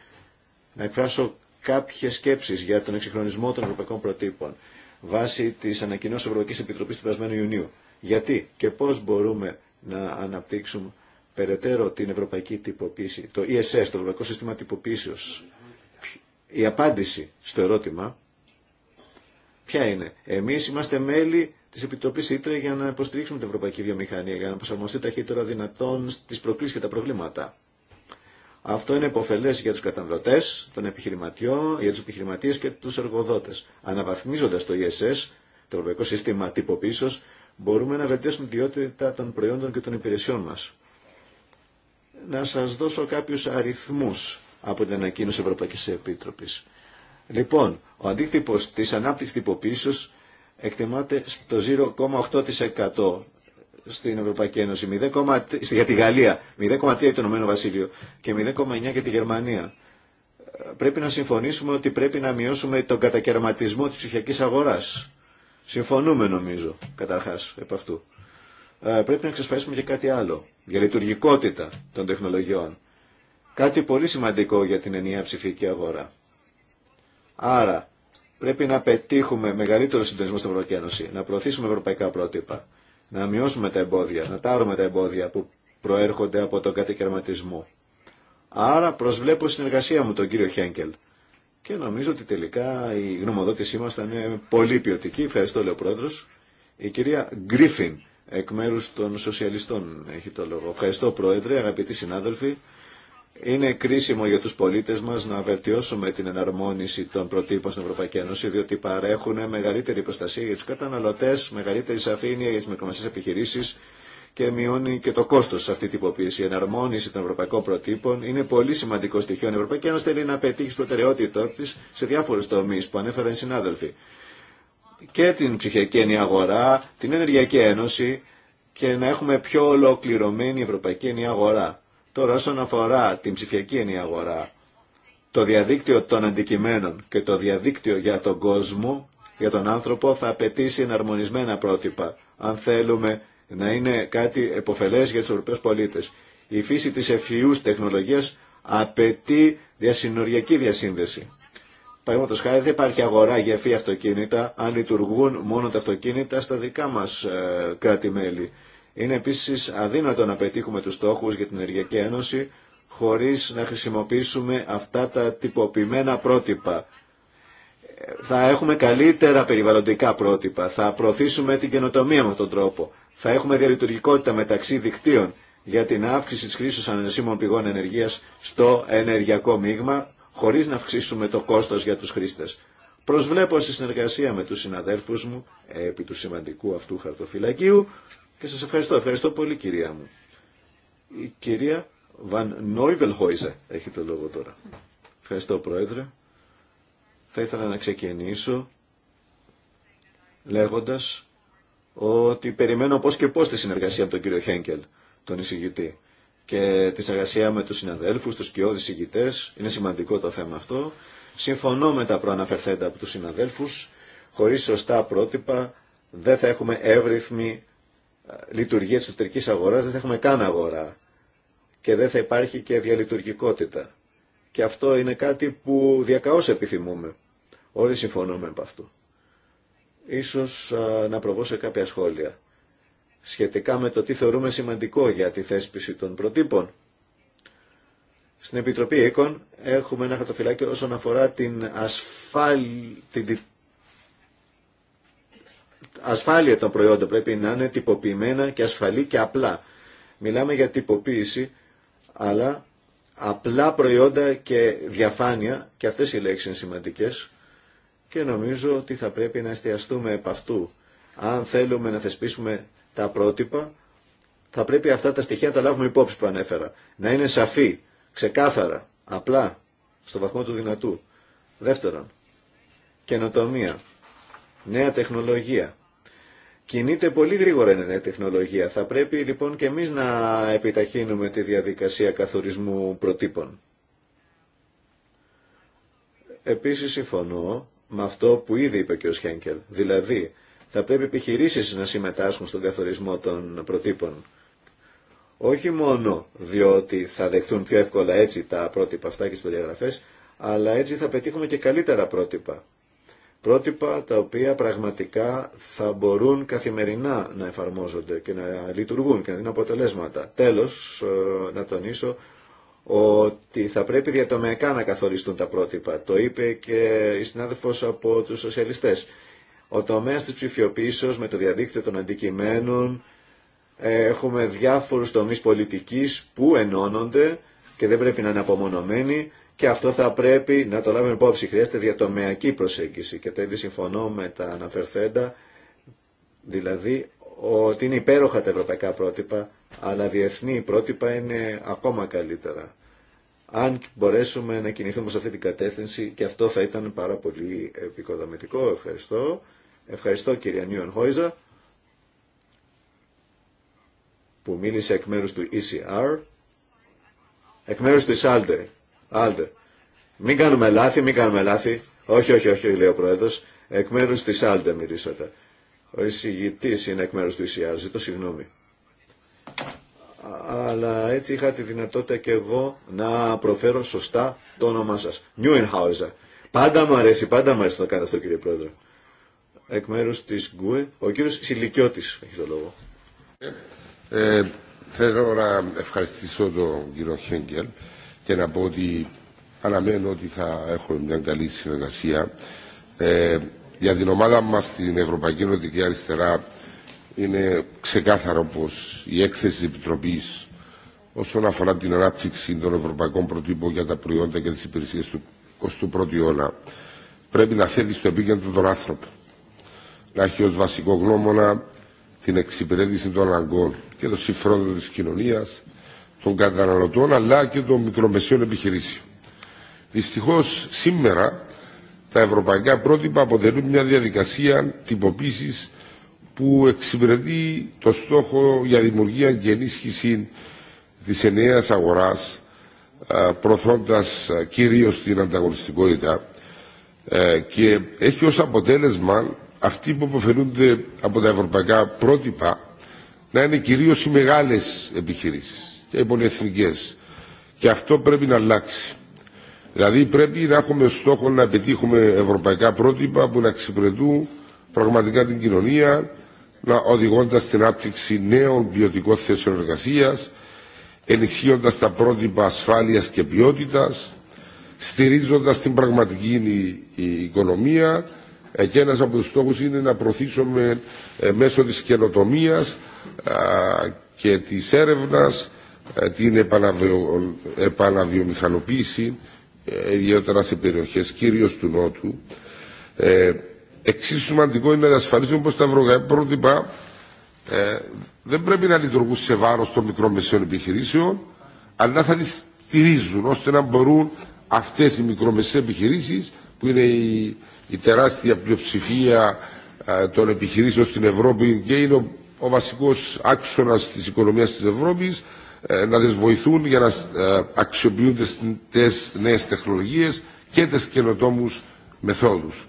να εκφράσω κάποιες σκέψεις για τον εξυγχρονισμό των ευρωπαϊκών προτύπων βάσει της ανακοινώσης Ευρωπαϊκής Επιτροπής του περασμένου Ιουνίου. Γιατί και πώς μπορούμε να αναπτύξουμε περαιτέρω την ευρωπαϊκή τυποποίηση, το ESS, ε το Ευρωπαϊκό Σύστημα Τυποποίησεως. Η απάντηση στο ερώτημα Ποια είναι. Εμεί είμαστε μέλη τη Επιτροπή Ήτρε για να υποστηρίξουμε την ευρωπαϊκή βιομηχανία, για να προσαρμοστεί ταχύτερα δυνατόν στι προκλήσει και τα προβλήματα. Αυτό είναι υποφελέ για του καταναλωτέ, των επιχειρηματιών, για του επιχειρηματίε και του εργοδότε. Αναβαθμίζοντα το ESS, το Ευρωπαϊκό Σύστημα Τύπο πίσω, μπορούμε να βελτιώσουμε την ποιότητα των προϊόντων και των υπηρεσιών μα. Να σα δώσω κάποιου αριθμού από την ανακοίνωση Ευρωπαϊκή Επίτροπη. Λοιπόν, ο αντίκτυπος της ανάπτυξης τυποποίησης εκτιμάται στο 0,8% στην Ευρωπαϊκή Ένωση, 0, για τη Γαλλία, 0,3% για το Ηνωμένο Βασίλειο και 0,9% για τη Γερμανία. Πρέπει να συμφωνήσουμε ότι πρέπει να μειώσουμε τον κατακαιρματισμό της ψυχιακής αγοράς. Συμφωνούμε νομίζω, καταρχάς, επ' αυτού. Ε, πρέπει να εξασφαλίσουμε και κάτι άλλο, για λειτουργικότητα των τεχνολογιών. Κάτι πολύ σημαντικό για την ενιαία ψηφιακή αγορά. Άρα πρέπει να πετύχουμε μεγαλύτερο συντονισμό στην Ευρωπαϊκή Ένωση, να προωθήσουμε ευρωπαϊκά πρότυπα, να μειώσουμε τα εμπόδια, να τάρουμε τα εμπόδια που προέρχονται από τον κατοικερματισμό. Άρα προσβλέπω συνεργασία μου τον κύριο Χένκελ. Και νομίζω ότι τελικά η γνωμοδότησή μας θα είναι πολύ ποιοτική. Ευχαριστώ, λέει ο Πρόεδρος. Η κυρία Γκρίφιν, εκ μέρου των Σοσιαλιστών, έχει το λόγο. Ευχαριστώ, Πρόεδρε, αγαπητοί συνάδελφοι. Είναι κρίσιμο για τους πολίτες μας να βελτιώσουμε την εναρμόνιση των προτύπων στην Ευρωπαϊκή Ένωση, διότι παρέχουν μεγαλύτερη προστασία για τους καταναλωτές, μεγαλύτερη σαφήνεια για τις μικρομεσαίες επιχειρήσεις και μειώνει και το κόστος σε αυτή την υποποίηση. Η εναρμόνιση των ευρωπαϊκών προτύπων είναι πολύ σημαντικό στοιχείο. Η Ευρωπαϊκή Ένωση θέλει να πετύχει προτεραιότητά τη σε διάφορους τομείς που ανέφεραν οι συνάδελφοι. Και την ψυχιακή ενιαία αγορά, την ενεργειακή ένωση και να έχουμε πιο ολοκληρωμένη ευρωπαϊκή αγορά Τώρα όσον αφορά την ψηφιακή ενή αγορά, το διαδίκτυο των αντικειμένων και το διαδίκτυο για τον κόσμο, για τον άνθρωπο, θα απαιτήσει εναρμονισμένα πρότυπα, αν θέλουμε να είναι κάτι εποφελές για τους Ευρωπαίους πολίτες. Η φύση της ευφυούς τεχνολογίας απαιτεί διασυνοριακή διασύνδεση. Παραδείγματο χάρη δεν υπάρχει αγορά για ευφύ αυτοκίνητα αν λειτουργούν μόνο τα αυτοκίνητα στα δικά μας ε, κράτη-μέλη. Είναι επίση αδύνατο να πετύχουμε του στόχου για την Ενεργειακή Ένωση χωρί να χρησιμοποιήσουμε αυτά τα τυποποιημένα πρότυπα. Θα έχουμε καλύτερα περιβαλλοντικά πρότυπα, θα προωθήσουμε την καινοτομία με αυτόν τον τρόπο, θα έχουμε διαλειτουργικότητα μεταξύ δικτύων για την αύξηση της χρήση ανανεσίμων πηγών ενεργείας στο ενεργειακό μείγμα, χωρί να αυξήσουμε το κόστο για του χρήστε. Προσβλέπω στη συνεργασία με τους συναδέλφους μου επί του σημαντικού αυτού χαρτοφυλακίου και σας ευχαριστώ. Ευχαριστώ πολύ κυρία μου. Η κυρία Βαν Νόιβελχόιζε έχει το λόγο τώρα. Ευχαριστώ Πρόεδρε. Θα ήθελα να ξεκινήσω λέγοντας ότι περιμένω πώς και πώς τη συνεργασία με τον κύριο Χένκελ, τον εισηγητή, και τη συνεργασία με τους συναδέλφους, τους κοιόδης εισηγητές. Είναι σημαντικό το θέμα αυτό. Συμφωνώ με τα προαναφερθέντα από τους συναδέλφους. Χωρίς σωστά πρότυπα δεν θα έχουμε εύρυθμη λειτουργία της εσωτερικής αγοράς δεν θα έχουμε καν αγορά και δεν θα υπάρχει και διαλειτουργικότητα. Και αυτό είναι κάτι που διακαώς επιθυμούμε. Όλοι συμφωνούμε από αυτό. Ίσως να προβώ σε κάποια σχόλια σχετικά με το τι θεωρούμε σημαντικό για τη θέσπιση των προτύπων. Στην Επιτροπή ΕΚΟΝ έχουμε ένα χαρτοφυλάκιο όσον αφορά την, ασφάλ... την ασφάλεια των προϊόντων. Πρέπει να είναι τυποποιημένα και ασφαλή και απλά. Μιλάμε για τυποποίηση, αλλά απλά προϊόντα και διαφάνεια, και αυτές οι λέξεις είναι σημαντικές, και νομίζω ότι θα πρέπει να εστιαστούμε επ' αυτού. Αν θέλουμε να θεσπίσουμε τα πρότυπα, θα πρέπει αυτά τα στοιχεία να τα λάβουμε υπόψη που ανέφερα. Να είναι σαφή, ξεκάθαρα, απλά, στο βαθμό του δυνατού. Δεύτερον, καινοτομία, νέα τεχνολογία, Κινείται πολύ γρήγορα η τεχνολογία. Θα πρέπει λοιπόν και εμείς να επιταχύνουμε τη διαδικασία καθορισμού προτύπων. Επίσης συμφωνώ με αυτό που ήδη είπε και ο Σχένκελ. Δηλαδή, θα πρέπει επιχειρήσεις να συμμετάσχουν στον καθορισμό των προτύπων. Όχι μόνο διότι θα δεχτούν πιο εύκολα έτσι τα πρότυπα αυτά και στις διαγραφές, αλλά έτσι θα πετύχουμε και καλύτερα πρότυπα πρότυπα τα οποία πραγματικά θα μπορούν καθημερινά να εφαρμόζονται και να λειτουργούν και να δίνουν αποτελέσματα. Τέλος, ε, να τονίσω ότι θα πρέπει διατομιακά να καθοριστούν τα πρότυπα. Το είπε και η συνάδελφος από τους σοσιαλιστές. Ο τομέας της ψηφιοποίησης με το διαδίκτυο των αντικειμένων ε, έχουμε διάφορους τομείς πολιτικής που ενώνονται και δεν πρέπει να είναι απομονωμένοι και αυτό θα πρέπει να το λάβουμε υπόψη. Χρειάζεται διατομεακή προσέγγιση. Και τέλει συμφωνώ με τα αναφερθέντα, δηλαδή ότι είναι υπέροχα τα ευρωπαϊκά πρότυπα, αλλά διεθνή πρότυπα είναι ακόμα καλύτερα. Αν μπορέσουμε να κινηθούμε σε αυτή την κατεύθυνση και αυτό θα ήταν πάρα πολύ επικοδομητικό. Ευχαριστώ. Ευχαριστώ κυρία Νίον Χόιζα που μίλησε εκ μέρους του ECR, εκ μέρους του Ισάλτε. Άλτε. Μην κάνουμε λάθη, μην κάνουμε λάθη. Όχι, όχι, όχι, λέει ο πρόεδρο. Εκ μέρου τη Άλτε μιλήσατε. Ο εισηγητή είναι εκ μέρου του ΙΣΙΑΡ. Ζητώ συγγνώμη. Αλλά έτσι είχα τη δυνατότητα και εγώ να προφέρω σωστά το όνομά σα. Νιούενχάουζα. Πάντα μου αρέσει, πάντα μου αρέσει να κάνω αυτό, κύριε πρόεδρε. Εκ μέρου τη Γκουε, ο κύριο Σιλικιώτη έχει το λόγο. Ε, ε, θέλω να ευχαριστήσω τον κύριο Χέγγελ και να πω ότι αναμένω ότι θα έχουμε μια καλή συνεργασία. Ε, για την ομάδα μας στην Ευρωπαϊκή Νοτική Αριστερά είναι ξεκάθαρο πως η έκθεση της Επιτροπής όσον αφορά την ανάπτυξη των ευρωπαϊκών προτύπων για τα προϊόντα και τις υπηρεσίες του 21ου αιώνα πρέπει να θέτει στο επίκεντρο τον άνθρωπο να έχει ως βασικό γνώμονα την εξυπηρέτηση των αναγκών και των συμφρόντων της κοινωνίας των καταναλωτών αλλά και των μικρομεσαίων επιχειρήσεων. Δυστυχώ σήμερα τα ευρωπαϊκά πρότυπα αποτελούν μια διαδικασία τυποποίηση που εξυπηρετεί το στόχο για δημιουργία και ενίσχυση της ενιαίας αγοράς προωθώντας κυρίως την ανταγωνιστικότητα ε, και έχει ως αποτέλεσμα αυτοί που αποφελούνται από τα ευρωπαϊκά πρότυπα να είναι κυρίως οι μεγάλες επιχειρήσεις και ε, οι πολυεθνικές. Και αυτό πρέπει να αλλάξει. Δηλαδή πρέπει να έχουμε στόχο να πετύχουμε ευρωπαϊκά πρότυπα που να εξυπηρετούν πραγματικά την κοινωνία, να οδηγώντα την άπτυξη νέων ποιοτικών θέσεων εργασία, ενισχύοντα τα πρότυπα ασφάλεια και ποιότητα, στηρίζοντα την πραγματική οικονομία ε, και ένα από του στόχου είναι να προωθήσουμε ε, μέσω τη καινοτομία και τη έρευνα την επαναβιομηχανοποίηση ε, ιδιαίτερα σε περιοχές κυρίως του Νότου. Ε, εξίσου σημαντικό είναι να ασφαλίσουμε πως τα ευρωπαϊκά πρότυπα ε, δεν πρέπει να λειτουργούν σε βάρος των μικρομεσαίων επιχειρήσεων αλλά θα τις στηρίζουν ώστε να μπορούν αυτές οι μικρομεσαίες επιχειρήσεις που είναι η, τεράστια πλειοψηφία ε, των επιχειρήσεων στην Ευρώπη και είναι ο, ο βασικός άξονας της οικονομίας της Ευρώπης ε, να τις βοηθούν για να ε, αξιοποιούν τις νέες τεχνολογίες και τις καινοτόμους μεθόδους.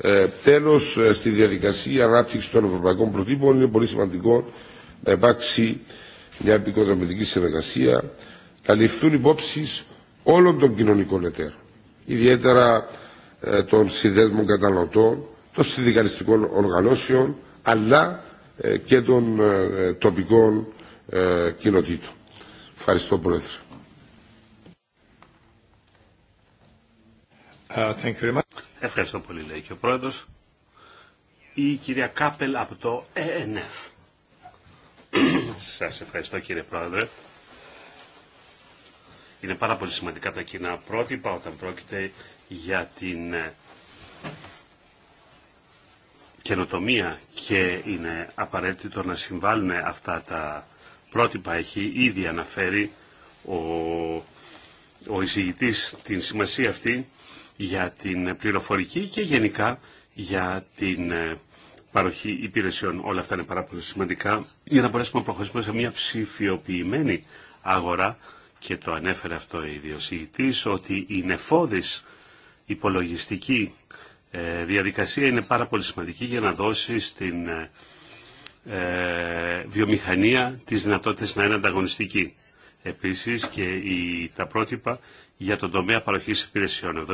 Ε, τέλος, στη διαδικασία ανάπτυξη των ευρωπαϊκών προτύπων είναι πολύ σημαντικό να υπάρξει μια επικοδομητική συνεργασία, να ληφθούν υπόψει όλων των κοινωνικών εταίρων, ιδιαίτερα των συνδέσμων καταναλωτών, των συνδικαλιστικών οργανώσεων, αλλά και των τοπικών κοινοτήτων. Ευχαριστώ, Πρόεδρε. Ε, ευχαριστώ πολύ, λέει και ο Πρόεδρος. Η κυρία Κάπελ από το ΕΕΝΕΦ. Σας ευχαριστώ, κύριε Πρόεδρε. Είναι πάρα πολύ σημαντικά τα κοινά πρότυπα όταν πρόκειται για την ε, καινοτομία και είναι απαραίτητο να συμβάλλουν αυτά τα πρότυπα έχει ήδη αναφέρει ο, ο εισηγητής την σημασία αυτή για την πληροφορική και γενικά για την ε, παροχή υπηρεσιών. Όλα αυτά είναι πάρα πολύ σημαντικά για να μπορέσουμε να προχωρήσουμε σε μια ψηφιοποιημένη αγορά και το ανέφερε αυτό η διοσηγητής ότι η νεφόδης υπολογιστική ε, διαδικασία είναι πάρα πολύ σημαντική για να δώσει στην ε, ε, βιομηχανία τις δυνατότητες να είναι ανταγωνιστική. Επίσης και η, τα πρότυπα για τον τομέα παροχής υπηρεσιών.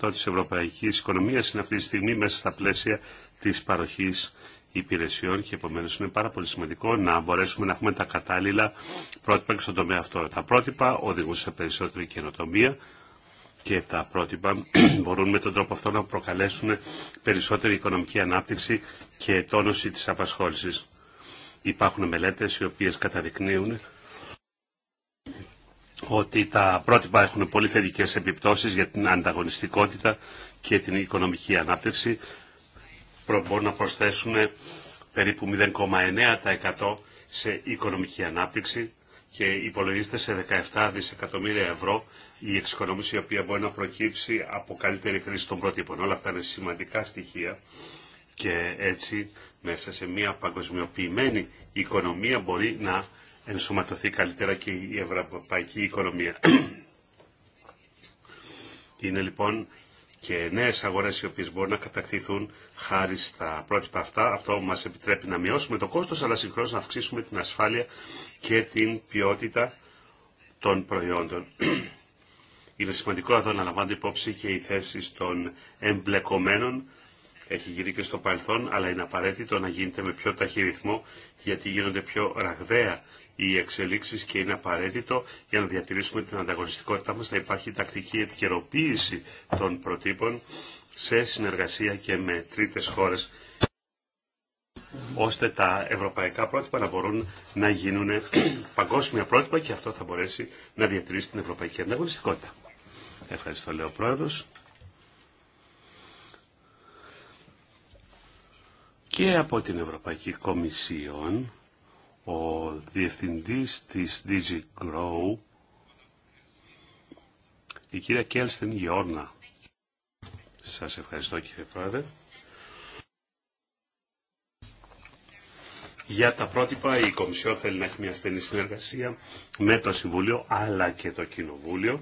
70% της ευρωπαϊκής οικονομίας είναι αυτή τη στιγμή μέσα στα πλαίσια της παροχής υπηρεσιών και επομένω είναι πάρα πολύ σημαντικό να μπορέσουμε να έχουμε τα κατάλληλα πρότυπα και στον τομέα αυτό. Τα πρότυπα οδηγούν σε περισσότερη καινοτομία και τα πρότυπα [CLEARS THROAT] μπορούν με τον τρόπο αυτό να προκαλέσουν περισσότερη οικονομική ανάπτυξη και τόνωση της απασχόλησης. Υπάρχουν μελέτες οι οποίες καταδεικνύουν ότι τα πρότυπα έχουν πολύ θετικέ επιπτώσεις για την ανταγωνιστικότητα και την οικονομική ανάπτυξη. Μπορούν να προσθέσουν περίπου 0,9% σε οικονομική ανάπτυξη και υπολογίζεται σε 17 δισεκατομμύρια ευρώ η εξοικονόμηση η οποία μπορεί να προκύψει από καλύτερη χρήση των πρότυπων. Όλα αυτά είναι σημαντικά στοιχεία και έτσι μέσα σε μια παγκοσμιοποιημένη οικονομία μπορεί να ενσωματωθεί καλύτερα και η ευρωπαϊκή οικονομία. [CLEARS THROAT] Είναι λοιπόν και νέες αγορές οι οποίες μπορούν να κατακτηθούν χάρη στα πρότυπα αυτά. Αυτό μας επιτρέπει να μειώσουμε το κόστος αλλά συγχρόνως να αυξήσουμε την ασφάλεια και την ποιότητα των προϊόντων. [CLEARS THROAT] Είναι σημαντικό εδώ να λαμβάνονται υπόψη και οι θέσεις των εμπλεκομένων έχει γίνει και στο παρελθόν, αλλά είναι απαραίτητο να γίνεται με πιο ταχύ ρυθμό, γιατί γίνονται πιο ραγδαία οι εξελίξει και είναι απαραίτητο για να διατηρήσουμε την ανταγωνιστικότητά μα να υπάρχει τακτική επικαιροποίηση των προτύπων σε συνεργασία και με τρίτες χώρες ώστε τα ευρωπαϊκά πρότυπα να μπορούν να γίνουν παγκόσμια πρότυπα και αυτό θα μπορέσει να διατηρήσει την ευρωπαϊκή ανταγωνιστικότητα. Ευχαριστώ, Λέω ο Πρόεδρος. και από την Ευρωπαϊκή Κομισιόν ο διευθυντής της DigiGrow η κυρία Κέλστεν Γιόρνα. Σας ευχαριστώ κύριε Πρόεδρε. Για τα πρότυπα η Κομισιόν θέλει να έχει μια στενή συνεργασία με το Συμβούλιο αλλά και το Κοινοβούλιο.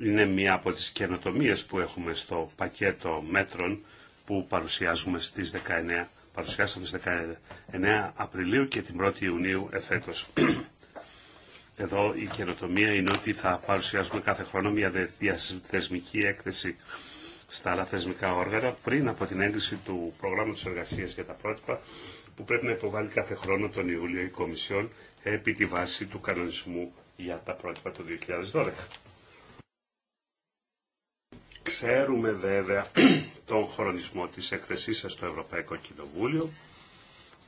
Είναι μια από τις καινοτομίες που έχουμε στο πακέτο μέτρων που παρουσιάζουμε στις 19, παρουσιάσαμε στις 19 Απριλίου και την 1η Ιουνίου εφέτος. Εδώ η καινοτομία είναι ότι θα παρουσιάζουμε κάθε χρόνο μια διαθεσμική έκθεση στα άλλα θεσμικά όργανα πριν από την έγκριση του προγράμματος εργασίας για τα πρότυπα που πρέπει να υποβάλει κάθε χρόνο τον Ιούλιο η Κομισιόν επί τη βάση του κανονισμού για τα πρότυπα του 2012. Ξέρουμε βέβαια τον χρονισμό της έκθεσής σας στο Ευρωπαϊκό Κοινοβούλιο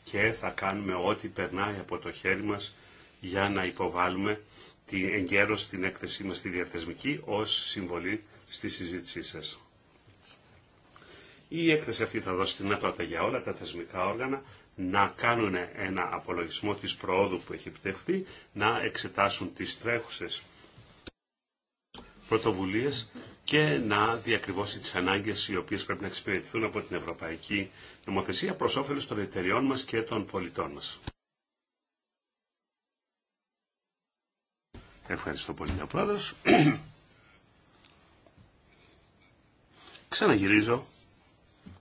και θα κάνουμε ό,τι περνάει από το χέρι μας για να υποβάλουμε την εγκαίρωση την έκθεσή μας στη διαθεσμική ως συμβολή στη συζήτησή σας. Η έκθεση αυτή θα δώσει την δυνατότητα για όλα τα θεσμικά όργανα να κάνουν ένα απολογισμό της προόδου που έχει επιτευχθεί, να εξετάσουν τις τρέχουσες πρωτοβουλίες και να διακριβώσει τις ανάγκες οι οποίες πρέπει να εξυπηρετηθούν από την Ευρωπαϊκή Νομοθεσία προς όφελος των εταιριών μας και των πολιτών μας. Ευχαριστώ πολύ, ο Πρόεδρος. [CLEARS THROAT] Ξαναγυρίζω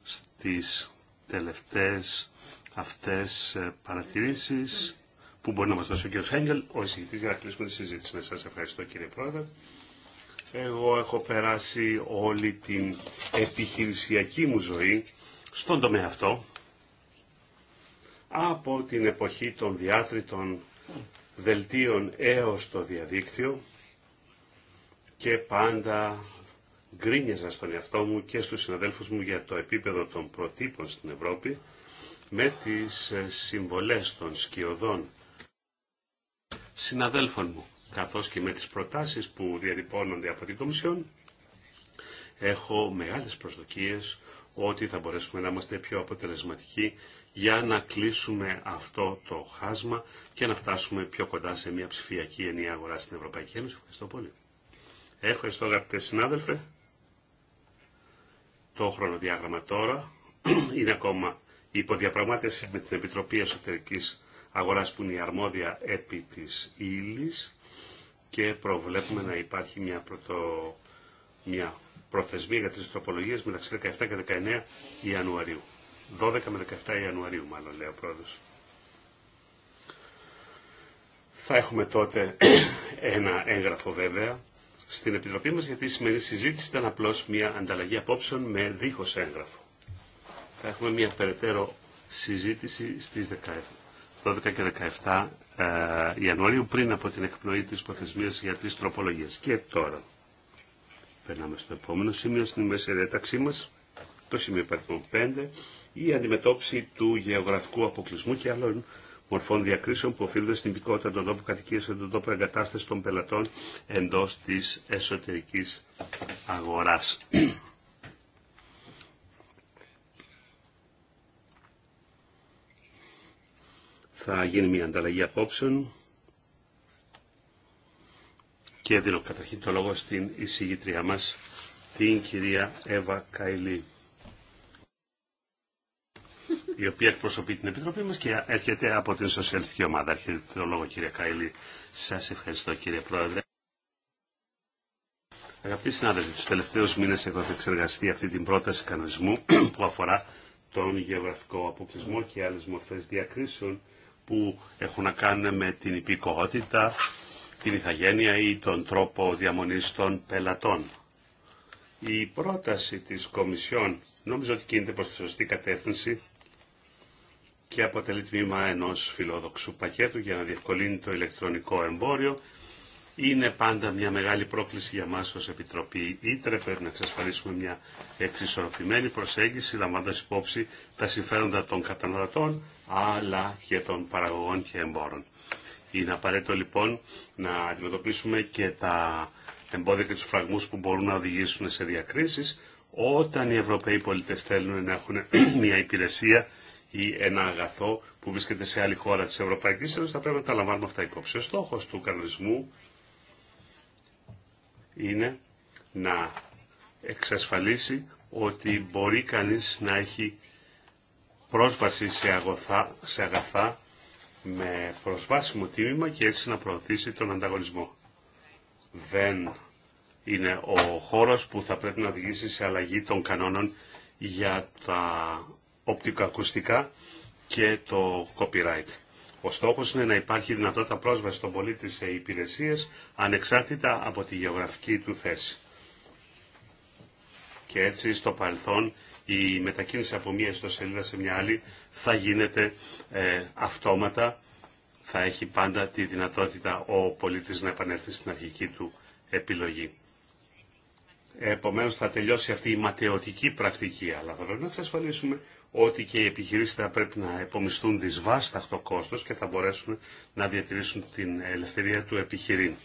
στις τελευταίες αυτές ε, παρατηρήσεις που μπορεί να μας δώσει ο κ. Χέγγελ, ο εισηγητής για να κλείσουμε τη συζήτηση. Σας ευχαριστώ κύριε Πρόεδρε. Εγώ έχω περάσει όλη την επιχειρησιακή μου ζωή στον τομέα αυτό από την εποχή των διάτριτων δελτίων έως το διαδίκτυο και πάντα γκρίνιαζα στον εαυτό μου και στους συναδέλφους μου για το επίπεδο των προτύπων στην Ευρώπη με τις συμβολές των σκιωδών συναδέλφων μου καθώς και με τις προτάσεις που διατυπώνονται από την Κομισιόν, έχω μεγάλες προσδοκίες ότι θα μπορέσουμε να είμαστε πιο αποτελεσματικοί για να κλείσουμε αυτό το χάσμα και να φτάσουμε πιο κοντά σε μια ψηφιακή ενιαία αγορά στην Ευρωπαϊκή Ένωση. Ευχαριστώ πολύ. Ευχαριστώ αγαπητέ συνάδελφε. Το χρονοδιάγραμμα τώρα [CLEARS THROAT] είναι ακόμα η υποδιαπραγμάτευση με την Επιτροπή Εσωτερικής Αγοράς που είναι η αρμόδια επί της ύλης και προβλέπουμε να υπάρχει μια, πρωτο... μια προθεσμία για τις τροπολογίες μεταξύ 17 και 19 Ιανουαρίου. 12 με 17 Ιανουαρίου μάλλον λέει ο πρόεδρος. Θα έχουμε τότε [CLEARS THROAT] ένα έγγραφο βέβαια στην Επιτροπή μας γιατί η σημερινή συζήτηση ήταν απλώς μια ανταλλαγή απόψεων με δίχως έγγραφο. Θα έχουμε μια περαιτέρω συζήτηση στις 12 και 17 ε, Ιανουαρίου πριν από την εκπνοή της προθεσμίας για τις τροπολογίες. Και τώρα περνάμε στο επόμενο σημείο στην μέση διάταξή μας, το σημείο 5, η αντιμετώπιση του γεωγραφικού αποκλεισμού και άλλων μορφών διακρίσεων που οφείλονται στην υπηκότητα των τόπων κατοικίας και των τόπων εγκατάσταση των πελατών εντό τη εσωτερική αγορά. θα γίνει μια ανταλλαγή απόψεων και δίνω καταρχήν το λόγο στην εισηγητρία μας, την κυρία Εύα Καϊλή η οποία εκπροσωπεί την Επιτροπή μας και έρχεται από την Σοσιαλιστική Ομάδα. Έρχεται το λόγο κυρία Καϊλή. Σας ευχαριστώ κύριε Πρόεδρε. Αγαπητοί συνάδελφοι, τους τελευταίους μήνες έχω εξεργαστεί αυτή την πρόταση κανονισμού [CLEARS THROAT] που αφορά τον γεωγραφικό αποκλεισμό και άλλες μορφές διακρίσεων που έχουν να κάνουν με την υπηκοότητα, την ηθαγένεια ή τον τρόπο διαμονής των πελατών. Η πρόταση της Κομισιόν νομίζω ότι κινείται προς τη σωστή κατεύθυνση και αποτελεί τμήμα ενός φιλόδοξου πακέτου για να διευκολύνει το ηλεκτρονικό εμπόριο είναι πάντα μια μεγάλη πρόκληση για μας ως Επιτροπή Ήτρε. Πρέπει να εξασφαλίσουμε μια εξισορροπημένη προσέγγιση, λαμβάνοντα υπόψη τα συμφέροντα των καταναλωτών, αλλά και των παραγωγών και εμπόρων. Είναι απαραίτητο λοιπόν να αντιμετωπίσουμε και τα εμπόδια και τους φραγμούς που μπορούν να οδηγήσουν σε διακρίσεις, όταν οι Ευρωπαίοι πολίτες θέλουν να έχουν [CLEARS THROAT] μια υπηρεσία ή ένα αγαθό που βρίσκεται σε άλλη χώρα της Ευρωπαϊκής Ένωσης, θα πρέπει να τα λαμβάνουμε αυτά υπόψη. Ο στόχος του κανονισμού είναι να εξασφαλίσει ότι μπορεί κανείς να έχει πρόσβαση σε, αγαθά με προσβάσιμο τίμημα και έτσι να προωθήσει τον ανταγωνισμό. Δεν είναι ο χώρος που θα πρέπει να οδηγήσει σε αλλαγή των κανόνων για τα οπτικοακουστικά και το copyright. Ο στόχος είναι να υπάρχει δυνατότητα πρόσβαση των πολίτη σε υπηρεσίες ανεξάρτητα από τη γεωγραφική του θέση. Και έτσι στο παρελθόν η μετακίνηση από μία ιστοσελίδα σε μια άλλη θα γίνεται ε, αυτόματα, θα έχει πάντα τη δυνατότητα ο πολίτης να επανέλθει στην αρχική του επιλογή. Επομένως θα τελειώσει αυτή η ματαιωτική πρακτική, αλλά θα πρέπει να εξασφαλίσουμε ότι και οι επιχειρήσεις θα πρέπει να επομισθούν δυσβάσταχτο κόστος και θα μπορέσουν να διατηρήσουν την ελευθερία του επιχειρήν.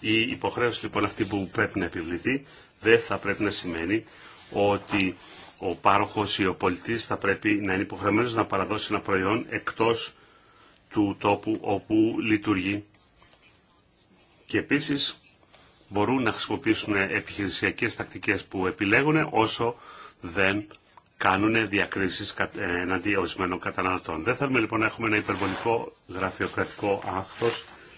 Η υποχρέωση λοιπόν αυτή που πρέπει να επιβληθεί δεν θα πρέπει να σημαίνει ότι ο πάροχος ή ο πολιτής θα πρέπει να είναι υποχρεωμένος να παραδώσει ένα προϊόν εκτός του τόπου όπου λειτουργεί. Και επίσης μπορούν να χρησιμοποιήσουν επιχειρησιακές τακτικές που επιλέγουν όσο δεν κάνουν διακρίσεις ε, εναντίον ορισμένων καταναλωτών. Δεν θέλουμε λοιπόν να έχουμε ένα υπερβολικό γραφειοκρατικό άγχο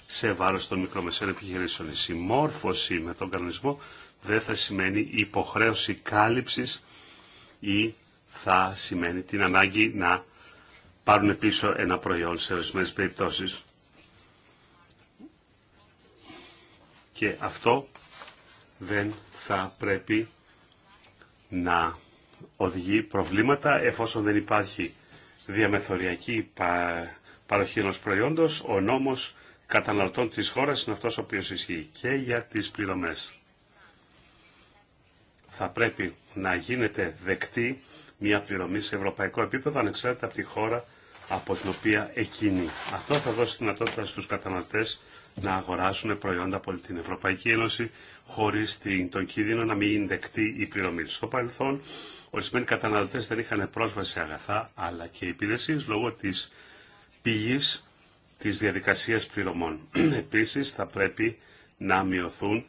σε βάρος των μικρομεσαίων επιχειρήσεων. Η συμμόρφωση με τον κανονισμό δεν θα σημαίνει υποχρέωση κάλυψης ή θα σημαίνει την ανάγκη να πάρουν πίσω ένα προϊόν σε ορισμένε περιπτώσει. Και αυτό δεν θα πρέπει να οδηγεί προβλήματα εφόσον δεν υπάρχει διαμεθοριακή παροχή ενός προϊόντος, ο νόμος καταναλωτών της χώρας είναι αυτός ο οποίος ισχύει και για τις πληρωμές. Θα πρέπει να γίνεται δεκτή μια πληρωμή σε ευρωπαϊκό επίπεδο ανεξάρτητα από τη χώρα από την οποία εκείνη. Αυτό θα δώσει δυνατότητα στους καταναλωτές να αγοράσουν προϊόντα από την Ευρωπαϊκή Ένωση χωρίς τον κίνδυνο να μην είναι δεκτή η πληρωμή. Στο παρελθόν, ορισμένοι καταναλωτές δεν είχαν πρόσβαση σε αγαθά αλλά και υπηρεσίε λόγω της πηγής της διαδικασίας πληρωμών. [CLEARS THROAT] Επίσης, θα πρέπει να μειωθούν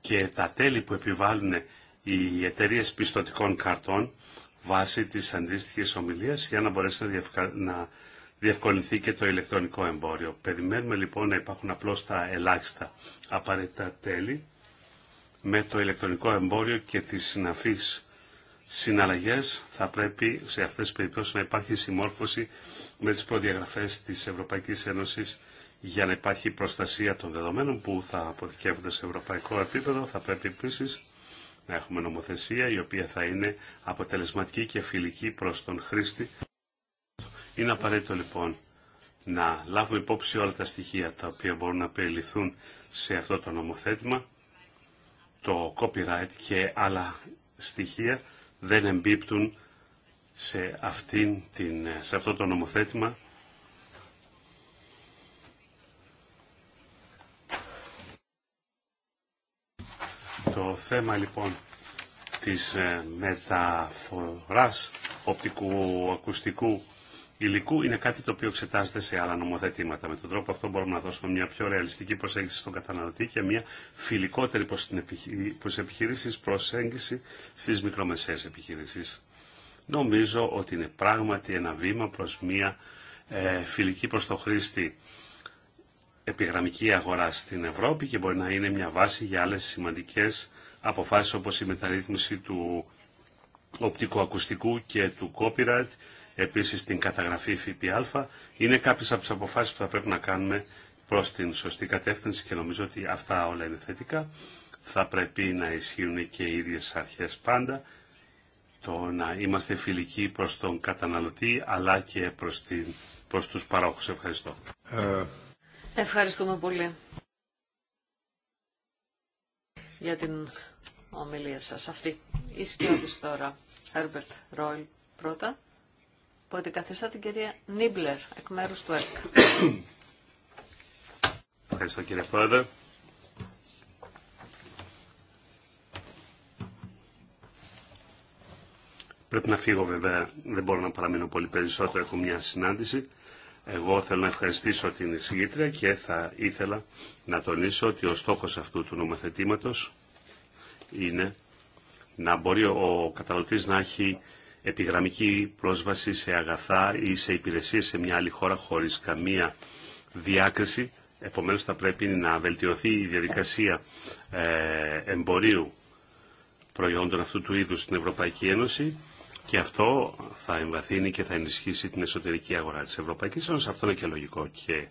και τα τέλη που επιβάλλουν οι εταιρείε πιστοτικών καρτών βάσει της αντίστοιχης ομιλίας για να μπορέσουν να διευκολυνθεί και το ηλεκτρονικό εμπόριο. Περιμένουμε λοιπόν να υπάρχουν απλώς τα ελάχιστα απαραίτητα τέλη με το ηλεκτρονικό εμπόριο και τις συναφείς συναλλαγές θα πρέπει σε αυτές τις περιπτώσεις να υπάρχει συμμόρφωση με τις προδιαγραφές της Ευρωπαϊκής Ένωσης για να υπάρχει προστασία των δεδομένων που θα αποδικεύονται σε ευρωπαϊκό επίπεδο. Θα πρέπει επίση να έχουμε νομοθεσία η οποία θα είναι αποτελεσματική και φιλική προς τον χρήστη. Είναι απαραίτητο λοιπόν να λάβουμε υπόψη όλα τα στοιχεία τα οποία μπορούν να περιληφθούν σε αυτό το νομοθέτημα. Το copyright και άλλα στοιχεία δεν εμπίπτουν σε, αυτήν την, σε αυτό το νομοθέτημα. Το θέμα λοιπόν της ε, μεταφοράς οπτικού ακουστικού υλικού είναι κάτι το οποίο εξετάζεται σε άλλα νομοθετήματα. Με τον τρόπο αυτό μπορούμε να δώσουμε μια πιο ρεαλιστική προσέγγιση στον καταναλωτή και μια φιλικότερη προς την επιχείρηση προσέγγιση στις μικρομεσαίες επιχειρήσεις. Νομίζω ότι είναι πράγματι ένα βήμα προς μια ε, φιλική προς το χρήστη επιγραμμική αγορά στην Ευρώπη και μπορεί να είναι μια βάση για άλλες σημαντικές αποφάσεις όπως η μεταρρύθμιση του οπτικοακουστικού και του copyright επίσης την καταγραφή ΦΠΑ, είναι κάποιες από τις αποφάσεις που θα πρέπει να κάνουμε προς την σωστή κατεύθυνση και νομίζω ότι αυτά όλα είναι θετικά. Θα πρέπει να ισχύουν και οι ίδιες αρχές πάντα, το να είμαστε φιλικοί προς τον καταναλωτή αλλά και προς, την, προς τους παρόχους. Ευχαριστώ. Ε, ευχαριστούμε πολύ για την ομιλία σας αυτή. Ίσκυρωτης τώρα, Herbert Royal πρώτα που αντικαθιστά την κυρία Νίμπλερ εκ μέρου του ΕΡΚ. Ευχαριστώ κύριε Πρόεδρε. Πρέπει να φύγω βέβαια, δεν μπορώ να παραμείνω πολύ περισσότερο, έχω μια συνάντηση. Εγώ θέλω να ευχαριστήσω την εισηγήτρια και θα ήθελα να τονίσω ότι ο στόχος αυτού του νομοθετήματος είναι να μπορεί ο καταναλωτής να έχει επιγραμμική πρόσβαση σε αγαθά ή σε υπηρεσίες σε μια άλλη χώρα χωρίς καμία διάκριση. Επομένως θα πρέπει να βελτιωθεί η διαδικασία ε, εμπορίου προϊόντων αυτού του είδους στην Ευρωπαϊκή Ένωση και αυτό θα εμβαθύνει και θα ενισχύσει την εσωτερική αγορά της Ευρωπαϊκής Ένωσης. Αυτό είναι και λογικό και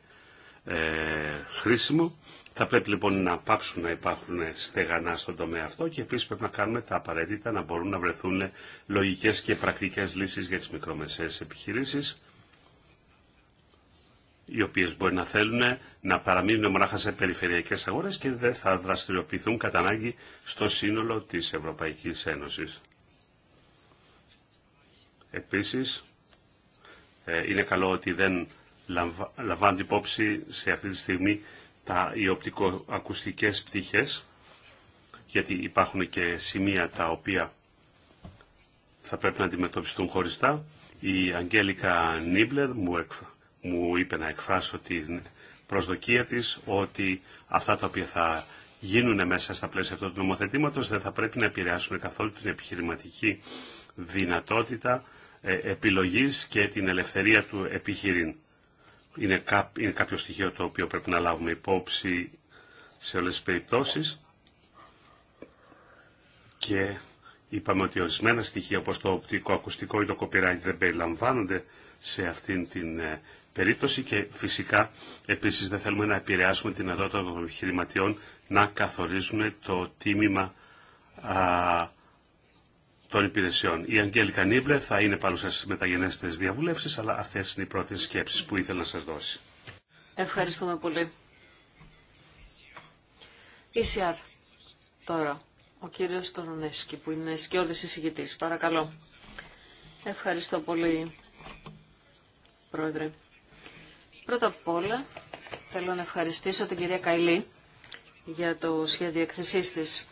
ε, χρήσιμο. Θα πρέπει λοιπόν να πάψουν να υπάρχουν στεγανά στον τομέα αυτό και επίσης πρέπει να κάνουμε τα απαραίτητα να μπορούν να βρεθούν λογικές και πρακτικές λύσεις για τις μικρομεσαίες επιχειρήσεις οι οποίες μπορεί να θέλουν να παραμείνουν μονάχα σε περιφερειακές αγορές και δεν θα δραστηριοποιηθούν κατά ανάγκη στο σύνολο της Ευρωπαϊκής Ένωσης. Επίσης, ε, είναι καλό ότι δεν λαμβάνονται υπόψη σε αυτή τη στιγμή τα, οι οπτικοακουστικές πτυχές, γιατί υπάρχουν και σημεία τα οποία θα πρέπει να αντιμετωπιστούν χωριστά. Η Αγγέλικα Νίμπλερ μου, είπε να εκφράσω την προσδοκία της ότι αυτά τα οποία θα γίνουν μέσα στα πλαίσια αυτού του νομοθετήματος δεν θα πρέπει να επηρεάσουν καθόλου την επιχειρηματική δυνατότητα ε, επιλογής και την ελευθερία του επιχειρήν είναι, κάποιο στοιχείο το οποίο πρέπει να λάβουμε υπόψη σε όλες τις περιπτώσεις και είπαμε ότι ορισμένα στοιχεία όπως το οπτικό, ακουστικό ή το copyright δεν περιλαμβάνονται σε αυτήν την ε, περίπτωση και φυσικά επίσης δεν θέλουμε να επηρεάσουμε την αδότητα των επιχειρηματιών να καθορίζουν το τίμημα α, των υπηρεσιών. Η Αγγέλικα Νίμπλερ θα είναι παρούσα στι μεταγενέστερε διαβουλεύσει, αλλά αυτέ είναι οι πρώτε σκέψει που ήθελα να σα δώσει. Ευχαριστούμε πολύ. ECR. Τώρα, ο κύριος Τονονεύσκη, που είναι σκιώδης εισηγητής. Παρακαλώ. Ευχαριστώ πολύ, Πρόεδρε. Πρώτα απ' όλα, θέλω να ευχαριστήσω την κυρία Καϊλή για το σχέδιο εκθεσής της.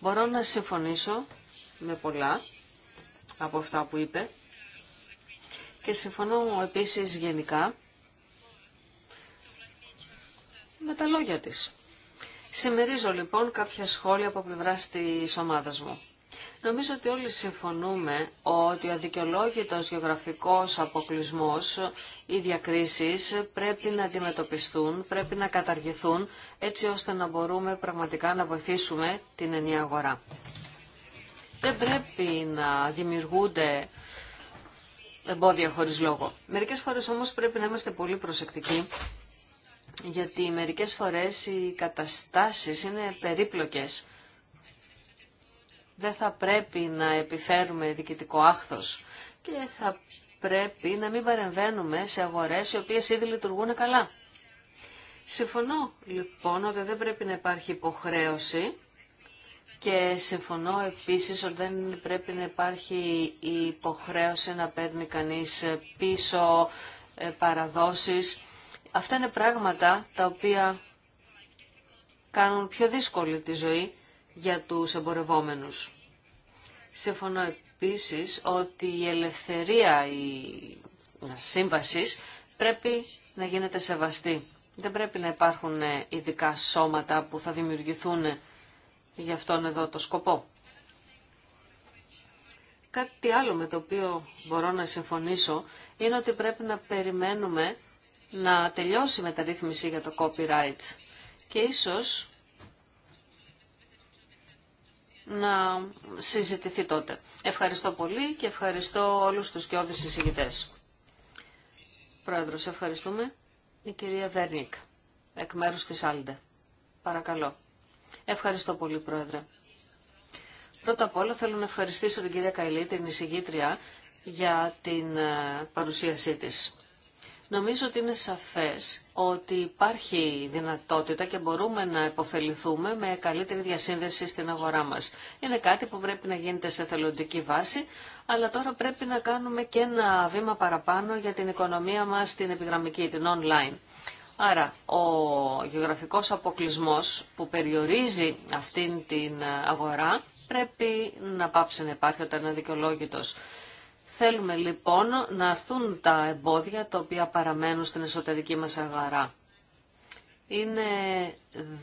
Μπορώ να συμφωνήσω με πολλά από αυτά που είπε και συμφωνώ επίσης γενικά με τα λόγια της. Συμμερίζω λοιπόν κάποια σχόλια από πλευρά τη ομάδα μου. Νομίζω ότι όλοι συμφωνούμε ότι ο αδικαιολόγητος γεωγραφικός αποκλεισμός, ή διακρίσεις πρέπει να αντιμετωπιστούν, πρέπει να καταργηθούν, έτσι ώστε να μπορούμε πραγματικά να βοηθήσουμε την ενιαία αγορά. Δεν πρέπει να δημιουργούνται εμπόδια χωρίς λόγο. Μερικές φορές όμως πρέπει να είμαστε πολύ προσεκτικοί γιατί μερικές φορές οι καταστάσεις είναι περίπλοκες. Δεν θα πρέπει να επιφέρουμε διοικητικό άχθος και θα πρέπει να μην παρεμβαίνουμε σε αγορές οι οποίες ήδη λειτουργούν καλά. Συμφωνώ λοιπόν ότι δεν πρέπει να υπάρχει υποχρέωση και συμφωνώ επίσης ότι δεν πρέπει να υπάρχει υποχρέωση να παίρνει κανείς πίσω ε, παραδόσεις. Αυτά είναι πράγματα τα οποία κάνουν πιο δύσκολη τη ζωή για τους εμπορευόμενους. Συμφωνώ επίσης ότι η ελευθερία η σύμβασης πρέπει να γίνεται σεβαστή. Δεν πρέπει να υπάρχουν ειδικά σώματα που θα δημιουργηθούν για αυτόν εδώ το σκοπό. Κάτι άλλο με το οποίο μπορώ να συμφωνήσω είναι ότι πρέπει να περιμένουμε να τελειώσει η μεταρρύθμιση για το copyright και ίσως να συζητηθεί τότε. Ευχαριστώ πολύ και ευχαριστώ όλους τους κοιόδης συζητητές. Πρόεδρος, ευχαριστούμε. Η κυρία Βέρνικ, εκ μέρους της Άλντε. Παρακαλώ. Ευχαριστώ πολύ, Πρόεδρε. Πρώτα απ' όλα θέλω να ευχαριστήσω την κυρία Καηλή, την εισηγήτρια, για την ε, παρουσίασή της. Νομίζω ότι είναι σαφές ότι υπάρχει δυνατότητα και μπορούμε να υποφεληθούμε με καλύτερη διασύνδεση στην αγορά μας. Είναι κάτι που πρέπει να γίνεται σε θελοντική βάση, αλλά τώρα πρέπει να κάνουμε και ένα βήμα παραπάνω για την οικονομία μας, την επιγραμμική, την online. Άρα, ο γεωγραφικός αποκλισμός που περιορίζει αυτήν την αγορά πρέπει να πάψει να υπάρχει όταν είναι δικαιολόγητος. Θέλουμε λοιπόν να αρθούν τα εμπόδια τα οποία παραμένουν στην εσωτερική μας αγορά. Είναι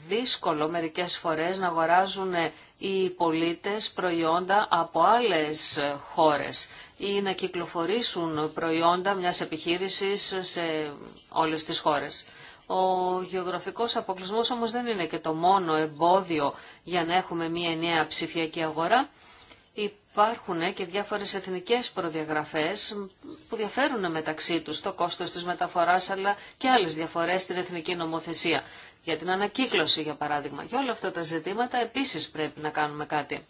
δύσκολο μερικές φορές να αγοράζουν οι πολίτες προϊόντα από άλλες χώρες ή να κυκλοφορήσουν προϊόντα μιας επιχείρησης σε όλες τις χώρες. Ο γεωγραφικός αποκλεισμός όμως δεν είναι και το μόνο εμπόδιο για να έχουμε μια νέα ψηφιακή αγορά. Υπάρχουν και διάφορες εθνικές προδιαγραφές που διαφέρουν μεταξύ τους το κόστος της μεταφοράς αλλά και άλλες διαφορές στην εθνική νομοθεσία. Για την ανακύκλωση για παράδειγμα. Και όλα αυτά τα ζητήματα επίσης πρέπει να κάνουμε κάτι.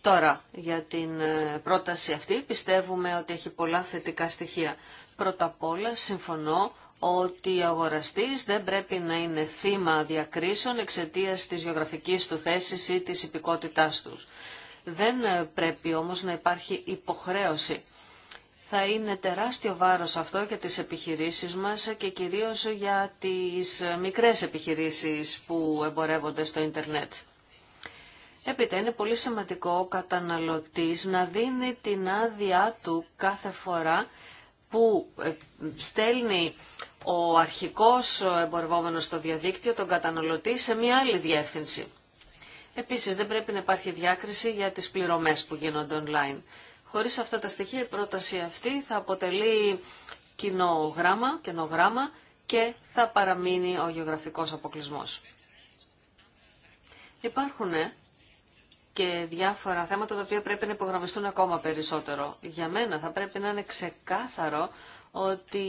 Τώρα, για την ε, πρόταση αυτή πιστεύουμε ότι έχει πολλά θετικά στοιχεία. Πρώτα απ' όλα συμφωνώ ότι ο αγοραστής δεν πρέπει να είναι θύμα διακρίσεων εξαιτίας της γεωγραφικής του θέσης ή της υπηκότητάς του. Δεν ε, πρέπει όμως να υπάρχει υποχρέωση. Θα είναι τεράστιο βάρος αυτό για τις επιχειρήσεις μας και κυρίως για τις ε, μικρές επιχειρήσεις που εμπορεύονται στο ίντερνετ. Έπειτα είναι πολύ σημαντικό ο καταναλωτής να δίνει την άδειά του κάθε φορά που ε, στέλνει ο αρχικός εμπορευόμενος στο διαδίκτυο, τον καταναλωτή, σε μια άλλη διεύθυνση. Επίσης δεν πρέπει να υπάρχει διάκριση για τις πληρωμές που γίνονται online. Χωρίς αυτά τα στοιχεία η πρόταση αυτή θα αποτελεί κοινό γράμμα, κοινό και θα παραμείνει ο γεωγραφικός αποκλεισμός. Υπάρχουν ε, και διάφορα θέματα τα οποία πρέπει να υπογραμμιστούν ακόμα περισσότερο. Για μένα θα πρέπει να είναι ξεκάθαρο ότι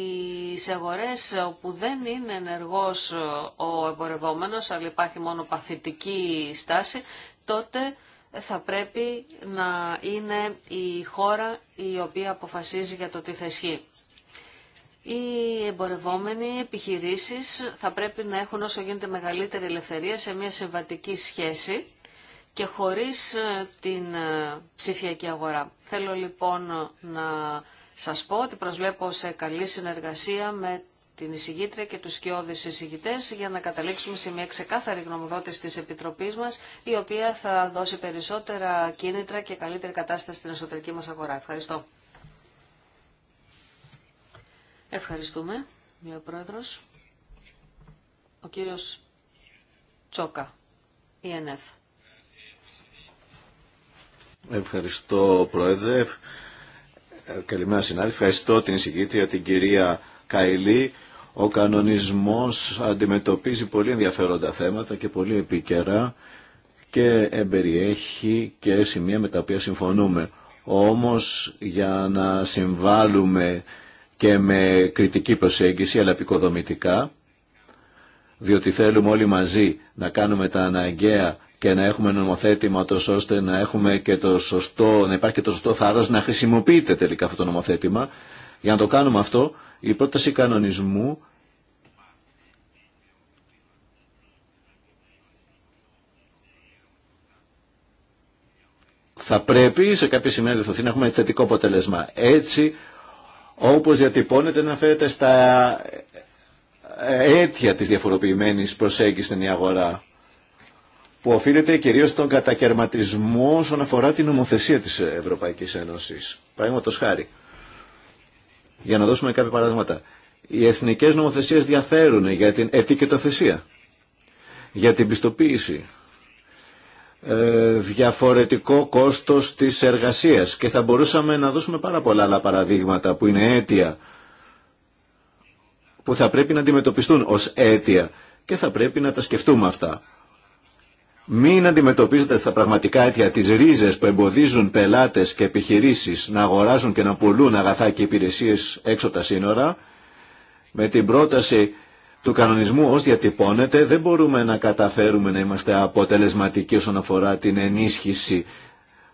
σε αγορές όπου δεν είναι ενεργός ο εμπορευόμενος, αλλά υπάρχει μόνο παθητική στάση, τότε θα πρέπει να είναι η χώρα η οποία αποφασίζει για το τι θα ισχύει. Οι εμπορευόμενοι επιχειρήσεις θα πρέπει να έχουν όσο γίνεται μεγαλύτερη ελευθερία σε μια συμβατική σχέση και χωρίς την ψηφιακή αγορά. Θέλω λοιπόν να σας πω ότι προσβλέπω σε καλή συνεργασία με την εισηγήτρια και τους σκιώδεις εισηγητές για να καταλήξουμε σε μια ξεκάθαρη γνωμοδότηση της Επιτροπής μας η οποία θα δώσει περισσότερα κίνητρα και καλύτερη κατάσταση στην εσωτερική μας αγορά. Ευχαριστώ. Ευχαριστούμε, μία Πρόεδρος. Ο κύριος Τσόκα, ΕΝΕΦ. Ευχαριστώ, Πρόεδρε. Ε, καλημέρα συνάδελφοι. Ευχαριστώ την εισηγήτρια την κυρία Καηλή. Ο κανονισμός αντιμετωπίζει πολύ ενδιαφέροντα θέματα και πολύ επίκαιρα και εμπεριέχει και σημεία με τα οποία συμφωνούμε. Όμως για να συμβάλλουμε και με κριτική προσέγγιση αλλά επικοδομητικά διότι θέλουμε όλοι μαζί να κάνουμε τα αναγκαία και να έχουμε νομοθέτημα τόσο ώστε να έχουμε και το σωστό, να υπάρχει και το σωστό θάρρο να χρησιμοποιείται τελικά αυτό το νομοθέτημα. Για να το κάνουμε αυτό, η πρόταση κανονισμού θα πρέπει σε κάποια σημεία να να έχουμε θετικό αποτέλεσμα. Έτσι, όπως διατυπώνεται, να φέρεται στα αίτια της διαφοροποιημένης προσέγγισης στην αγορά που οφείλεται κυρίως στον κατακαιρματισμό όσον αφορά την νομοθεσία της Ευρωπαϊκής Ένωσης. Παραδείγματο χάρη, για να δώσουμε κάποια παραδείγματα, οι εθνικές νομοθεσίες διαφέρουν για την ετικετοθεσία, για την πιστοποίηση, ε, διαφορετικό κόστος της εργασίας και θα μπορούσαμε να δώσουμε πάρα πολλά άλλα παραδείγματα που είναι αίτια που θα πρέπει να αντιμετωπιστούν ως αίτια και θα πρέπει να τα σκεφτούμε αυτά μην αντιμετωπίζετε στα πραγματικά αίτια τις ρίζες που εμποδίζουν πελάτες και επιχειρήσεις να αγοράζουν και να πουλούν αγαθά και υπηρεσίες έξω τα σύνορα, με την πρόταση του κανονισμού ως διατυπώνεται δεν μπορούμε να καταφέρουμε να είμαστε αποτελεσματικοί όσον αφορά την ενίσχυση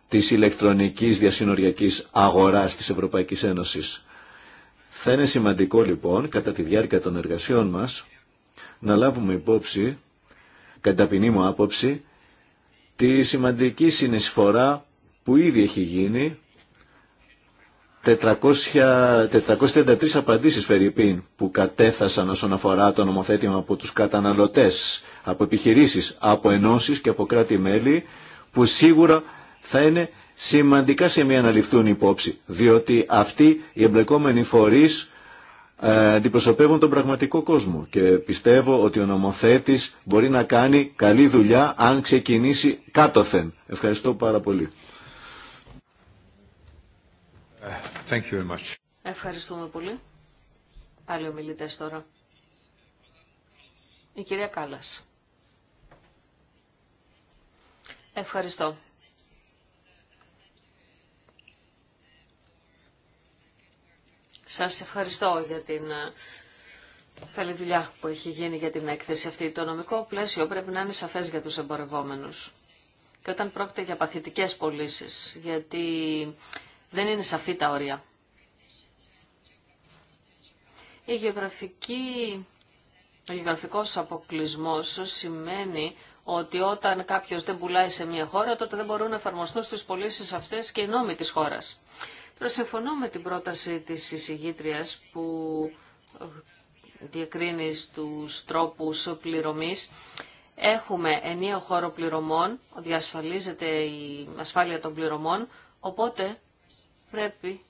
της ηλεκτρονικής διασυνοριακής αγοράς της Ευρωπαϊκής Ένωσης. Θα είναι σημαντικό λοιπόν κατά τη διάρκεια των εργασιών μας να λάβουμε υπόψη κατά ταπεινή μου άποψη, τη σημαντική συνεισφορά που ήδη έχει γίνει 433 απαντήσεις Φερρυπίν που κατέθασαν όσον αφορά το νομοθέτημα από τους καταναλωτές, από επιχειρήσεις, από ενώσεις και από κράτη-μέλη που σίγουρα θα είναι σημαντικά σημεία να ληφθούν υπόψη διότι αυτοί οι εμπλεκόμενοι φορείς ε, αντιπροσωπεύουν τον πραγματικό κόσμο και πιστεύω ότι ο νομοθέτης μπορεί να κάνει καλή δουλειά αν ξεκινήσει κάτωθεν. Ευχαριστώ πάρα πολύ. Thank you very much. Ευχαριστούμε πολύ. Άλλοι ομιλητέ τώρα. Η κυρία Κάλλας. Ευχαριστώ. Σας ευχαριστώ για την ε, καλή δουλειά που έχει γίνει για την έκθεση αυτή. Το νομικό πλαίσιο πρέπει να είναι σαφές για τους εμπορευόμενους. Και όταν πρόκειται για παθητικές πωλήσει, γιατί δεν είναι σαφή τα όρια. Η γεωγραφική, ο γεωγραφικός αποκλεισμός σημαίνει ότι όταν κάποιος δεν πουλάει σε μια χώρα, τότε δεν μπορούν να εφαρμοστούν στις πωλήσει αυτές και οι νόμοι της χώρας. Προσεφωνώ με την πρόταση της εισηγήτριας που διακρίνει στους τρόπους πληρωμής. Έχουμε ενίο χώρο πληρωμών, διασφαλίζεται η ασφάλεια των πληρωμών, οπότε πρέπει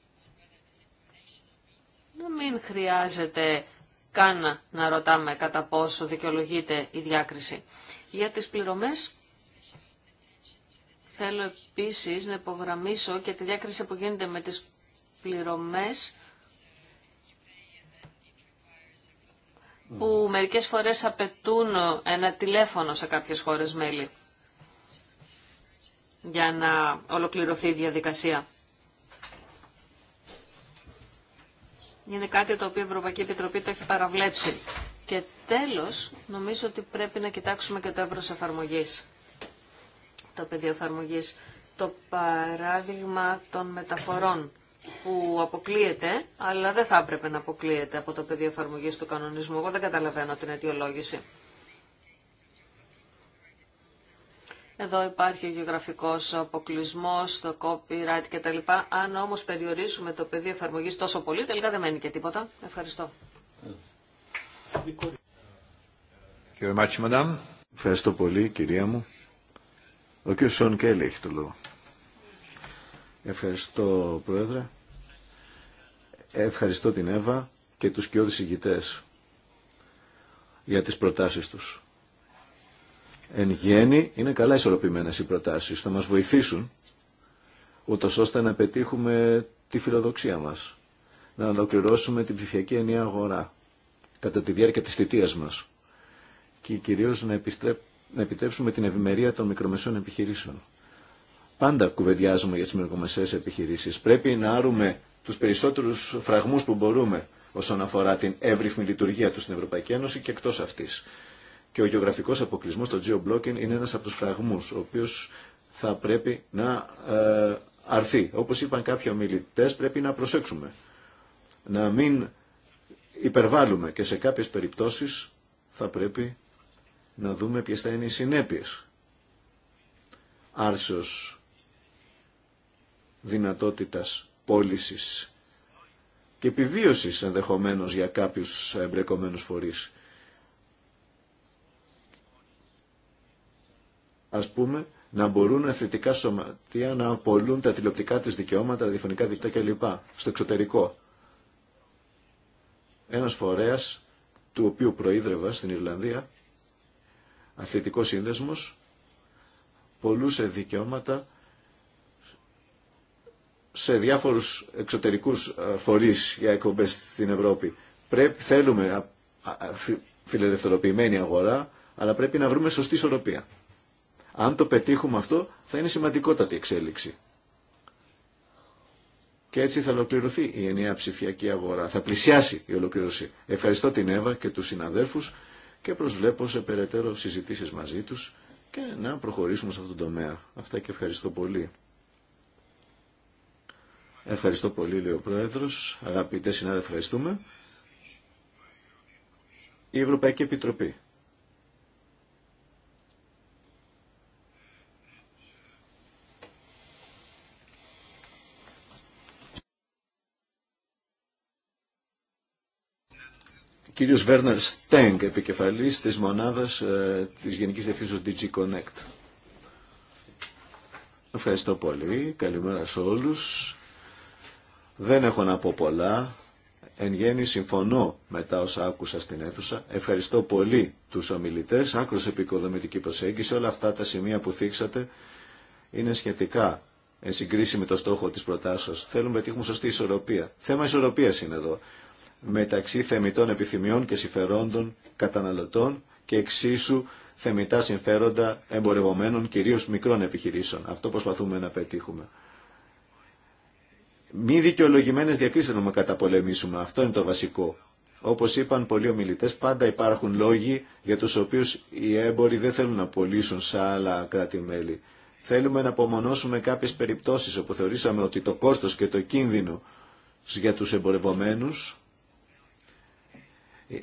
να μην χρειάζεται καν να ρωτάμε κατά πόσο δικαιολογείται η διάκριση. Για τις πληρωμές Θέλω επίσης να υπογραμμίσω και τη διάκριση που γίνεται με τις πληρωμές που μερικές φορές απαιτούν ένα τηλέφωνο σε κάποιες χώρες μέλη για να ολοκληρωθεί η διαδικασία. Είναι κάτι το οποίο η Ευρωπαϊκή Επιτροπή το έχει παραβλέψει. Και τέλος, νομίζω ότι πρέπει να κοιτάξουμε και το εύρος εφαρμογής το πεδίο εφαρμογή. Το παράδειγμα των μεταφορών που αποκλείεται, αλλά δεν θα έπρεπε να αποκλείεται από το πεδίο εφαρμογή του κανονισμού. Εγώ δεν καταλαβαίνω την αιτιολόγηση. Εδώ υπάρχει ο γεωγραφικός αποκλεισμό, το copyright κτλ. Αν όμως περιορίσουμε το πεδίο εφαρμογής τόσο πολύ, τελικά δεν μένει και τίποτα. Ευχαριστώ. Ευχαριστώ πολύ, κυρία μου. Ο κ. Σον Κέλλη έχει το λόγο. Ευχαριστώ, Πρόεδρε. Ευχαριστώ την Εύα και τους κοιόδης ηγητές για τις προτάσεις τους. Εν γέννη είναι καλά ισορροπημένες οι προτάσεις. Θα μας βοηθήσουν ούτω ώστε να πετύχουμε τη φιλοδοξία μας. Να ολοκληρώσουμε την ψηφιακή ενιαία αγορά κατά τη διάρκεια της θητείας μας και κυρίως να επιστρέψουμε να επιτρέψουμε την ευημερία των μικρομεσαίων επιχειρήσεων. Πάντα κουβεντιάζουμε για τι μικρομεσαίε επιχειρήσει. Πρέπει να άρουμε του περισσότερου φραγμού που μπορούμε όσον αφορά την εύρυθμη λειτουργία του στην Ευρωπαϊκή Ένωση και εκτό αυτή. Και ο γεωγραφικό αποκλεισμό, το geo-blocking, είναι ένα από του φραγμού ο οποίο θα πρέπει να ε, αρθεί. Όπω είπαν κάποιοι ομιλητέ, πρέπει να προσέξουμε. Να μην υπερβάλλουμε και σε κάποιε περιπτώσει θα πρέπει να δούμε ποιες θα είναι οι συνέπειες. Άρσος δυνατότητας πώληση και επιβίωση ενδεχομένως για κάποιους εμπλεκομένους φορείς. Ας πούμε, να μπορούν αθλητικά σωματεία να απολούν τα τηλεοπτικά της δικαιώματα, τα διφωνικά δικτά κλπ. στο εξωτερικό. Ένας φορέας του οποίου προείδρευα στην Ιρλανδία αθλητικός σύνδεσμος πολλούς δικαιώματα σε διάφορους εξωτερικούς ε, φορείς για εκπομπές στην Ευρώπη. Πρέπει, θέλουμε φιλελευθερωποιημένη αγορά, αλλά πρέπει να βρούμε σωστή ισορροπία. Αν το πετύχουμε αυτό, θα είναι σημαντικότατη εξέλιξη. Και έτσι θα ολοκληρωθεί η ενιαία ψηφιακή αγορά. Θα πλησιάσει η ολοκλήρωση. Ευχαριστώ την Εύα και τους συναδέλφους και προσβλέπω σε περαιτέρω συζητήσεις μαζί τους και να προχωρήσουμε σε αυτόν τον τομέα. Αυτά και ευχαριστώ πολύ. Ευχαριστώ πολύ, λέει ο Πρόεδρος. Αγαπητέ συνάδελφοι, ευχαριστούμε. Η Ευρωπαϊκή Επιτροπή. κύριος Βέρνερ Στέγκ, επικεφαλής της μονάδας ε, της Γενικής του DG Connect. Ευχαριστώ πολύ. Καλημέρα σε όλους. Δεν έχω να πω πολλά. Εν γέννη συμφωνώ με όσα άκουσα στην αίθουσα. Ευχαριστώ πολύ τους ομιλητές. άκρος επικοδομητική προσέγγιση. Όλα αυτά τα σημεία που θίξατε είναι σχετικά εν συγκρίση με το στόχο της προτάσεως. Θέλουμε να πετύχουμε σωστή ισορροπία. Θέμα ισορροπίας είναι εδώ μεταξύ θεμητών επιθυμιών και συμφερόντων καταναλωτών και εξίσου θεμητά συμφέροντα εμπορευομένων κυρίως μικρών επιχειρήσεων. Αυτό προσπαθούμε να πετύχουμε. Μη δικαιολογημένε διακρίσει να με καταπολεμήσουμε. Αυτό είναι το βασικό. Όπω είπαν πολλοί ομιλητέ, πάντα υπάρχουν λόγοι για του οποίου οι έμποροι δεν θέλουν να πωλήσουν σε άλλα κράτη-μέλη. Θέλουμε να απομονώσουμε κάποιε περιπτώσει όπου θεωρήσαμε ότι το κόστο και το κίνδυνο για του εμπορευομένου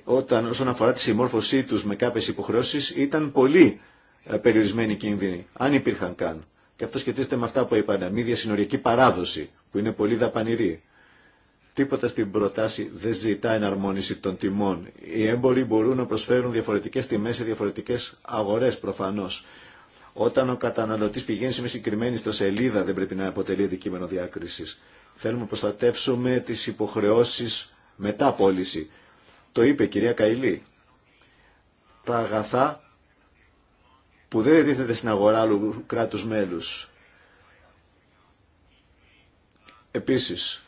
όταν, όσον αφορά τη συμμόρφωσή τους με κάποιες υποχρεώσεις ήταν πολύ ε, περιορισμένοι κίνδυνοι, αν υπήρχαν καν. Και αυτό σχετίζεται με αυτά που είπαν, μη διασυνοριακή παράδοση, που είναι πολύ δαπανηρή. Τίποτα στην προτάση δεν ζητά εναρμόνιση των τιμών. Οι έμποροι μπορούν να προσφέρουν διαφορετικέ τιμέ σε διαφορετικέ αγορέ προφανώ. Όταν ο καταναλωτή πηγαίνει σε μια συγκεκριμένη στοσελίδα δεν πρέπει να αποτελεί αντικείμενο διάκριση. Θέλουμε να προστατεύσουμε τι υποχρεώσει μετά πώληση. Το είπε η κυρία Καϊλή. Τα αγαθά που δεν δίδεται στην αγορά άλλου κράτους μέλους. Επίσης,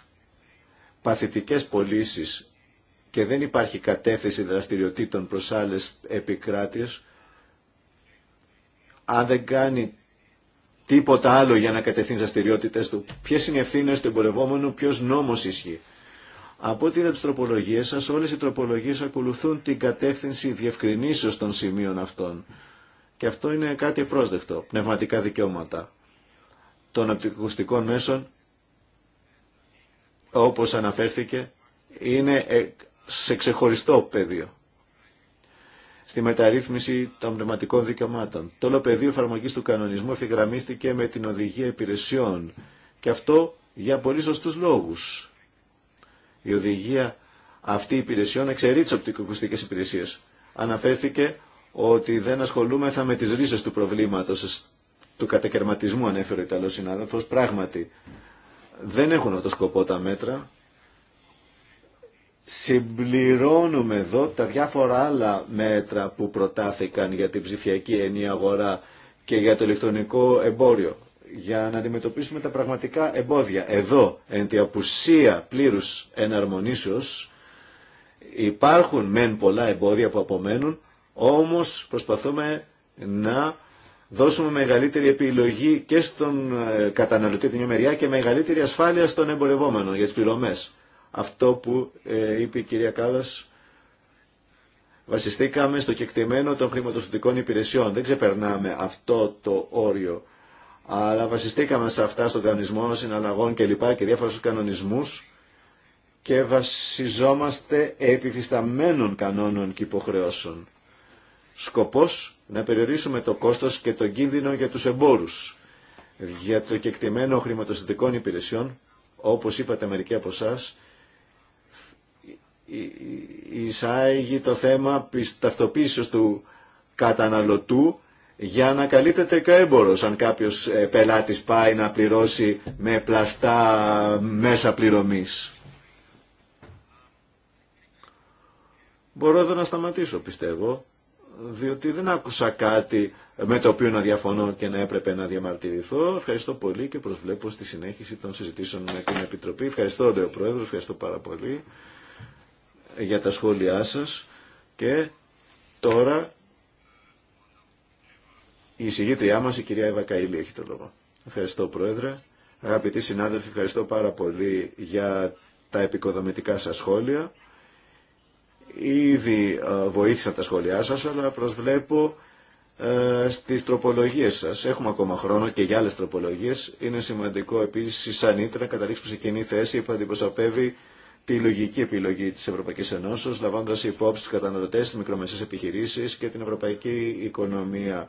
παθητικές πωλήσει και δεν υπάρχει κατεύθυνση δραστηριοτήτων προς άλλες επικράτειες, αν δεν κάνει τίποτα άλλο για να κατευθύνει δραστηριότητε του, Ποιες είναι οι ευθύνε του εμπορευόμενου, ποιο νόμο ισχύει. Από ό,τι είδα τι τροπολογίε σα, όλε οι τροπολογίε ακολουθούν την κατεύθυνση διευκρινήσεω των σημείων αυτών. Και αυτό είναι κάτι πρόσδεκτο. Πνευματικά δικαιώματα των οπτικοακουστικών μέσων, όπως αναφέρθηκε, είναι ε, σε ξεχωριστό πεδίο. Στη μεταρρύθμιση των πνευματικών δικαιωμάτων. Το όλο πεδίο εφαρμογή του κανονισμού ευθυγραμμίστηκε με την οδηγία υπηρεσιών. Και αυτό για πολύ σωστού λόγους η οδηγία αυτή υπηρεσιών εξαιρεί τι οπτικοακουστικέ υπηρεσίε. Αναφέρθηκε ότι δεν ασχολούμεθα με τι ρίζε του προβλήματο, του κατακαιρματισμού, ανέφερε ο Ιταλό συνάδελφο. Πράγματι, δεν έχουν αυτό σκοπό τα μέτρα. Συμπληρώνουμε εδώ τα διάφορα άλλα μέτρα που προτάθηκαν για την ψηφιακή ενία αγορά και για το ηλεκτρονικό εμπόριο για να αντιμετωπίσουμε τα πραγματικά εμπόδια. Εδώ, εν τη απουσία πλήρους εναρμονίσεως, υπάρχουν μεν πολλά εμπόδια που απομένουν, όμως προσπαθούμε να δώσουμε μεγαλύτερη επιλογή και στον ε, καταναλωτή την μια μεριά και μεγαλύτερη ασφάλεια στον εμπορευόμενο για τις πληρωμές. Αυτό που ε, είπε η κυρία Κάλλας, βασιστήκαμε στο κεκτημένο των χρηματοσυντικών υπηρεσιών. Δεν ξεπερνάμε αυτό το όριο αλλά βασιστήκαμε σε αυτά στον κανονισμό συναλλαγών και λοιπά και διάφορους κανονισμούς και βασιζόμαστε επιφυσταμένων κανόνων και υποχρεώσεων. Σκοπός να περιορίσουμε το κόστος και το κίνδυνο για τους εμπόρους, για το κεκτημένο χρηματοστατικών υπηρεσιών, όπως είπατε μερικοί από εσά, εισάγει το θέμα ταυτοποίησης του καταναλωτού για να καλύπτεται και ο έμπορος αν κάποιος ε, πελάτης πάει να πληρώσει με πλαστά μέσα πληρωμής. Μπορώ εδώ να σταματήσω πιστεύω, διότι δεν άκουσα κάτι με το οποίο να διαφωνώ και να έπρεπε να διαμαρτυρηθώ. Ευχαριστώ πολύ και προσβλέπω στη συνέχιση των συζητήσεων με την Επιτροπή. Ευχαριστώ, Λεοπρόεδρο, ευχαριστώ πάρα πολύ για τα σχόλιά σας και τώρα η εισηγήτριά μας, η κυρία Εύα Καηλή, έχει το λόγο. Ευχαριστώ, Πρόεδρε. Αγαπητοί συνάδελφοι, ευχαριστώ πάρα πολύ για τα επικοδομητικά σας σχόλια. Ήδη ε, βοήθησαν τα σχόλιά σας, αλλά προσβλέπω ε, στις τροπολογίες σας. Έχουμε ακόμα χρόνο και για άλλες τροπολογίες. Είναι σημαντικό επίσης σαν ήτρα να καταλήξουμε σε κοινή θέση που αντιπροσωπεύει τη λογική επιλογή της Ευρωπαϊκής Ενώσεως, λαμβάνοντα υπόψη του καταναλωτέ τις μικρομεσαίες επιχειρήσεις και την ευρωπαϊκή οικονομία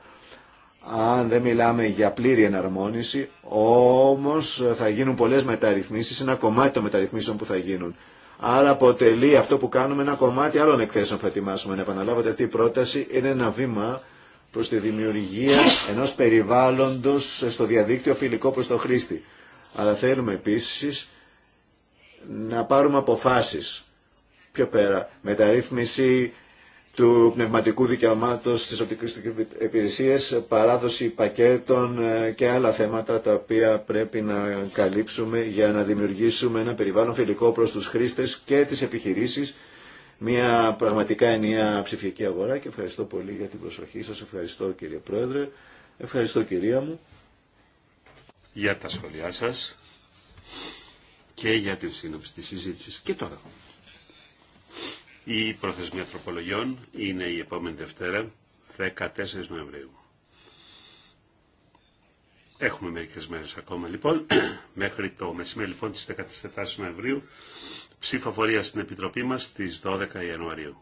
αν δεν μιλάμε για πλήρη εναρμόνιση, όμως θα γίνουν πολλές μεταρρυθμίσεις, ένα κομμάτι των μεταρρυθμίσεων που θα γίνουν. Άρα αποτελεί αυτό που κάνουμε ένα κομμάτι άλλων εκθέσεων που θα ετοιμάσουμε. Να επαναλάβω ότι αυτή η πρόταση είναι ένα βήμα προς τη δημιουργία ενός περιβάλλοντος στο διαδίκτυο φιλικό προς το χρήστη. Αλλά θέλουμε επίσης να πάρουμε αποφάσεις πιο πέρα. Μεταρρύθμιση του πνευματικού δικαιωμάτος στις του υπηρεσίες, παράδοση πακέτων ε, και άλλα θέματα τα οποία πρέπει να καλύψουμε για να δημιουργήσουμε ένα περιβάλλον φιλικό προς τους χρήστες και τις επιχειρήσεις, μια πραγματικά ενιαία ψηφιακή αγορά και ευχαριστώ πολύ για την προσοχή σας. Ευχαριστώ κύριε Πρόεδρε, ευχαριστώ κυρία μου. Για τα σχόλιά σας και για την σύνοψη της συζήτησης. Και τώρα η προθεσμία τροπολογιών είναι η επόμενη Δευτέρα, 14 Νοεμβρίου. Έχουμε μερικές μέρες ακόμα λοιπόν, [CLEARS THROAT] μέχρι το μεσημέρι λοιπόν της 14 Νοεμβρίου, ψηφοφορία στην Επιτροπή μας στις 12 Ιανουαρίου.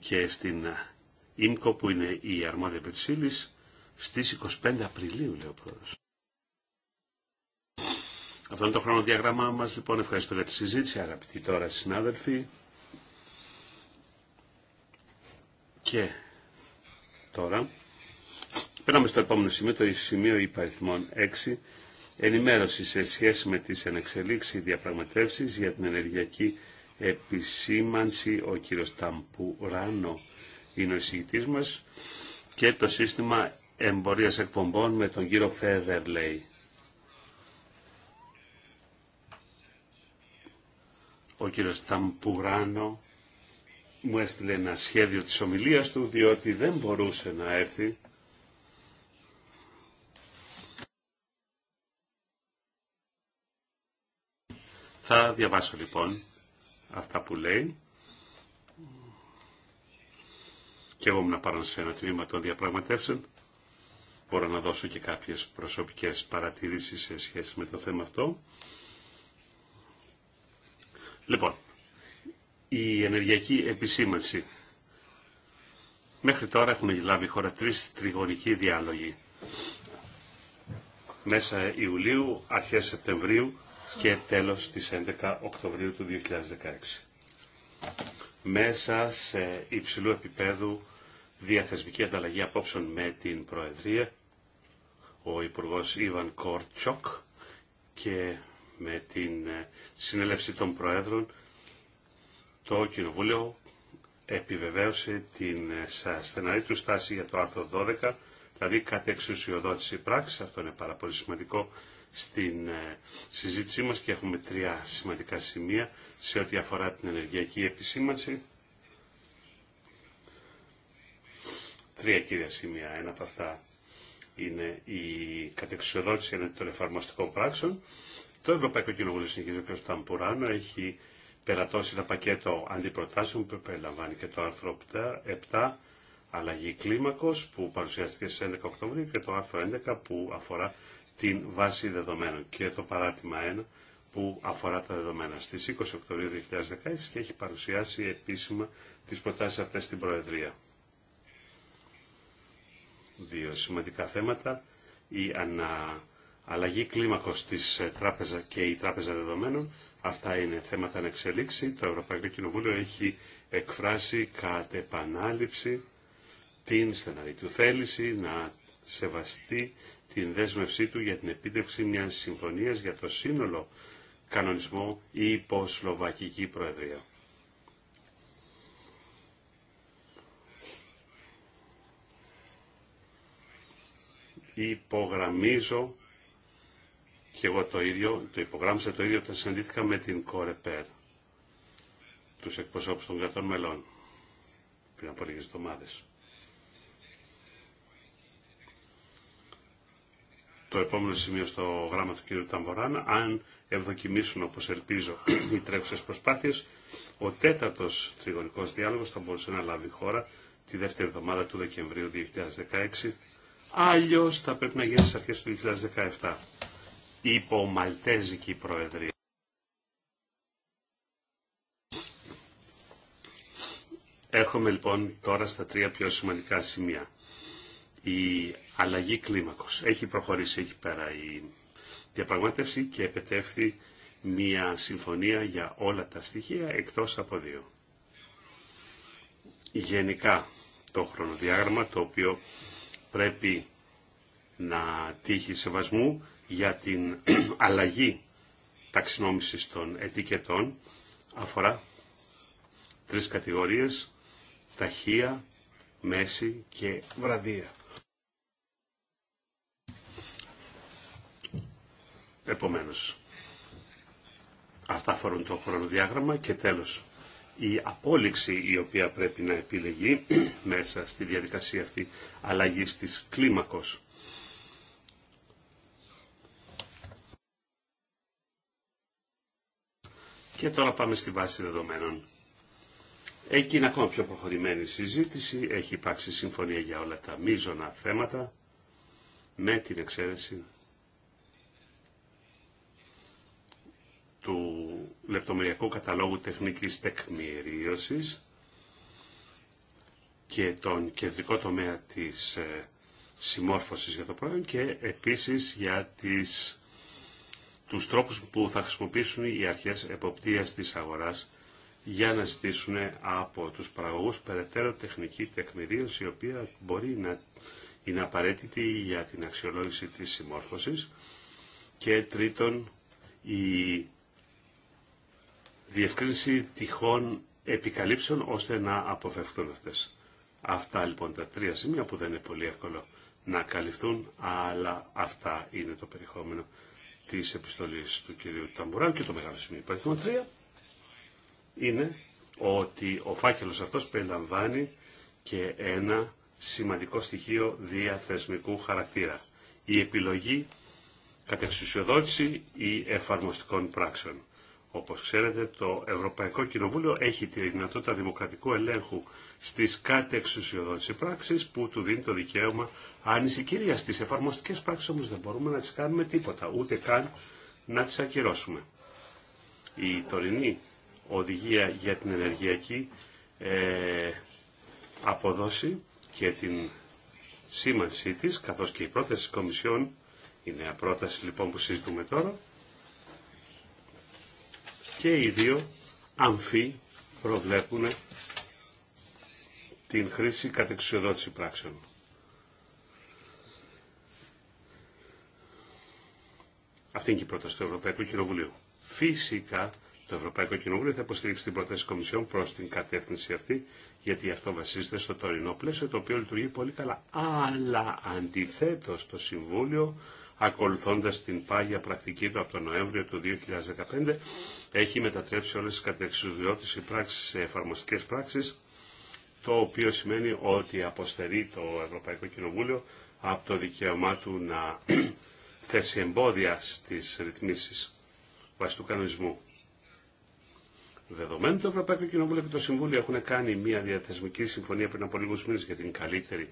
Και στην ε, ΙΜΚΟ που είναι η αρμόδια Πετσίλης στις 25 Απριλίου λέει ο πρόεδρος. Αυτό είναι το χρονοδιαγράμμά μας. Λοιπόν, ευχαριστώ για τη συζήτηση, αγαπητοί τώρα συνάδελφοι. Και τώρα περνάμε στο επόμενο σημείο, το σημείο υπαριθμών 6, ενημέρωση σε σχέση με τις ενεξελίξεις διαπραγματεύσεις για την ενεργειακή επισήμανση. Ο κύριος Ταμπουράνο είναι ο εισηγητής μας και το σύστημα εμπορίας εκπομπών με τον κύριο Φέδερ, λέει. Ο κύριος Ταμπουράνο μου έστειλε ένα σχέδιο της ομιλίας του, διότι δεν μπορούσε να έρθει. Θα διαβάσω λοιπόν αυτά που λέει. Και εγώ να πάρω σε ένα τμήμα των διαπραγματεύσεων. Μπορώ να δώσω και κάποιες προσωπικές παρατηρήσεις σε σχέση με το θέμα αυτό. Λοιπόν, η ενεργειακή επισήμανση. Μέχρι τώρα έχουμε λάβει χώρα τρεις τριγωνικοί διάλογοι. Μέσα Ιουλίου, αρχές Σεπτεμβρίου και τέλος της 11 Οκτωβρίου του 2016. Μέσα σε υψηλού επίπεδου διαθεσμική ανταλλαγή απόψεων με την Προεδρία, ο Υπουργός Ιβαν Κορτσόκ και με την ε, συνέλευση των Προέδρων, το Κοινοβούλιο επιβεβαίωσε την ε, στεναρή του στάση για το άρθρο 12, δηλαδή κατ' εξουσιοδότηση πράξης. Αυτό είναι πάρα πολύ σημαντικό στην ε, συζήτησή μας και έχουμε τρία σημαντικά σημεία σε ό,τι αφορά την ενεργειακή επισήμανση. Τρία κύρια σημεία. Ένα από αυτά είναι η κατεξουσιοδότηση των εφαρμοστικών πράξεων. Το Ευρωπαϊκό Κοινοβούλιο συνεχίζει ο κ. Ταμπουράνο έχει περατώσει ένα πακέτο αντιπροτάσεων που περιλαμβάνει και το άρθρο 7, αλλαγή κλίμακο που παρουσιάστηκε στις 11 Οκτωβρίου και το άρθρο 11 που αφορά την βάση δεδομένων και το παράτημα 1 που αφορά τα δεδομένα στις 20 Οκτωβρίου 2016 και έχει παρουσιάσει επίσημα τις προτάσεις αυτές στην Προεδρία. Δύο σημαντικά θέματα, η ανα αλλαγή κλίμακος της ε, τράπεζα και η τράπεζα δεδομένων. Αυτά είναι θέματα να εξελίξει. Το Ευρωπαϊκό Κοινοβούλιο έχει εκφράσει κατ' επανάληψη την στεναρή του θέληση να σεβαστεί την δέσμευσή του για την επίτευξη μιας συμφωνίας για το σύνολο κανονισμό υπό Σλοβακική Προεδρία. Υπογραμμίζω και εγώ το ίδιο, το υπογράμμισα το ίδιο όταν συναντήθηκα με την Κορεπέρ, του εκπροσώπους των κρατών μελών, πριν από λίγες εβδομάδες. Το επόμενο σημείο στο γράμμα του κ. Ταμποράνα, αν ευδοκιμήσουν όπως ελπίζω [CLEARS THROAT] οι τρέχουσες προσπάθειες, ο τέταρτος τριγωνικός διάλογος θα μπορούσε να λάβει χώρα τη δεύτερη εβδομάδα του Δεκεμβρίου 2016, αλλιώς θα πρέπει να γίνει στις αρχές του 2017 υπό Μαλτέζικη Προεδρία. Έρχομαι λοιπόν τώρα στα τρία πιο σημαντικά σημεία. Η αλλαγή κλίμακος. Έχει προχωρήσει εκεί πέρα η διαπραγμάτευση και επετεύθη μια συμφωνία για όλα τα στοιχεία εκτός από δύο. Γενικά το χρονοδιάγραμμα το οποίο πρέπει να τύχει σεβασμού για την [CLEARS THROAT] αλλαγή ταξινόμησης των ετικετών αφορά τρεις κατηγορίες, ταχεία, μέση και βραδία. Επομένως, αυτά αφορούν το χρονοδιάγραμμα και τέλος. Η απόλυξη η οποία πρέπει να επιλεγεί [CLEARS THROAT] μέσα στη διαδικασία αυτή αλλαγής της κλίμακος Και τώρα πάμε στη βάση δεδομένων. Εκεί είναι ακόμα πιο προχωρημένη συζήτηση. Έχει υπάρξει συμφωνία για όλα τα μείζωνα θέματα με την εξαίρεση του λεπτομεριακού καταλόγου τεχνικής τεκμηρίωσης και τον κεντρικό τομέα της ε, συμμόρφωσης για το πρόγραμμα και επίσης για τις τους τρόπους που θα χρησιμοποιήσουν οι αρχές εποπτείας της αγοράς για να ζητήσουν από τους παραγωγούς περαιτέρω τεχνική τεκμηρίωση η οποία μπορεί να είναι απαραίτητη για την αξιολόγηση της συμμόρφωσης και τρίτον η διευκρίνηση τυχών επικαλύψεων ώστε να αποφευχθούν αυτές. Αυτά λοιπόν τα τρία σημεία που δεν είναι πολύ εύκολο να καλυφθούν, αλλά αυτά είναι το περιεχόμενο τη επιστολής του κυρίου Ταμπουράν και το μεγάλο σημείο υπαριθμό 3 είναι ότι ο φάκελος αυτός περιλαμβάνει και ένα σημαντικό στοιχείο διαθεσμικού χαρακτήρα. Η επιλογή κατεξουσιοδότηση ή εφαρμοστικών πράξεων. Όπως ξέρετε, το Ευρωπαϊκό Κοινοβούλιο έχει τη δυνατότητα δημοκρατικού ελέγχου στις κάτι εξουσιοδότηση πράξεις που του δίνει το δικαίωμα κυρία Στις εφαρμοστικές πράξεις όμως δεν μπορούμε να τις κάνουμε τίποτα, ούτε καν να τις ακυρώσουμε. Η τωρινή οδηγία για την ενεργειακή ε, αποδόση και την σήμανσή της, καθώς και η πρόταση της Κομισιόν, η νέα πρόταση λοιπόν που συζητούμε τώρα, και οι δύο αμφί προβλέπουν την χρήση κατεξιοδότηση πράξεων. Αυτή είναι και η πρόταση του Ευρωπαϊκού Κοινοβουλίου. Φυσικά το Ευρωπαϊκό Κοινοβούλιο θα υποστηρίξει την πρόταση της Κομισιόν προ την κατεύθυνση αυτή, γιατί αυτό βασίζεται στο τωρινό πλαίσιο, το οποίο λειτουργεί πολύ καλά. Αλλά αντιθέτω το Συμβούλιο ακολουθώντας την πάγια πρακτική του από τον Νοέμβριο του 2015, έχει μετατρέψει όλες τις κατεξουδιώτες πράξεις σε εφαρμοστικές πράξεις, το οποίο σημαίνει ότι αποστερεί το Ευρωπαϊκό Κοινοβούλιο από το δικαίωμά του να [CLEARS THROAT] θέσει εμπόδια στις ρυθμίσεις βάσει κανονισμού. Δεδομένου το Ευρωπαϊκό Κοινοβούλιο και το Συμβούλιο έχουν κάνει μια διαθεσμική συμφωνία πριν από λίγους μήνε για την καλύτερη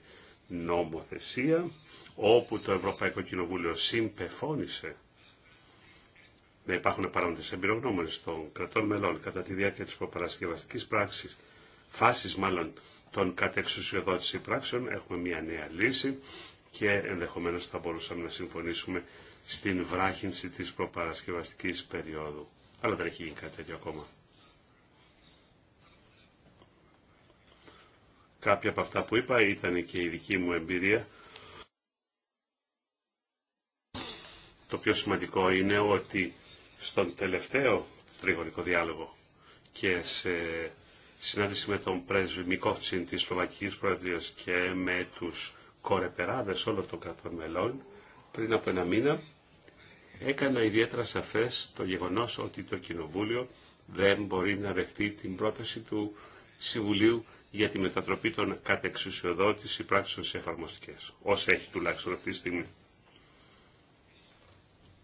νομοθεσία όπου το Ευρωπαϊκό Κοινοβούλιο συμπεφώνησε να υπάρχουν παράγοντε εμπειρογνώμονες των κρατών μελών κατά τη διάρκεια της προπαρασκευαστικής πράξης, φάσης μάλλον των κατεξουσιοδότηση πράξεων, έχουμε μια νέα λύση και ενδεχομένως θα μπορούσαμε να συμφωνήσουμε στην βράχυνση της προπαρασκευαστικής περίοδου. Αλλά δεν έχει γίνει κάτι τέτοιο ακόμα. Κάποια από αυτά που είπα ήταν και η δική μου εμπειρία. Το πιο σημαντικό είναι ότι στον τελευταίο τριγωνικό διάλογο και σε συνάντηση με τον πρέσβη Μικόφτσιν της Σλοβακικής Προεδρίας και με τους κορεπεράδες όλων των κρατών μελών πριν από ένα μήνα έκανα ιδιαίτερα σαφές το γεγονός ότι το Κοινοβούλιο δεν μπορεί να δεχτεί την πρόταση του Συμβουλίου για τη μετατροπή των κατεξουσιοδότηση πράξεων σε εφαρμοστικές, Όσα έχει τουλάχιστον αυτή τη στιγμή.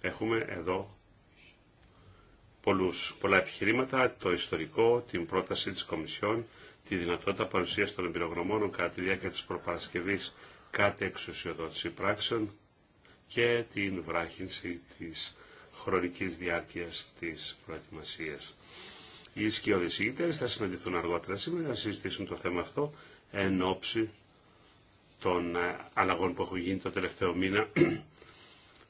Έχουμε εδώ πολλούς, πολλά επιχειρήματα, το ιστορικό, την πρόταση της Κομισιόν, τη δυνατότητα παρουσίας των εμπειρογνωμόνων κατά τη διάρκεια της προπαρασκευής κάθε εξουσιοδότηση πράξεων και την βράχυνση της χρονικής διάρκειας της προετοιμασίας. Οι ισχυώδεις ηγητές θα συναντηθούν αργότερα σήμερα να συζητήσουν το θέμα αυτό εν ώψη των ε, αλλαγών που έχουν γίνει το τελευταίο μήνα [CLEARS THROAT]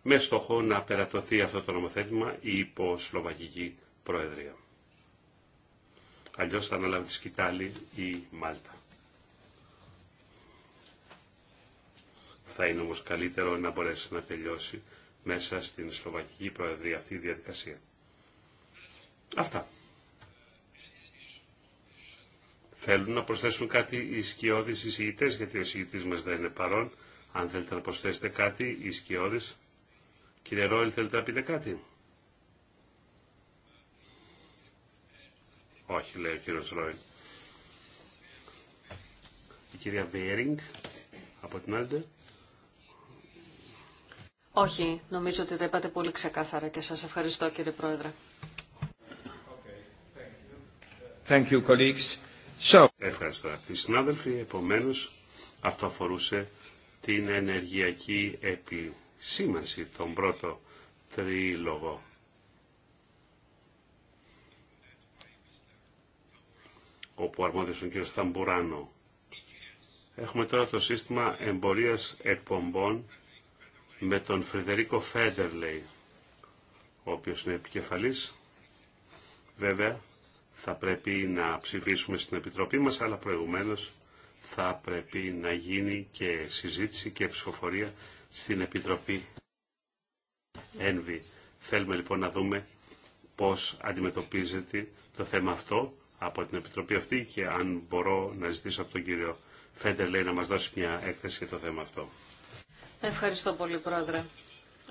με στόχο να περατωθεί αυτό το νομοθέτημα υπό Σλοβακική Προεδρία. Αλλιώς θα αναλάβει τη σκητάλη η Μάλτα. Θα είναι όμως καλύτερο να μπορέσει να τελειώσει μέσα στην Σλοβακική Προεδρία αυτή η διαδικασία. Αυτά. Θέλουν να προσθέσουν κάτι οι σκιώδεις εισηγητές, γιατί ο εισηγητής μας δεν είναι παρόν. Αν θέλετε να προσθέσετε κάτι, οι σκιώδεις. Κύριε Ρόιλ, θέλετε να πείτε κάτι. Όχι, λέει ο κύριος Ρόιλ. Η κυρία Βέρινγκ, από την άλλη. Όχι, νομίζω ότι τα είπατε πολύ ξεκάθαρα και σας ευχαριστώ κύριε Πρόεδρε. Thank you, colleagues. So. Ευχαριστώ αυτοί οι συνάδελφοι. Επομένως, αυτό αφορούσε την ενεργειακή επισήμανση, τον πρώτο τρίλογο. όπου αρμόδιος ο κ. Σταμπουράνο. Έχουμε τώρα το σύστημα εμπορίας εκπομπών με τον Φρεντερίκο Φέντερλεϊ, ο οποίος είναι επικεφαλής. Βέβαια, θα πρέπει να ψηφίσουμε στην Επιτροπή μας, αλλά προηγουμένως θα πρέπει να γίνει και συζήτηση και ψηφοφορία στην Επιτροπή Ένβη. Θέλουμε λοιπόν να δούμε πώς αντιμετωπίζεται το θέμα αυτό από την Επιτροπή αυτή και αν μπορώ να ζητήσω από τον κύριο Φέντερ λέει, να μας δώσει μια έκθεση για το θέμα αυτό. Ευχαριστώ πολύ Πρόεδρε.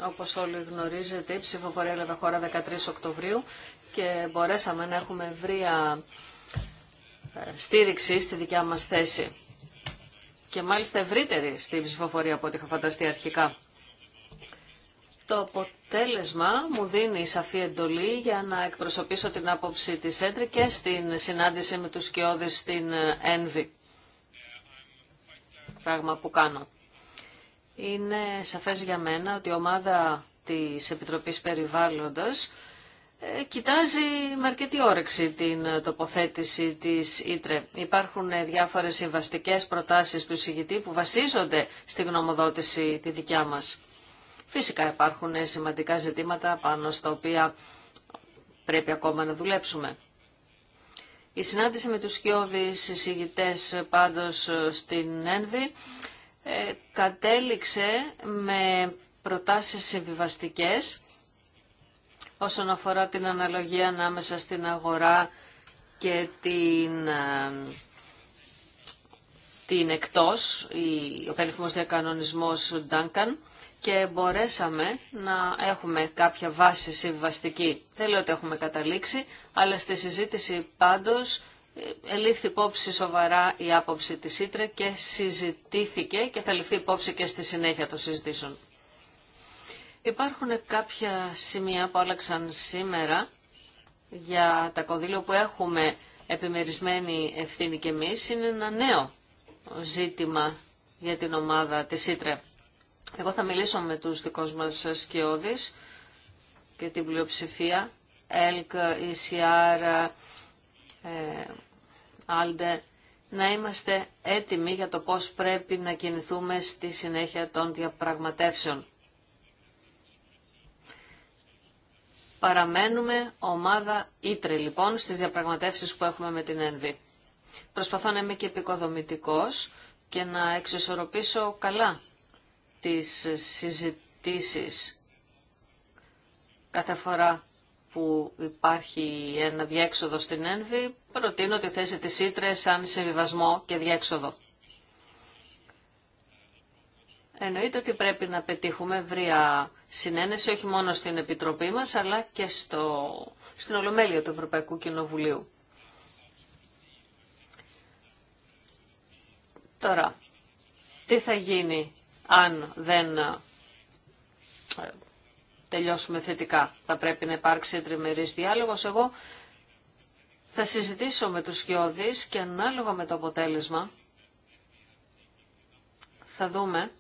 Όπως όλοι γνωρίζετε, η ψηφοφορία έλαβε χώρα 13 Οκτωβρίου και μπορέσαμε να έχουμε ευρεία ε, στήριξη στη δικιά μας θέση. Και μάλιστα ευρύτερη στη ψηφοφορία από ό,τι είχα φανταστεί αρχικά. Το αποτέλεσμα μου δίνει σαφή εντολή για να εκπροσωπήσω την άποψη της έντρη και στην συνάντηση με τους σκιώδες στην ΕΝΒΗ. Πράγμα που κάνω. Είναι σαφές για μένα ότι η ομάδα της Επιτροπής Περιβάλλοντος ε, κοιτάζει με αρκετή όρεξη την ε, τοποθέτηση της Ήτρε. Υπάρχουν ε, διάφορες συμβαστικέ προτάσεις του εισηγητή που βασίζονται στη γνωμοδότηση τη δικιά μας. Φυσικά υπάρχουν σημαντικά ζητήματα πάνω στα οποία πρέπει ακόμα να δουλέψουμε. Η συνάντηση με τους σκιώδεις εισηγητές πάντως στην ΕΝΒΗ κατέληξε με προτάσεις συμβιβαστικές όσον αφορά την αναλογία ανάμεσα στην αγορά και την, την εκτός, ο περίφημος διακανονισμός Duncan, και μπορέσαμε να έχουμε κάποια βάση συμβαστική. Δεν λέω ότι έχουμε καταλήξει, αλλά στη συζήτηση πάντως ε, ελήφθη υπόψη σοβαρά η άποψη της Ήτρε και συζητήθηκε και θα ληφθεί υπόψη και στη συνέχεια των συζητήσεων. Υπάρχουν κάποια σημεία που άλλαξαν σήμερα για τα κονδύλια που έχουμε επιμερισμένη ευθύνη και εμείς. Είναι ένα νέο ζήτημα για την ομάδα της ΣΥΤΡΕ. Εγώ θα μιλήσω με τους δικούς μας σκιώδεις και την πλειοψηφία. ΕΛΚ, ECR, ε, ΑΛΔΕ, να είμαστε έτοιμοι για το πώς πρέπει να κινηθούμε στη συνέχεια των διαπραγματεύσεων. Παραμένουμε ομάδα Ήτρε λοιπόν στις διαπραγματεύσεις που έχουμε με την ΕΝΒΗ. Προσπαθώ να είμαι και επικοδομητικός και να εξισορροπήσω καλά τις συζητήσεις κάθε φορά που υπάρχει ένα διέξοδο στην ΕΝΒΗ, προτείνω τη θέση της Ήτρε σαν συμβιβασμό και διέξοδο. Εννοείται ότι πρέπει να πετύχουμε ευρία συνένεση όχι μόνο στην Επιτροπή μας αλλά και στο, στην Ολομέλεια του Ευρωπαϊκού Κοινοβουλίου. Τώρα, τι θα γίνει αν δεν ε, τελειώσουμε θετικά. Θα πρέπει να υπάρξει τριμερής διάλογος. Εγώ θα συζητήσω με τους Γιώδης και ανάλογα με το αποτέλεσμα θα δούμε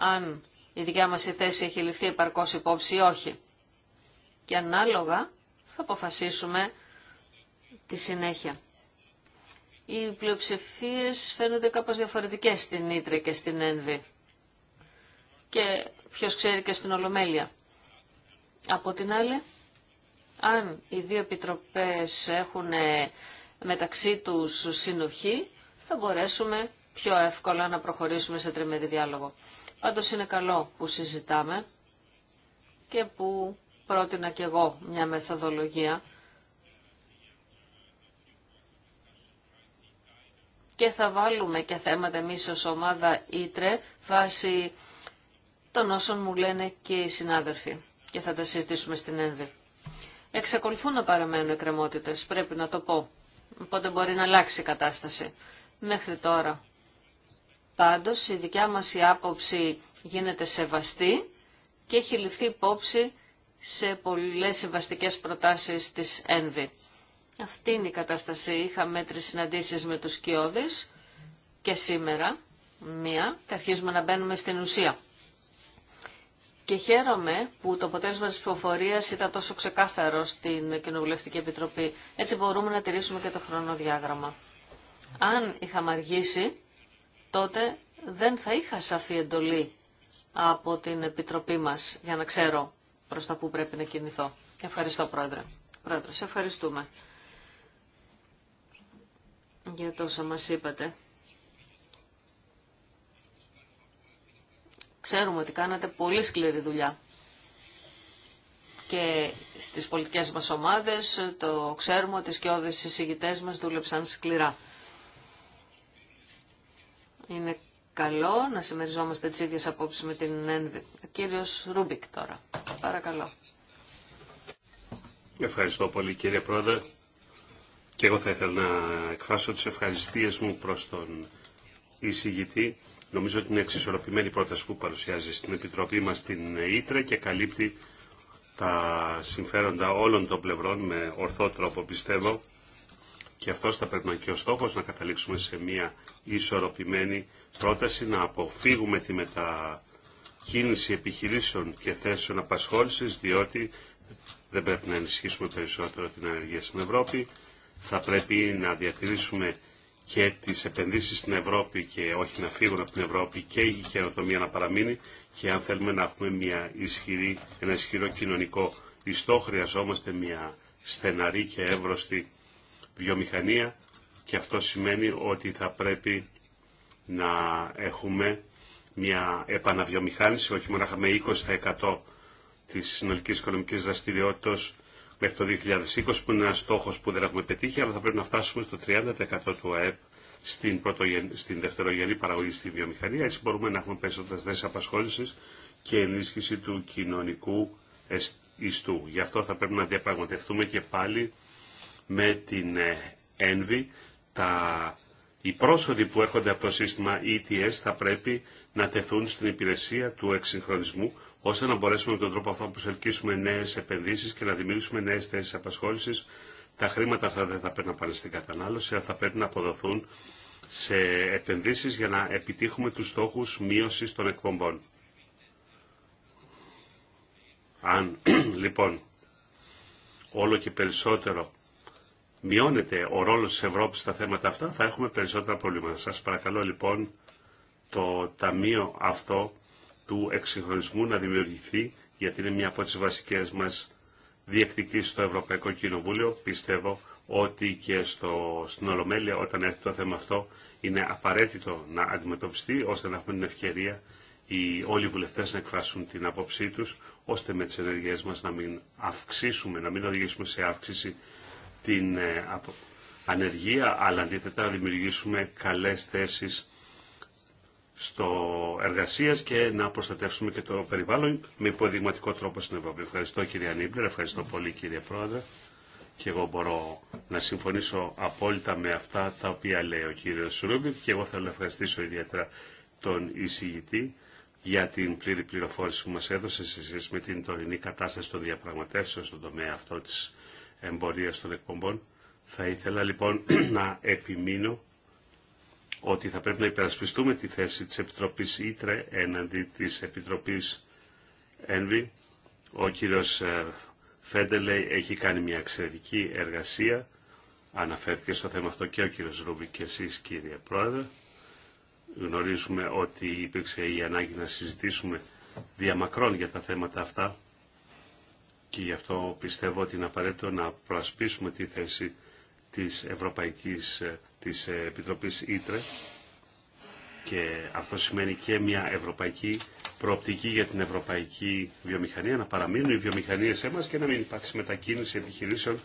αν η δικιά μας θέση έχει ληφθεί επαρκώς υπόψη ή όχι. Και ανάλογα θα αποφασίσουμε τη συνέχεια. Οι πλειοψηφίε φαίνονται κάπως διαφορετικές στην Ήτρε και στην Ένβη. Και ποιος ξέρει και στην Ολομέλεια. Από την άλλη, αν οι δύο επιτροπές έχουν ε, μεταξύ τους συνοχή, θα μπορέσουμε πιο εύκολα να προχωρήσουμε σε τριμερή διάλογο. Πάντως είναι καλό που συζητάμε και που πρότεινα και εγώ μια μεθοδολογία και θα βάλουμε και θέματα εμείς ως ομάδα Ήτρε βάσει των όσων μου λένε και οι συνάδελφοι και θα τα συζητήσουμε στην ΕΝΔΕ. Εξακολουθούν να παραμένουν εκκρεμότητες, πρέπει να το πω. Οπότε μπορεί να αλλάξει η κατάσταση. Μέχρι τώρα Πάντως η δικιά μας η άποψη γίνεται σεβαστή και έχει ληφθεί υπόψη σε πολλές σεβαστικές προτάσεις της ΕΝΒΗ. Αυτή είναι η κατάσταση. Είχαμε τρεις συναντήσεις με τους Κιώδης και σήμερα μία και αρχίζουμε να μπαίνουμε στην ουσία. Και χαίρομαι που το αποτέλεσμα της ψηφοφορίας ήταν τόσο ξεκάθαρο στην Κοινοβουλευτική Επιτροπή. Έτσι μπορούμε να τηρήσουμε και το χρονοδιάγραμμα. Αν είχαμε αργήσει, τότε δεν θα είχα σαφή εντολή από την Επιτροπή μας για να ξέρω προς τα που πρέπει να κινηθώ. Ευχαριστώ Πρόεδρε. Πρόεδρε, σε ευχαριστούμε για τόσα μας είπατε. Ξέρουμε ότι κάνατε πολύ σκληρή δουλειά και στις πολιτικές μας ομάδες το ξέρουμε ότι οι σκιώδες συζητητές μας δούλεψαν σκληρά. Είναι καλό να συμμεριζόμαστε τις ίδιες απόψεις με την ΕΝΒΗ. Ο κύριος Ρούμπικ τώρα. Παρακαλώ. Ευχαριστώ πολύ κύριε Πρόεδρε. Και εγώ θα ήθελα να εκφράσω τις ευχαριστίες μου προς τον εισηγητή. Νομίζω ότι είναι εξισορροπημένη πρόταση που παρουσιάζει στην Επιτροπή μας την Ήτρε και καλύπτει τα συμφέροντα όλων των πλευρών με ορθό τρόπο πιστεύω. Και αυτός θα πρέπει να είναι και ο στόχος να καταλήξουμε σε μια ισορροπημένη πρόταση, να αποφύγουμε τη μετακίνηση επιχειρήσεων και θέσεων απασχόλησης, διότι δεν πρέπει να ενισχύσουμε περισσότερο την ανεργία στην Ευρώπη. Θα πρέπει να διατηρήσουμε και τις επενδύσεις στην Ευρώπη και όχι να φύγουν από την Ευρώπη και η καινοτομία να παραμείνει και αν θέλουμε να έχουμε μια ισχυρή, ένα ισχυρό κοινωνικό ιστό χρειαζόμαστε μια στεναρή και εύρωστη βιομηχανία και αυτό σημαίνει ότι θα πρέπει να έχουμε μια επαναβιομηχάνηση, όχι μόνο με 20% της συνολικής οικονομικής δραστηριότητας μέχρι το 2020, που είναι ένα στόχος που δεν έχουμε πετύχει, αλλά θα πρέπει να φτάσουμε στο 30% του ΑΕΠ στην, στην δευτερογενή παραγωγή στη βιομηχανία. Έτσι μπορούμε να έχουμε περισσότερες θέσεις απασχόλησης και ενίσχυση του κοινωνικού ιστού. Γι' αυτό θα πρέπει να διαπραγματευτούμε και πάλι με την ε, Envy, τα... οι πρόσοδοι που έρχονται από το σύστημα ETS θα πρέπει να τεθούν στην υπηρεσία του εξυγχρονισμού, ώστε να μπορέσουμε με τον τρόπο αυτό να προσελκύσουμε νέε επενδύσει και να δημιουργήσουμε νέε θέσει απασχόληση. Τα χρήματα αυτά δεν θα πρέπει να πάνε στην κατανάλωση, αλλά θα πρέπει να αποδοθούν σε επενδύσεις για να επιτύχουμε τους στόχους μείωση των εκπομπών. Αν [CLEARS THROAT] λοιπόν όλο και περισσότερο μειώνεται ο ρόλος της Ευρώπης στα θέματα αυτά, θα έχουμε περισσότερα προβλήματα. Σας παρακαλώ λοιπόν το ταμείο αυτό του εξυγχρονισμού να δημιουργηθεί, γιατί είναι μια από τις βασικές μας διεκδικήσεις στο Ευρωπαϊκό Κοινοβούλιο. Πιστεύω ότι και στο, στην Ολομέλεια όταν έρθει το θέμα αυτό είναι απαραίτητο να αντιμετωπιστεί ώστε να έχουμε την ευκαιρία οι όλοι οι βουλευτές να εκφράσουν την άποψή τους ώστε με τις ενεργές μας να μην αυξήσουμε, να μην οδηγήσουμε σε αύξηση την ε, ανεργία, αλλά αντίθετα να δημιουργήσουμε καλές θέσεις στο εργασίας και να προστατεύσουμε και το περιβάλλον με υποδειγματικό τρόπο στην Ευρώπη. Ευχαριστώ κύριε Ανίμπλερ, ευχαριστώ πολύ κύριε Πρόεδρε και εγώ μπορώ να συμφωνήσω απόλυτα με αυτά τα οποία λέει ο κύριος Ρούμπιν και εγώ θέλω να ευχαριστήσω ιδιαίτερα τον εισηγητή για την πλήρη πληροφόρηση που μας έδωσε σε σχέση με την τωρινή κατάσταση των διαπραγματεύσεων στον τομέα αυτό της εμπορίας των εκπομπών. Θα ήθελα λοιπόν [CLEARS THROAT] να επιμείνω ότι θα πρέπει να υπερασπιστούμε τη θέση της Επιτροπής Ήτρε έναντι της Επιτροπής Ένβη. Ο κύριος ε, Φέντελε έχει κάνει μια εξαιρετική εργασία. Αναφέρθηκε στο θέμα αυτό και ο κύριος Ρούμπι και εσείς κύριε Πρόεδρε. Γνωρίζουμε ότι υπήρξε η ανάγκη να συζητήσουμε διαμακρών για τα θέματα αυτά και γι' αυτό πιστεύω ότι είναι απαραίτητο να προασπίσουμε τη θέση της Ευρωπαϊκής ε, της ε, Επιτροπής Ήτρε και αυτό σημαίνει και μια ευρωπαϊκή προοπτική για την ευρωπαϊκή βιομηχανία, να παραμείνουν οι βιομηχανίε σε μας και να μην υπάρξει μετακίνηση επιχειρήσεων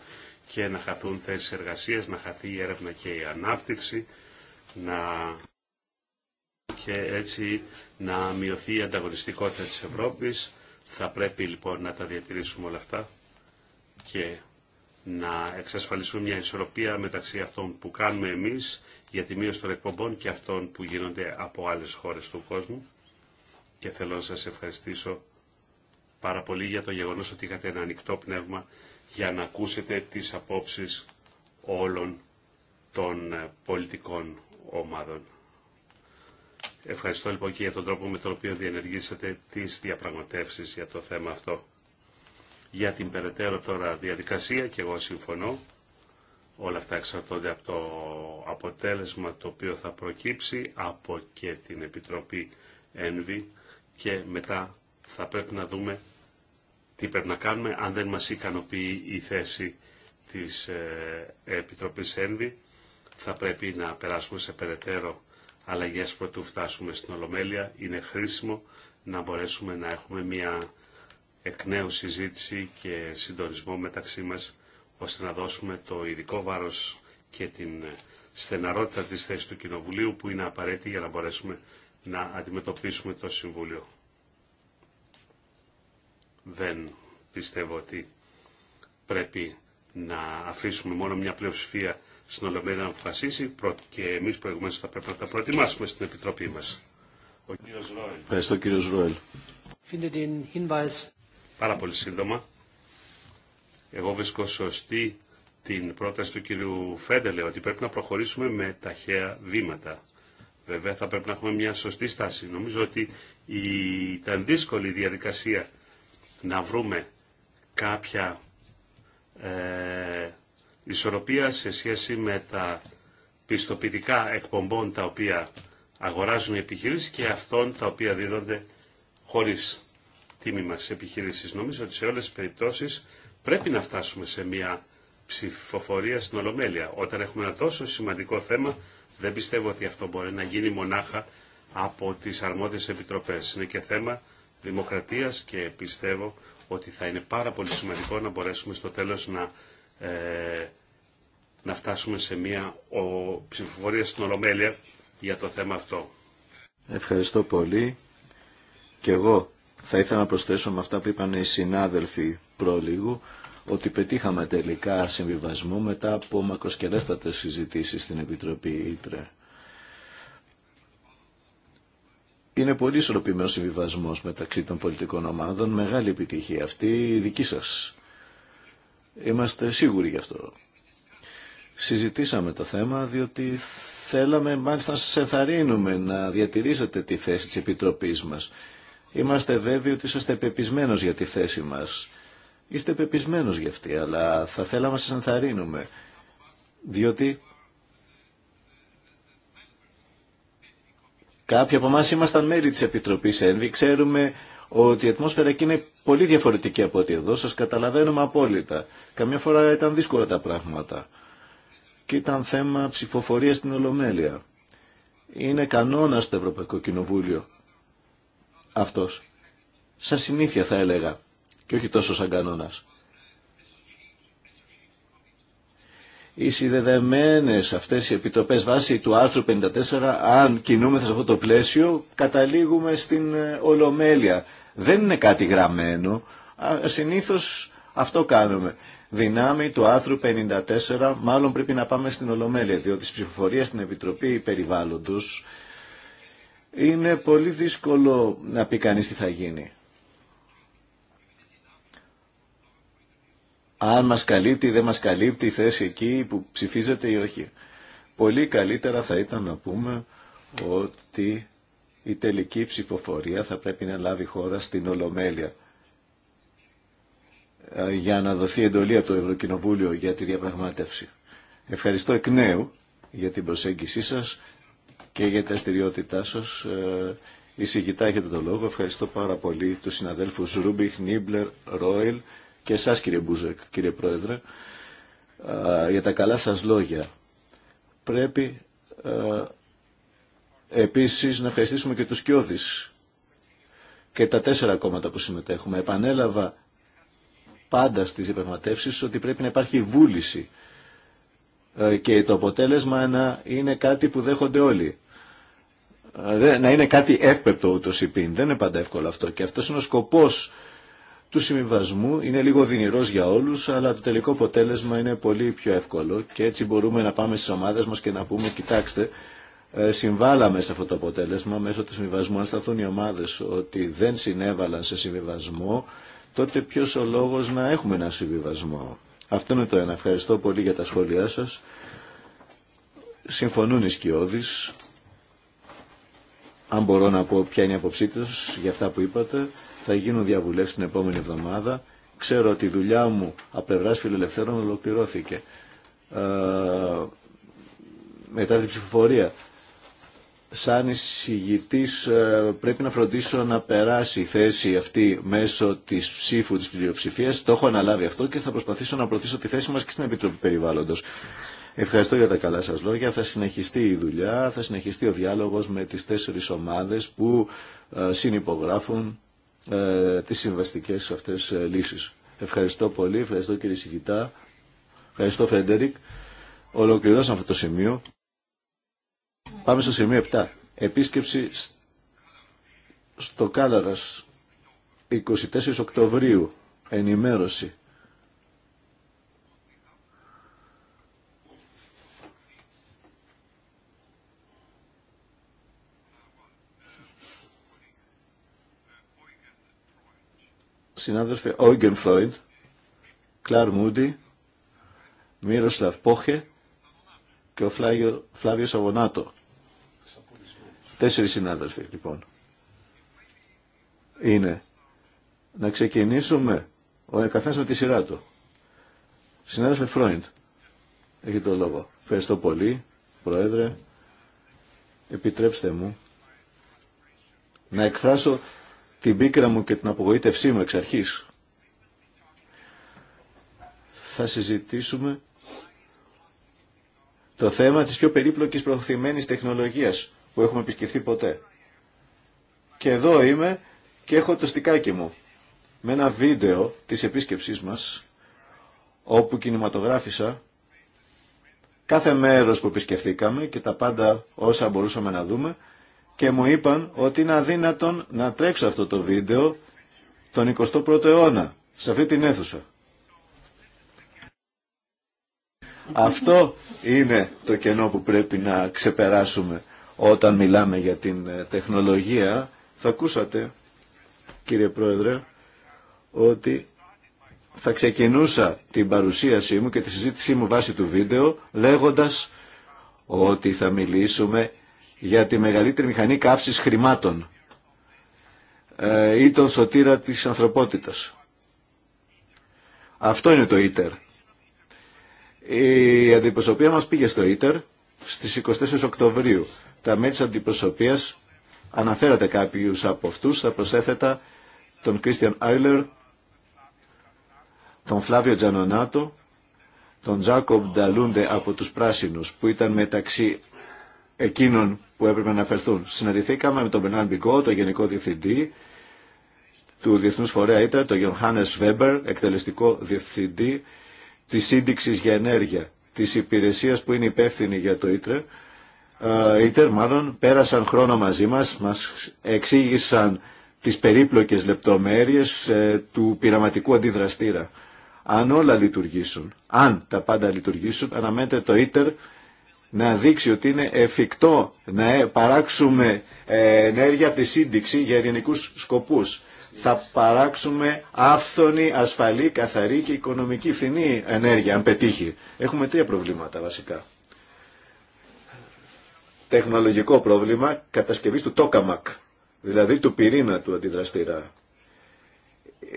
και να χαθούν θέσεις εργασίας, να χαθεί η έρευνα και η ανάπτυξη, να... και έτσι να μειωθεί η ανταγωνιστικότητα της Ευρώπης, θα πρέπει λοιπόν να τα διατηρήσουμε όλα αυτά και να εξασφαλίσουμε μια ισορροπία μεταξύ αυτών που κάνουμε εμείς για τη μείωση των εκπομπών και αυτών που γίνονται από άλλες χώρες του κόσμου. Και θέλω να σας ευχαριστήσω πάρα πολύ για το γεγονός ότι είχατε ένα ανοιχτό πνεύμα για να ακούσετε τις απόψεις όλων των ε, πολιτικών ομάδων. Ευχαριστώ λοιπόν και για τον τρόπο με τον οποίο διενεργήσατε τις διαπραγματεύσεις για το θέμα αυτό. Για την περαιτέρω τώρα διαδικασία και εγώ συμφωνώ. Όλα αυτά εξαρτώνται από το αποτέλεσμα το οποίο θα προκύψει από και την Επιτροπή Ένβη και μετά θα πρέπει να δούμε τι πρέπει να κάνουμε αν δεν μας ικανοποιεί η θέση της ε, Επιτροπής Ένβη. Θα πρέπει να περάσουμε σε περαιτέρω αλλαγές πρώτου φτάσουμε στην Ολομέλεια. Είναι χρήσιμο να μπορέσουμε να έχουμε μια εκ νέου συζήτηση και συντονισμό μεταξύ μας ώστε να δώσουμε το ειδικό βάρος και την στεναρότητα της θέσης του Κοινοβουλίου που είναι απαραίτητη για να μπορέσουμε να αντιμετωπίσουμε το Συμβούλιο. Δεν πιστεύω ότι πρέπει να αφήσουμε μόνο μια πλειοψηφία στην να αποφασίσει και εμείς προηγουμένως θα πρέπει να τα προετοιμάσουμε στην Επιτροπή μας. Ο κύριος Ρόελ. Ευχαριστώ Ρόελ. Πάρα πολύ σύντομα. Εγώ βρίσκω σωστή την πρόταση του κύριου Φέντελε ότι πρέπει να προχωρήσουμε με ταχαία βήματα. Βέβαια θα πρέπει να έχουμε μια σωστή στάση. Νομίζω ότι η... ήταν δύσκολη η διαδικασία να βρούμε κάποια ε, ισορροπία σε σχέση με τα πιστοποιητικά εκπομπών τα οποία αγοράζουν οι επιχειρήσεις και αυτών τα οποία δίδονται χωρίς τίμημα σε επιχειρήσεις. Νομίζω ότι σε όλες τις περιπτώσεις πρέπει να φτάσουμε σε μια ψηφοφορία στην Ολομέλεια. Όταν έχουμε ένα τόσο σημαντικό θέμα δεν πιστεύω ότι αυτό μπορεί να γίνει μονάχα από τις αρμόδιες επιτροπές. Είναι και θέμα δημοκρατίας και πιστεύω ότι θα είναι πάρα πολύ σημαντικό να μπορέσουμε στο τέλος να ε, να φτάσουμε σε μια ο, ψηφοφορία στην Ολομέλεια για το θέμα αυτό. Ευχαριστώ πολύ. Και εγώ θα ήθελα να προσθέσω με αυτά που είπαν οι συνάδελφοι προλίγου ότι πετύχαμε τελικά συμβιβασμό μετά από μακροσκελέστατες συζητήσεις στην Επιτροπή Ήτρε. Είναι πολύ ισορροπημένο συμβιβασμός μεταξύ των πολιτικών ομάδων. Μεγάλη επιτυχία αυτή η δική σας Είμαστε σίγουροι γι' αυτό. Συζητήσαμε το θέμα διότι θέλαμε μάλιστα να σας ενθαρρύνουμε να διατηρήσετε τη θέση της Επιτροπής μας. Είμαστε βέβαιοι ότι είσαστε πεπισμένος για τη θέση μας. Είστε πεπισμένος γι' αυτή, αλλά θα θέλαμε να σας ενθαρρύνουμε. Διότι κάποιοι από εμά ήμασταν μέλη της Επιτροπής ΕΝΒΗ, ξέρουμε ότι η ατμόσφαιρα εκεί είναι πολύ διαφορετική από ό,τι εδώ. Σας καταλαβαίνουμε απόλυτα. Καμιά φορά ήταν δύσκολα τα πράγματα. Και ήταν θέμα ψηφοφορία στην Ολομέλεια. Είναι κανόνας στο Ευρωπαϊκό Κοινοβούλιο αυτός. Σαν συνήθεια θα έλεγα. Και όχι τόσο σαν κανόνας. οι συνδεδεμένε αυτές οι επιτροπέ βάσει του άρθρου 54, αν κινούμεθα σε αυτό το πλαίσιο, καταλήγουμε στην ε, Ολομέλεια. Δεν είναι κάτι γραμμένο. Συνήθως αυτό κάνουμε. Δυνάμει του άθρου 54, μάλλον πρέπει να πάμε στην Ολομέλεια, διότι στις ψηφοφορίες στην Επιτροπή Περιβάλλοντος είναι πολύ δύσκολο να πει κανείς τι θα γίνει. Αν μας καλύπτει ή δεν μας καλύπτει η θέση εκεί που ψηφίζεται ή όχι. Πολύ καλύτερα θα ήταν να πούμε ότι η τελική ψηφοφορία θα πρέπει να λάβει χώρα στην Ολομέλεια ε, για να δοθεί εντολή από το Ευρωκοινοβούλιο για τη διαπραγμάτευση. Ευχαριστώ εκ νέου για την προσέγγισή σας και για τα αστηριότητά σας. Εισηγητά έχετε το λόγο. Ευχαριστώ πάρα πολύ τους συναδέλφους Ρούμπιχ, Νίμπλερ, Ρόιλ και εσάς κύριε Μπούζεκ, κύριε Πρόεδρε, ε, για τα καλά σας λόγια. Πρέπει ε, Επίσης να ευχαριστήσουμε και τους Κιώδης και τα τέσσερα κόμματα που συμμετέχουμε. Επανέλαβα πάντα στις διαπραγματεύσεις ότι πρέπει να υπάρχει βούληση ε, και το αποτέλεσμα να είναι κάτι που δέχονται όλοι. Ε, να είναι κάτι εύπεπτο ούτως ή πίν. Δεν είναι πάντα εύκολο αυτό. Και αυτός είναι ο σκοπός του συμβιβασμού είναι λίγο δυνηρός για όλους, αλλά το τελικό αποτέλεσμα είναι πολύ πιο εύκολο και έτσι μπορούμε να πάμε στις ομάδες μας και να πούμε, κοιτάξτε, ε, συμβάλαμε σε αυτό το αποτέλεσμα μέσω του συμβιβασμού. Αν σταθούν οι ομάδε ότι δεν συνέβαλαν σε συμβιβασμό, τότε ποιο ο λόγος να έχουμε ένα συμβιβασμό. Αυτό είναι το ένα. Ευχαριστώ πολύ για τα σχόλιά σα. Συμφωνούν οι σκιώδει. Αν μπορώ να πω ποια είναι η αποψή του για αυτά που είπατε, θα γίνουν διαβουλεύσει την επόμενη εβδομάδα. Ξέρω ότι η δουλειά μου από πλευρά φιλελευθέρων ολοκληρώθηκε. Ε, μετά την ψηφοφορία σαν εισηγητής ε, πρέπει να φροντίσω να περάσει η θέση αυτή μέσω της ψήφου της πλειοψηφία. Το έχω αναλάβει αυτό και θα προσπαθήσω να προωθήσω τη θέση μας και στην Επιτροπή Περιβάλλοντος. Ευχαριστώ για τα καλά σας λόγια. Θα συνεχιστεί η δουλειά, θα συνεχιστεί ο διάλογος με τις τέσσερις ομάδες που ε, συνυπογράφουν ε, τις συμβαστικές αυτές λύσεις. Ευχαριστώ πολύ, ευχαριστώ κύριε Σιγητά, ευχαριστώ Φρέντερικ. Ολοκληρώσαμε αυτό το σημείο. Πάμε στο σημείο 7. Επίσκεψη στο Κάλαρας 24 Οκτωβρίου. Ενημέρωση. Συνάδελφε Όγγεν Φλόιντ, Κλάρ Μούντι, Μύροσλαβ Πόχε και ο Φλάβιος Σαβονάτο. Τέσσερις συνάδελφοι, λοιπόν. Είναι να ξεκινήσουμε ο καθένας με τη σειρά του. Συνάδελφε Φρόιντ, έχει το λόγο. Ευχαριστώ πολύ, Πρόεδρε. Επιτρέψτε μου να εκφράσω την πίκρα μου και την απογοήτευσή μου εξ αρχής. Θα συζητήσουμε το θέμα της πιο περίπλοκης προωθημένης τεχνολογίας που έχουμε επισκεφθεί ποτέ. Και εδώ είμαι και έχω το στικάκι μου με ένα βίντεο της επίσκεψής μας όπου κινηματογράφησα κάθε μέρος που επισκεφθήκαμε και τα πάντα όσα μπορούσαμε να δούμε και μου είπαν ότι είναι αδύνατον να τρέξω αυτό το βίντεο τον 21ο αιώνα σε αυτή την αίθουσα. Αυτό είναι το κενό που πρέπει να ξεπεράσουμε όταν μιλάμε για την ε, τεχνολογία. Θα ακούσατε, κύριε Πρόεδρε, ότι θα ξεκινούσα την παρουσίασή μου και τη συζήτησή μου βάσει του βίντεο λέγοντας ότι θα μιλήσουμε για τη μεγαλύτερη μηχανή καύσης χρημάτων ε, ή τον σωτήρα της ανθρωπότητας. Αυτό είναι το ίτερ. Η αντιπροσωπεία μας πήγε στο ίτερ στις 24 Οκτωβρίου τα μέλη της αντιπροσωπείας αναφέρατε κάποιους από αυτούς, θα προσέθετα τον Κρίστιαν Άιλερ, τον Φλάβιο Τζανονάτο, τον Τζάκομ Νταλούντε από τους Πράσινους που ήταν μεταξύ εκείνων που έπρεπε να αναφερθούν. Συναντηθήκαμε με τον Μπενάν Μπικό, τον Γενικό Διευθυντή του Διεθνούς Φορέα Ήτρε, τον Γιονχάνες Βέμπερ, εκτελεστικό διευθυντή της Σύνδεξης για Ενέργεια, της υπηρεσίας που είναι υπεύθυνη για το Ήτρε, Ήτερ ε, μάλλον πέρασαν χρόνο μαζί μας, μας εξήγησαν τις περίπλοκες λεπτομέρειες ε, του πειραματικού αντιδραστήρα. Αν όλα λειτουργήσουν, αν τα πάντα λειτουργήσουν, αναμένεται το ΙΤΕΡ να δείξει ότι είναι εφικτό να ε, παράξουμε ενέργεια της τη σύνδεξη για ελληνικού σκοπούς. Θα παράξουμε άφθονη, ασφαλή, καθαρή και οικονομική φθηνή ενέργεια, αν πετύχει. Έχουμε τρία προβλήματα βασικά τεχνολογικό πρόβλημα κατασκευής του τόκαμακ, δηλαδή του πυρήνα του αντιδραστήρα.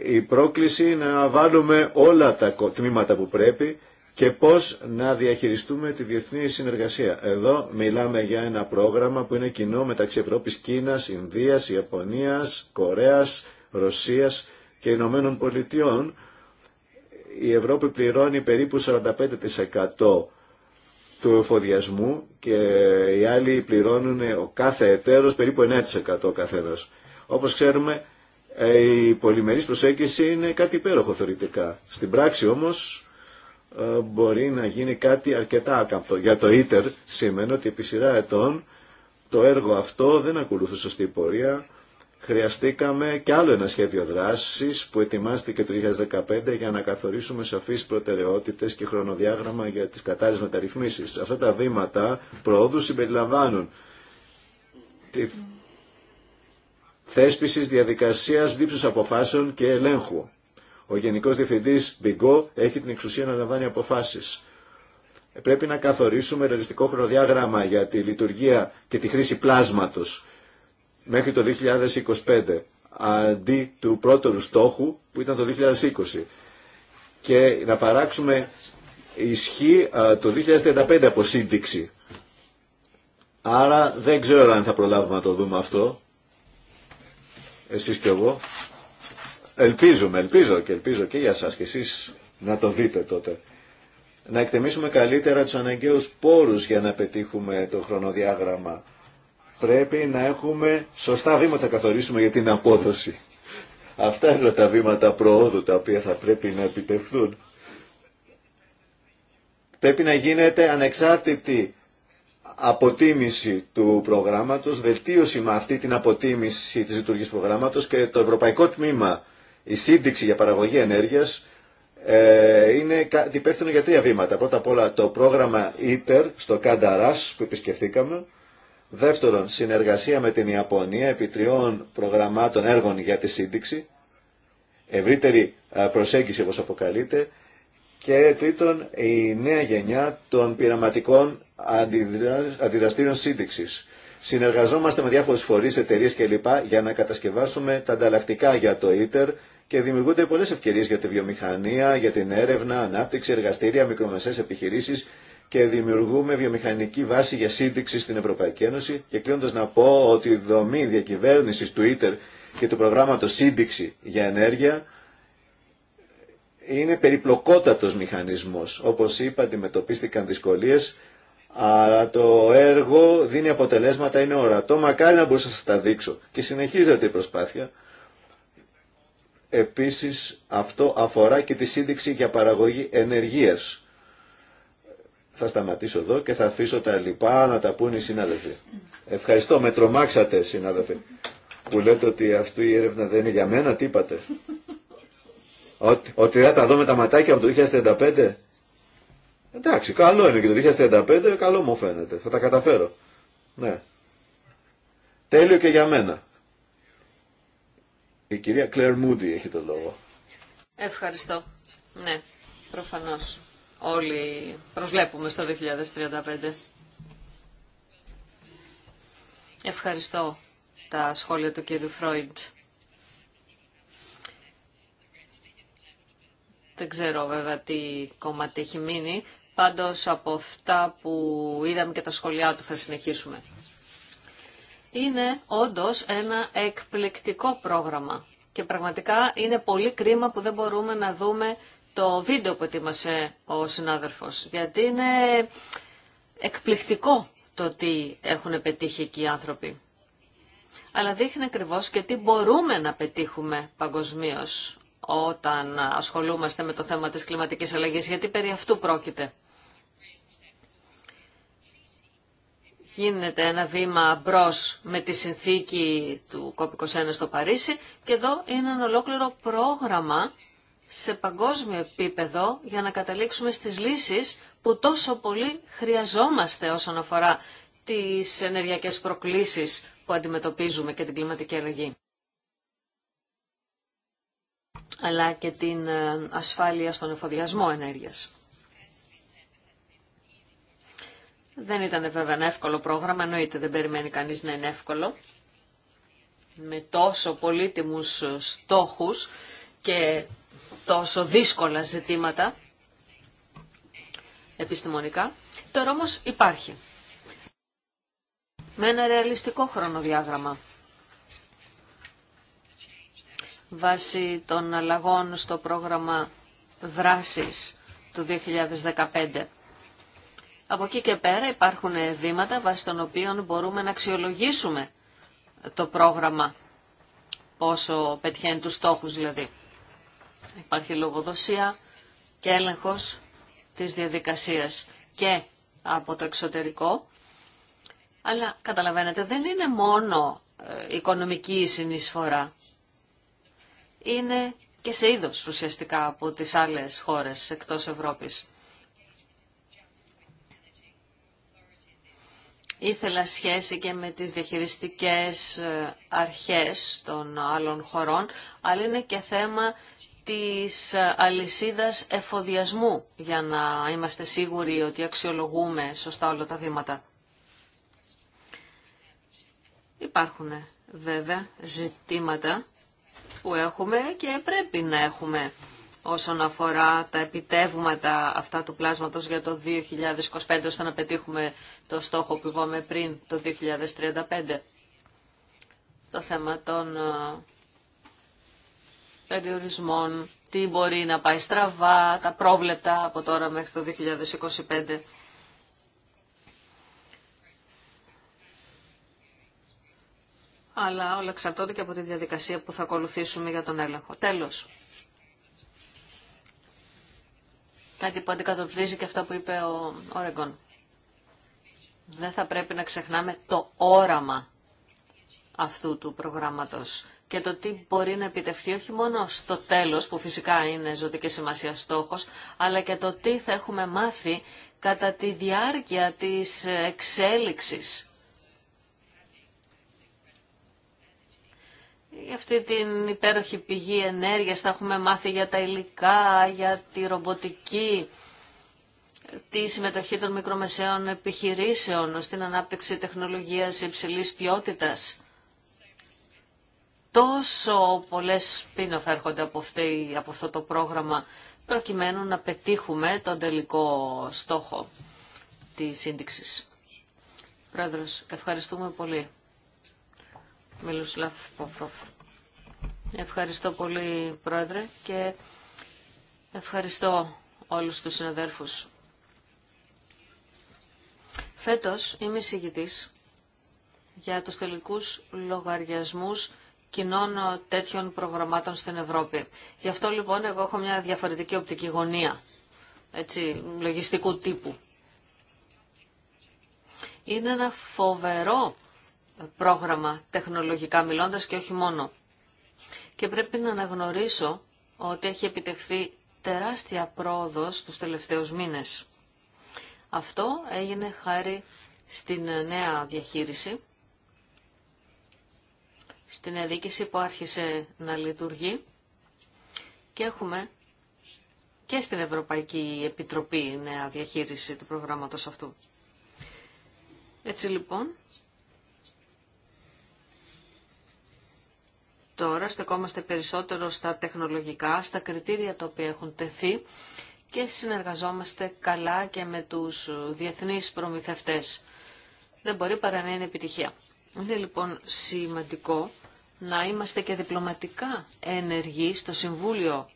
Η πρόκληση είναι να βάλουμε όλα τα τμήματα που πρέπει και πώς να διαχειριστούμε τη διεθνή συνεργασία. Εδώ μιλάμε για ένα πρόγραμμα που είναι κοινό μεταξύ Ευρώπης, Κίνας, Ινδίας, Ιαπωνίας, Κορέας, Ρωσίας και Ηνωμένων Πολιτειών. Η Ευρώπη πληρώνει περίπου 45% του εφοδιασμού και οι άλλοι πληρώνουν ο κάθε εταίρος περίπου 9% ο καθένας. Όπως ξέρουμε ε, η πολυμερής προσέγγιση είναι κάτι υπέροχο θεωρητικά. Στην πράξη όμως ε, μπορεί να γίνει κάτι αρκετά άκαμπτο. Για το ίτερ σημαίνει ότι επί σειρά ετών το έργο αυτό δεν ακολούθησε σωστή πορεία χρειαστήκαμε και άλλο ένα σχέδιο δράσης που ετοιμάστηκε το 2015 για να καθορίσουμε σαφείς προτεραιότητες και χρονοδιάγραμμα για τις κατάλληλες μεταρρυθμίσεις. Αυτά τα βήματα προόδου συμπεριλαμβάνουν τη θέσπιση διαδικασίας λήψης αποφάσεων και ελέγχου. Ο Γενικός Διευθυντής Μπιγκό έχει την εξουσία να λαμβάνει αποφάσεις. Πρέπει να καθορίσουμε ρεαλιστικό χρονοδιάγραμμα για τη λειτουργία και τη χρήση πλάσματος μέχρι το 2025 αντί του πρώτου στόχου που ήταν το 2020 και να παράξουμε ισχύ το 2035 από σύνδεξη. Άρα δεν ξέρω αν θα προλάβουμε να το δούμε αυτό. Εσείς και εγώ. Ελπίζουμε, ελπίζω και ελπίζω και για σας και εσείς να το δείτε τότε. Να εκτεμήσουμε καλύτερα τους αναγκαίους πόρους για να πετύχουμε το χρονοδιάγραμμα πρέπει να έχουμε σωστά βήματα καθορίσουμε για την απόδοση. Αυτά είναι τα βήματα προόδου τα οποία θα πρέπει να επιτευχθούν. Πρέπει να γίνεται ανεξάρτητη αποτίμηση του προγράμματος, βελτίωση με αυτή την αποτίμηση της λειτουργής προγράμματος και το ευρωπαϊκό τμήμα, η σύνδεξη για παραγωγή ενέργειας, ε, είναι υπεύθυνο για τρία βήματα. Πρώτα απ' όλα το πρόγραμμα ITER στο Κανταράς που επισκεφθήκαμε, Δεύτερον, συνεργασία με την Ιαπωνία επί τριών προγραμμάτων έργων για τη σύνδεξη, ευρύτερη προσέγγιση όπως αποκαλείται, και τρίτον, η νέα γενιά των πειραματικών αντιδραστήριων σύνδεξης. Συνεργαζόμαστε με διάφορες φορείς, εταιρείες κλπ. για να κατασκευάσουμε τα ανταλλακτικά για το ίτερ και δημιουργούνται πολλές ευκαιρίες για τη βιομηχανία, για την έρευνα, ανάπτυξη, εργαστήρια, μικρομεσαίες επιχειρήσεις και δημιουργούμε βιομηχανική βάση για σύνδεξη στην Ευρωπαϊκή Ένωση. Και κλείνοντα να πω ότι η δομή διακυβέρνηση του ΙΤΕΡ και του προγράμματο σύνδεξη για ενέργεια είναι περιπλοκότατος μηχανισμός. Όπως είπα, αντιμετωπίστηκαν δυσκολίες, αλλά το έργο δίνει αποτελέσματα, είναι ορατό, μακάρι να μπορούσα να τα δείξω. Και συνεχίζεται η προσπάθεια. Επίσης, αυτό αφορά και τη σύνδεξη για παραγωγή ενεργείας. Θα σταματήσω εδώ και θα αφήσω τα λοιπά να τα πούνε οι συνάδελφοι. Ευχαριστώ, με τρομάξατε συνάδελφοι που λέτε ότι αυτή η έρευνα δεν είναι για μένα, τι είπατε. Ότι, ότι θα τα δω με τα ματάκια από το 2035. Εντάξει, καλό είναι και το 2035, καλό μου φαίνεται. Θα τα καταφέρω. Ναι. Τέλειο και για μένα. Η κυρία Κλέρ Μούντι έχει το λόγο. Ευχαριστώ. Ναι, προφανώς όλοι προσβλέπουμε στο 2035. Ευχαριστώ τα σχόλια του κύριου Φρόιντ. Δεν ξέρω βέβαια τι κομμάτι έχει μείνει. Πάντως από αυτά που είδαμε και τα σχόλιά του θα συνεχίσουμε. Είναι όντως ένα εκπληκτικό πρόγραμμα και πραγματικά είναι πολύ κρίμα που δεν μπορούμε να δούμε το βίντεο που ετοίμασε ο συνάδελφος, γιατί είναι εκπληκτικό το τι έχουν πετύχει εκεί οι άνθρωποι. Αλλά δείχνει ακριβώ και τι μπορούμε να πετύχουμε παγκοσμίω όταν ασχολούμαστε με το θέμα της κλιματικής αλλαγής, γιατί περί αυτού πρόκειται. γίνεται ένα βήμα μπρο με τη συνθήκη του COP21 στο Παρίσι και εδώ είναι ένα ολόκληρο πρόγραμμα σε παγκόσμιο επίπεδο για να καταλήξουμε στις λύσεις που τόσο πολύ χρειαζόμαστε όσον αφορά τις ενεργειακές προκλήσεις που αντιμετωπίζουμε και την κλιματική αλλαγή. Αλλά και την ε, ασφάλεια στον εφοδιασμό ενέργειας. Δεν ήταν βέβαια ένα εύκολο πρόγραμμα, εννοείται δεν περιμένει κανείς να είναι εύκολο. Με τόσο πολύτιμους στόχους και τόσο δύσκολα ζητήματα επιστημονικά. Τώρα όμως υπάρχει. Με ένα ρεαλιστικό χρονοδιάγραμμα. Βάσει των αλλαγών στο πρόγραμμα δράσης του 2015. Από εκεί και πέρα υπάρχουν βήματα βάσει των οποίων μπορούμε να αξιολογήσουμε το πρόγραμμα, πόσο πετυχαίνει τους στόχους δηλαδή. Υπάρχει λογοδοσία και έλεγχος της διαδικασίας και από το εξωτερικό. Αλλά καταλαβαίνετε, δεν είναι μόνο ε, οικονομική συνεισφορά. Είναι και σε είδος ουσιαστικά από τις άλλες χώρες εκτός Ευρώπης. Ήθελα σχέση και με τις διαχειριστικές ε, αρχές των άλλων χωρών, αλλά είναι και θέμα της αλυσίδας εφοδιασμού για να είμαστε σίγουροι ότι αξιολογούμε σωστά όλα τα βήματα. Υπάρχουν βέβαια ζητήματα που έχουμε και πρέπει να έχουμε όσον αφορά τα επιτεύγματα αυτά του πλάσματος για το 2025, ώστε να πετύχουμε το στόχο που είπαμε πριν το 2035. Το θέμα των περιορισμών, τι μπορεί να πάει στραβά, τα πρόβλεπτα από τώρα μέχρι το 2025. αλλά όλα εξαρτώνται και από τη διαδικασία που θα ακολουθήσουμε για τον έλεγχο. Τέλος. Κάτι που αντικατοπτρίζει και αυτά που είπε ο Όρεγκον. Δεν θα πρέπει να ξεχνάμε το όραμα αυτού του προγράμματος και το τι μπορεί να επιτευχθεί όχι μόνο στο τέλος που φυσικά είναι ζωτική σημασία στόχος, αλλά και το τι θα έχουμε μάθει κατά τη διάρκεια της εξέλιξης. Για αυτή την υπέροχη πηγή ενέργειας θα έχουμε μάθει για τα υλικά, για τη ρομποτική, τη συμμετοχή των μικρομεσαίων επιχειρήσεων στην ανάπτυξη τεχνολογίας υψηλής ποιότητας τόσο πολλές πίνο θα έρχονται από, αυτό το πρόγραμμα προκειμένου να πετύχουμε τον τελικό στόχο της σύνδεξης. Πρόεδρος, ευχαριστούμε πολύ. Ευχαριστώ πολύ, Πρόεδρε, και ευχαριστώ όλους τους συναδέρφους. Φέτος είμαι συγητής για τους τελικούς λογαριασμούς κοινών ε, τέτοιων προγραμμάτων στην Ευρώπη. Γι' αυτό λοιπόν εγώ έχω μια διαφορετική οπτική γωνία, έτσι, λογιστικού τύπου. Είναι ένα φοβερό πρόγραμμα τεχνολογικά μιλώντας και όχι μόνο. Και πρέπει να αναγνωρίσω ότι έχει επιτευχθεί τεράστια πρόοδος τους τελευταίους μήνες. Αυτό έγινε χάρη στην ε, νέα διαχείριση στην αδίκηση που άρχισε να λειτουργεί και έχουμε και στην Ευρωπαϊκή Επιτροπή νέα διαχείριση του προγράμματος αυτού. Έτσι λοιπόν, τώρα στεκόμαστε περισσότερο στα τεχνολογικά, στα κριτήρια τα οποία έχουν τεθεί και συνεργαζόμαστε καλά και με τους διεθνείς προμηθευτές. Δεν μπορεί παρά να είναι επιτυχία. Είναι λοιπόν σημαντικό να είμαστε και διπλωματικά ενεργοί στο Συμβούλιο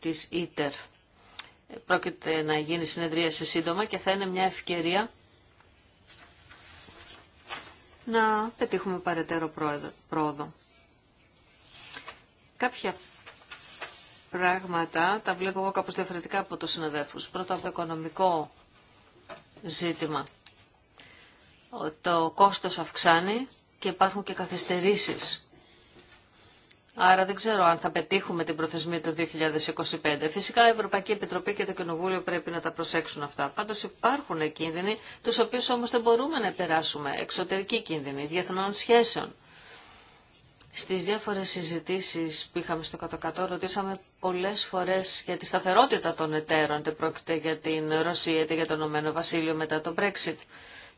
της ΙΤΕΡ. Πρόκειται να γίνει συνεδρία σε σύντομα και θα είναι μια ευκαιρία να πετύχουμε παρετέρω πρόοδο. Κάποια πράγματα τα βλέπω εγώ κάπως διαφορετικά από τους συναδέλφους. Πρώτα από το οικονομικό ζήτημα το κόστος αυξάνει και υπάρχουν και καθυστερήσεις. Άρα δεν ξέρω αν θα πετύχουμε την προθεσμία του 2025. Φυσικά η Ευρωπαϊκή Επιτροπή και το Κοινοβούλιο πρέπει να τα προσέξουν αυτά. Πάντως υπάρχουν κίνδυνοι, τους οποίους όμως δεν μπορούμε να περάσουμε. Εξωτερικοί κίνδυνοι, διεθνών σχέσεων. Στις διάφορες συζητήσεις που είχαμε στο κατω ρωτήσαμε πολλές φορές για τη σταθερότητα των εταίρων, είτε πρόκειται για την Ρωσία, είτε για το Ηνωμένο Βασίλειο μετά το Brexit.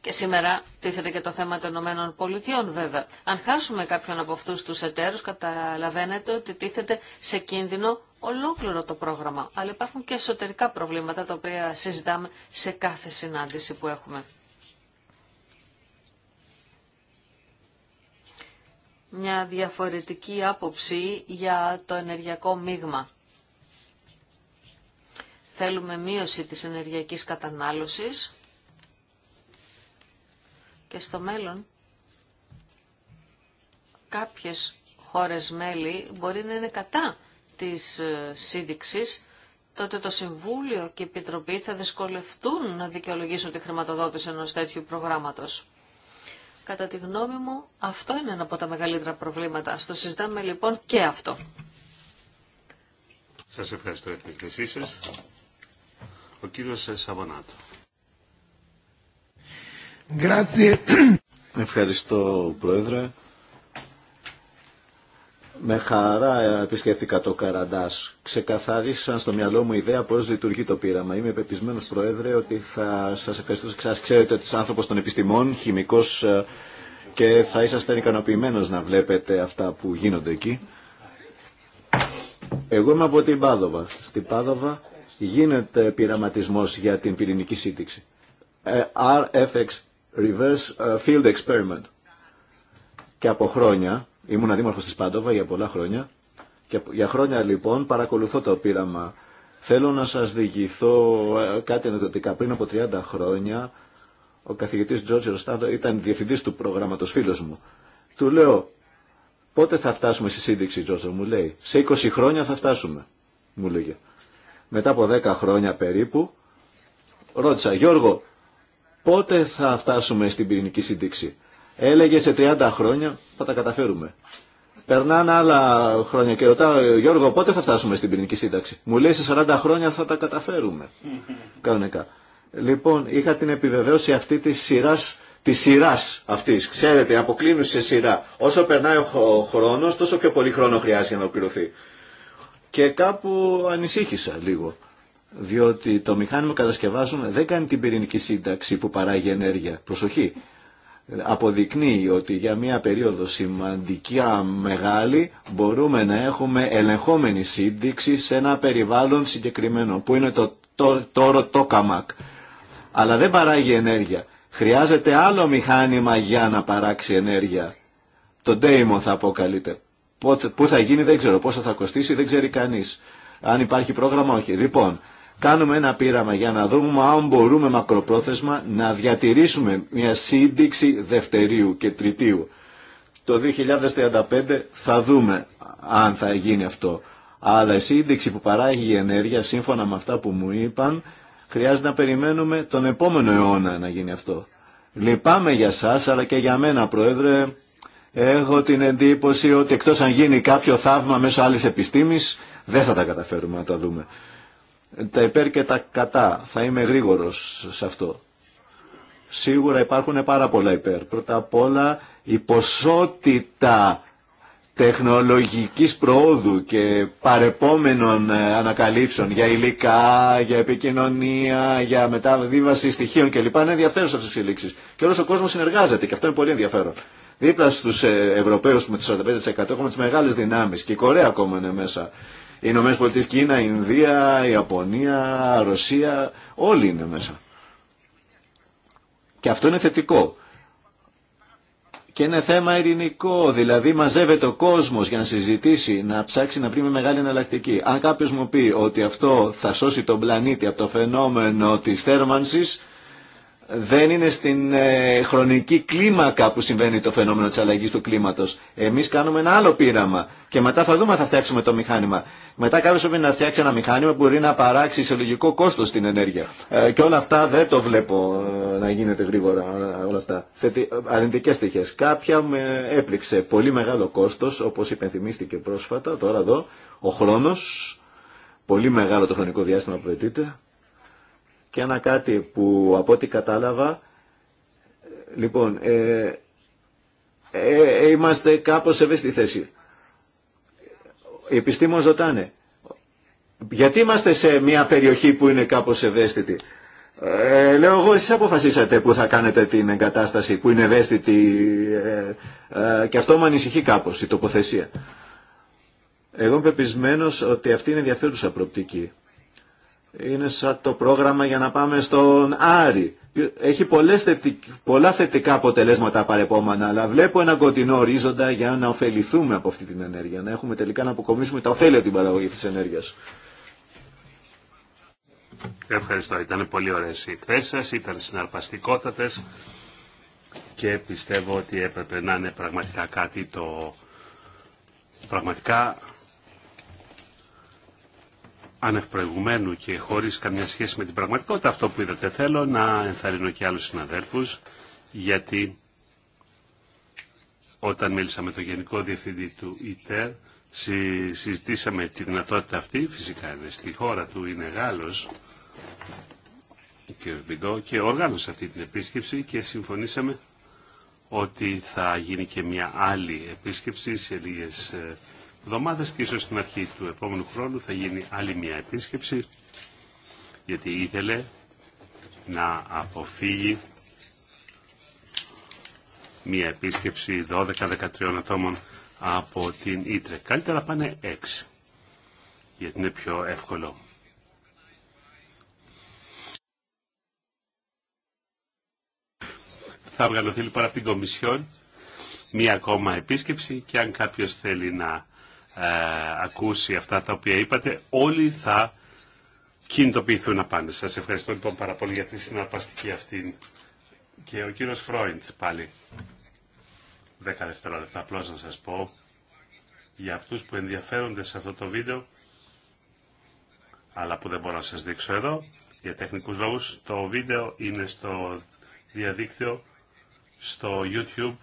Και σήμερα τίθεται και το θέμα των Ηνωμένων Πολιτειών βέβαια. Αν χάσουμε κάποιον από αυτούς τους εταίρους καταλαβαίνετε ότι τίθεται σε κίνδυνο ολόκληρο το πρόγραμμα. Αλλά υπάρχουν και εσωτερικά προβλήματα τα οποία συζητάμε σε κάθε συνάντηση που έχουμε. Μια διαφορετική άποψη για το ενεργειακό μείγμα. Θέλουμε μείωση της ενεργειακής κατανάλωσης και στο μέλλον κάποιες χώρες μέλη μπορεί να είναι κατά της ε, σύνδεξης, τότε το Συμβούλιο και η Επιτροπή θα δυσκολευτούν να δικαιολογήσουν τη χρηματοδότηση ενός τέτοιου προγράμματος. Κατά τη γνώμη μου, αυτό είναι ένα από τα μεγαλύτερα προβλήματα. Στο συζητάμε λοιπόν και αυτό. Σας ευχαριστώ για την εκθεσή σας. Ο κύριος Σαβανάτο. Ευχαριστώ, Πρόεδρε. Με χαρά επισκέφθηκα το Καραντά. Ξεκαθαρίσαν στο μυαλό μου ιδέα πώ λειτουργεί το πείραμα. Είμαι πεπισμένο, Πρόεδρε, ότι θα σα ευχαριστούσα. ξέρετε ότι είσαι άνθρωπο των επιστημών, χημικό ε, και θα είσαστε ικανοποιημένο να βλέπετε αυτά που γίνονται εκεί. Εγώ είμαι από την Πάδοβα. Στην Πάδοβα γίνεται πειραματισμό για την πυρηνική σύνδεξη. Ε, RFX reverse uh, field experiment. Και από χρόνια, ήμουν δήμαρχος της Πάντοβα για πολλά χρόνια, και για χρόνια λοιπόν παρακολουθώ το πείραμα. Θέλω να σας διηγηθώ ε, κάτι ενδοτικά. Πριν από 30 χρόνια, ο καθηγητής Τζόρτζ Ροστάντο ήταν διευθυντής του προγράμματος φίλος μου. Του λέω, πότε θα φτάσουμε στη σύνδεξη Τζόρτζο, μου λέει. Σε 20 χρόνια θα φτάσουμε, μου λέγε. Μετά από 10 χρόνια περίπου, ρώτησα, Γιώργο, πότε θα φτάσουμε στην πυρηνική σύνδεξη. Έλεγε σε 30 χρόνια θα τα καταφέρουμε. Περνάνε άλλα χρόνια και ρωτάω, Γιώργο, πότε θα φτάσουμε στην πυρηνική σύνταξη. Μου λέει σε 40 χρόνια θα τα καταφέρουμε. [LAUGHS] Κανονικά. Λοιπόν, είχα την επιβεβαίωση αυτή τη σειρά τη αυτή. Ξέρετε, αποκλίνουσε σε σειρά. Όσο περνάει ο χρόνο, τόσο πιο πολύ χρόνο χρειάζεται για να ολοκληρωθεί. Και κάπου ανησύχησα λίγο διότι το μηχάνημα που κατασκευάζουν δεν κάνει την πυρηνική σύνταξη που παράγει ενέργεια. Προσοχή. Αποδεικνύει ότι για μια περίοδο σημαντική, μεγάλη μπορούμε να έχουμε ελεγχόμενη σύνδεξη σε ένα περιβάλλον συγκεκριμένο που είναι το τόρο τόκαμακ. Αλλά δεν παράγει ενέργεια. Χρειάζεται άλλο μηχάνημα για να παράξει ενέργεια. Το ντέιμον θα αποκαλείται. Πού θα γίνει δεν ξέρω, πόσο θα κοστίσει δεν ξέρει κανείς. Αν υπάρχει πρόγραμμα όχι. Λοιπόν, κάνουμε ένα πείραμα για να δούμε αν μπορούμε μακροπρόθεσμα να διατηρήσουμε μια σύνδεξη δευτερίου και τριτίου. Το 2035 θα δούμε αν θα γίνει αυτό. Αλλά η σύνδεξη που παράγει η ενέργεια, σύμφωνα με αυτά που μου είπαν, χρειάζεται να περιμένουμε τον επόμενο αιώνα να γίνει αυτό. Λυπάμαι για σας, αλλά και για μένα, Πρόεδρε, έχω την εντύπωση ότι εκτός αν γίνει κάποιο θαύμα μέσω άλλης επιστήμης, δεν θα τα καταφέρουμε να τα δούμε τα υπέρ και τα κατά. Θα είμαι γρήγορος σε αυτό. Σίγουρα υπάρχουν πάρα πολλά υπέρ. Πρώτα απ' όλα η ποσότητα τεχνολογικής προόδου και παρεπόμενων ε, ανακαλύψεων για υλικά, για επικοινωνία, για μεταβίβαση στοιχείων κλπ. Είναι ενδιαφέρον αυτές εξελίξεις. Και όλος ο κόσμος συνεργάζεται και αυτό είναι πολύ ενδιαφέρον. Δίπλα στους ε, Ευρωπαίους με τους 45% έχουμε τις μεγάλες δυνάμεις και η Κορέα ακόμα είναι μέσα. Οι Ηνωμένε Πολιτείε Κίνα, Ινδία, Ιαπωνία, Ρωσία, όλοι είναι μέσα. Και αυτό είναι θετικό. Και είναι θέμα ειρηνικό, δηλαδή μαζεύεται ο κόσμο για να συζητήσει, να ψάξει να βρει με μεγάλη εναλλακτική. Αν κάποιο μου πει ότι αυτό θα σώσει τον πλανήτη από το φαινόμενο τη θέρμανση, δεν είναι στην ε, χρονική κλίμακα που συμβαίνει το φαινόμενο της αλλαγής του κλίματος. Εμείς κάνουμε ένα άλλο πείραμα και μετά θα δούμε αν θα φτιάξουμε το μηχάνημα. Μετά κάποιος πρέπει να φτιάξει ένα μηχάνημα που μπορεί να παράξει λογικό κόστος στην ενέργεια. Ε, και όλα αυτά δεν το βλέπω ε, να γίνεται γρήγορα όλα αυτά. Θετι... Αρνητικές στοιχές. Κάποια με έπληξε πολύ μεγάλο κόστος όπως υπενθυμίστηκε πρόσφατα τώρα εδώ ο χρόνος. Πολύ μεγάλο το χρονικό διάστημα που απαιτείται και ένα κάτι που από ό,τι κατάλαβα, λοιπόν, ε, ε, ε είμαστε κάπως ευαίσθητη θέση. Οι επιστήμονες ζωτάνε. γιατί είμαστε σε μια περιοχή που είναι κάπως ευαίσθητη. Ε, λέω εγώ, εσείς αποφασίσατε που θα κάνετε την εγκατάσταση που είναι ευαίσθητη ε, και αυτό με ανησυχεί κάπως η τοποθεσία. Εγώ είμαι πεπισμένος ότι αυτή είναι ενδιαφέρουσα προοπτική είναι σαν το πρόγραμμα για να πάμε στον Άρη. Έχει πολλές πολλά θετικά αποτελέσματα παρεπόμενα, αλλά βλέπω ένα κοντινό ορίζοντα για να ωφεληθούμε από αυτή την ενέργεια, να έχουμε τελικά να αποκομίσουμε τα ωφέλη από την παραγωγή της ενέργειας. Ευχαριστώ. Ήταν πολύ ωραίες οι θέσεις σας, ήταν συναρπαστικότατες και πιστεύω ότι έπρεπε να είναι πραγματικά κάτι το πραγματικά ανευπροηγουμένου και χωρίς καμιά σχέση με την πραγματικότητα αυτό που είδατε θέλω να ενθαρρύνω και άλλους συναδέλφους γιατί όταν μίλησα με τον Γενικό Διευθυντή του ΙΤΕΡ συζητήσαμε τη δυνατότητα αυτή φυσικά είναι στη χώρα του είναι Γάλλος και οργάνωσε αυτή την επίσκεψη και συμφωνήσαμε ότι θα γίνει και μια άλλη επίσκεψη σε λίγες ε, Εβδομάδε και ίσω στην αρχή του επόμενου χρόνου θα γίνει άλλη μια επίσκεψη γιατί ήθελε να αποφύγει μια επίσκεψη 12-13 ατόμων από την Ήτρε. Καλύτερα πάνε 6 γιατί είναι πιο εύκολο. Θα οργανωθεί λοιπόν από την Κομισιόν μία ακόμα επίσκεψη και αν κάποιος θέλει να ε, ακούσει αυτά τα οποία είπατε, όλοι θα κινητοποιηθούν απάντες. Σας ευχαριστώ λοιπόν πάρα πολύ για τη συναρπαστική αυτή. Και ο κύριος Φρόιντ πάλι, Δέκα δευτερόλεπτα απλώς να σας πω, για αυτούς που ενδιαφέρονται σε αυτό το βίντεο, αλλά που δεν μπορώ να σας δείξω εδώ, για τεχνικούς λόγους, το βίντεο είναι στο διαδίκτυο, στο YouTube,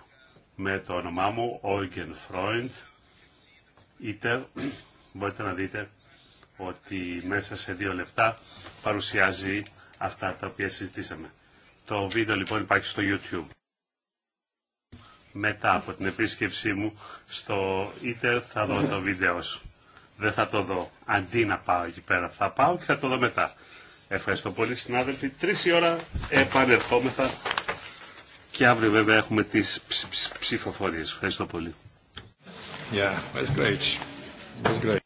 με το όνομά μου, Eugen Freund, Ήτερ, μπορείτε να δείτε ότι μέσα σε δύο λεπτά παρουσιάζει αυτά τα οποία συζητήσαμε. Το βίντεο λοιπόν υπάρχει στο YouTube. Μετά από την επίσκεψή μου στο Ίτερ θα δω το βίντεο σου. Δεν θα το δω αντί να πάω εκεί πέρα. Θα πάω και θα το δω μετά. Ευχαριστώ πολύ συνάδελφοι. Τρεις η ώρα επανερχόμεθα και αύριο βέβαια έχουμε τις ψηφοφορίες. Ευχαριστώ πολύ. Yeah, that's great. That's great.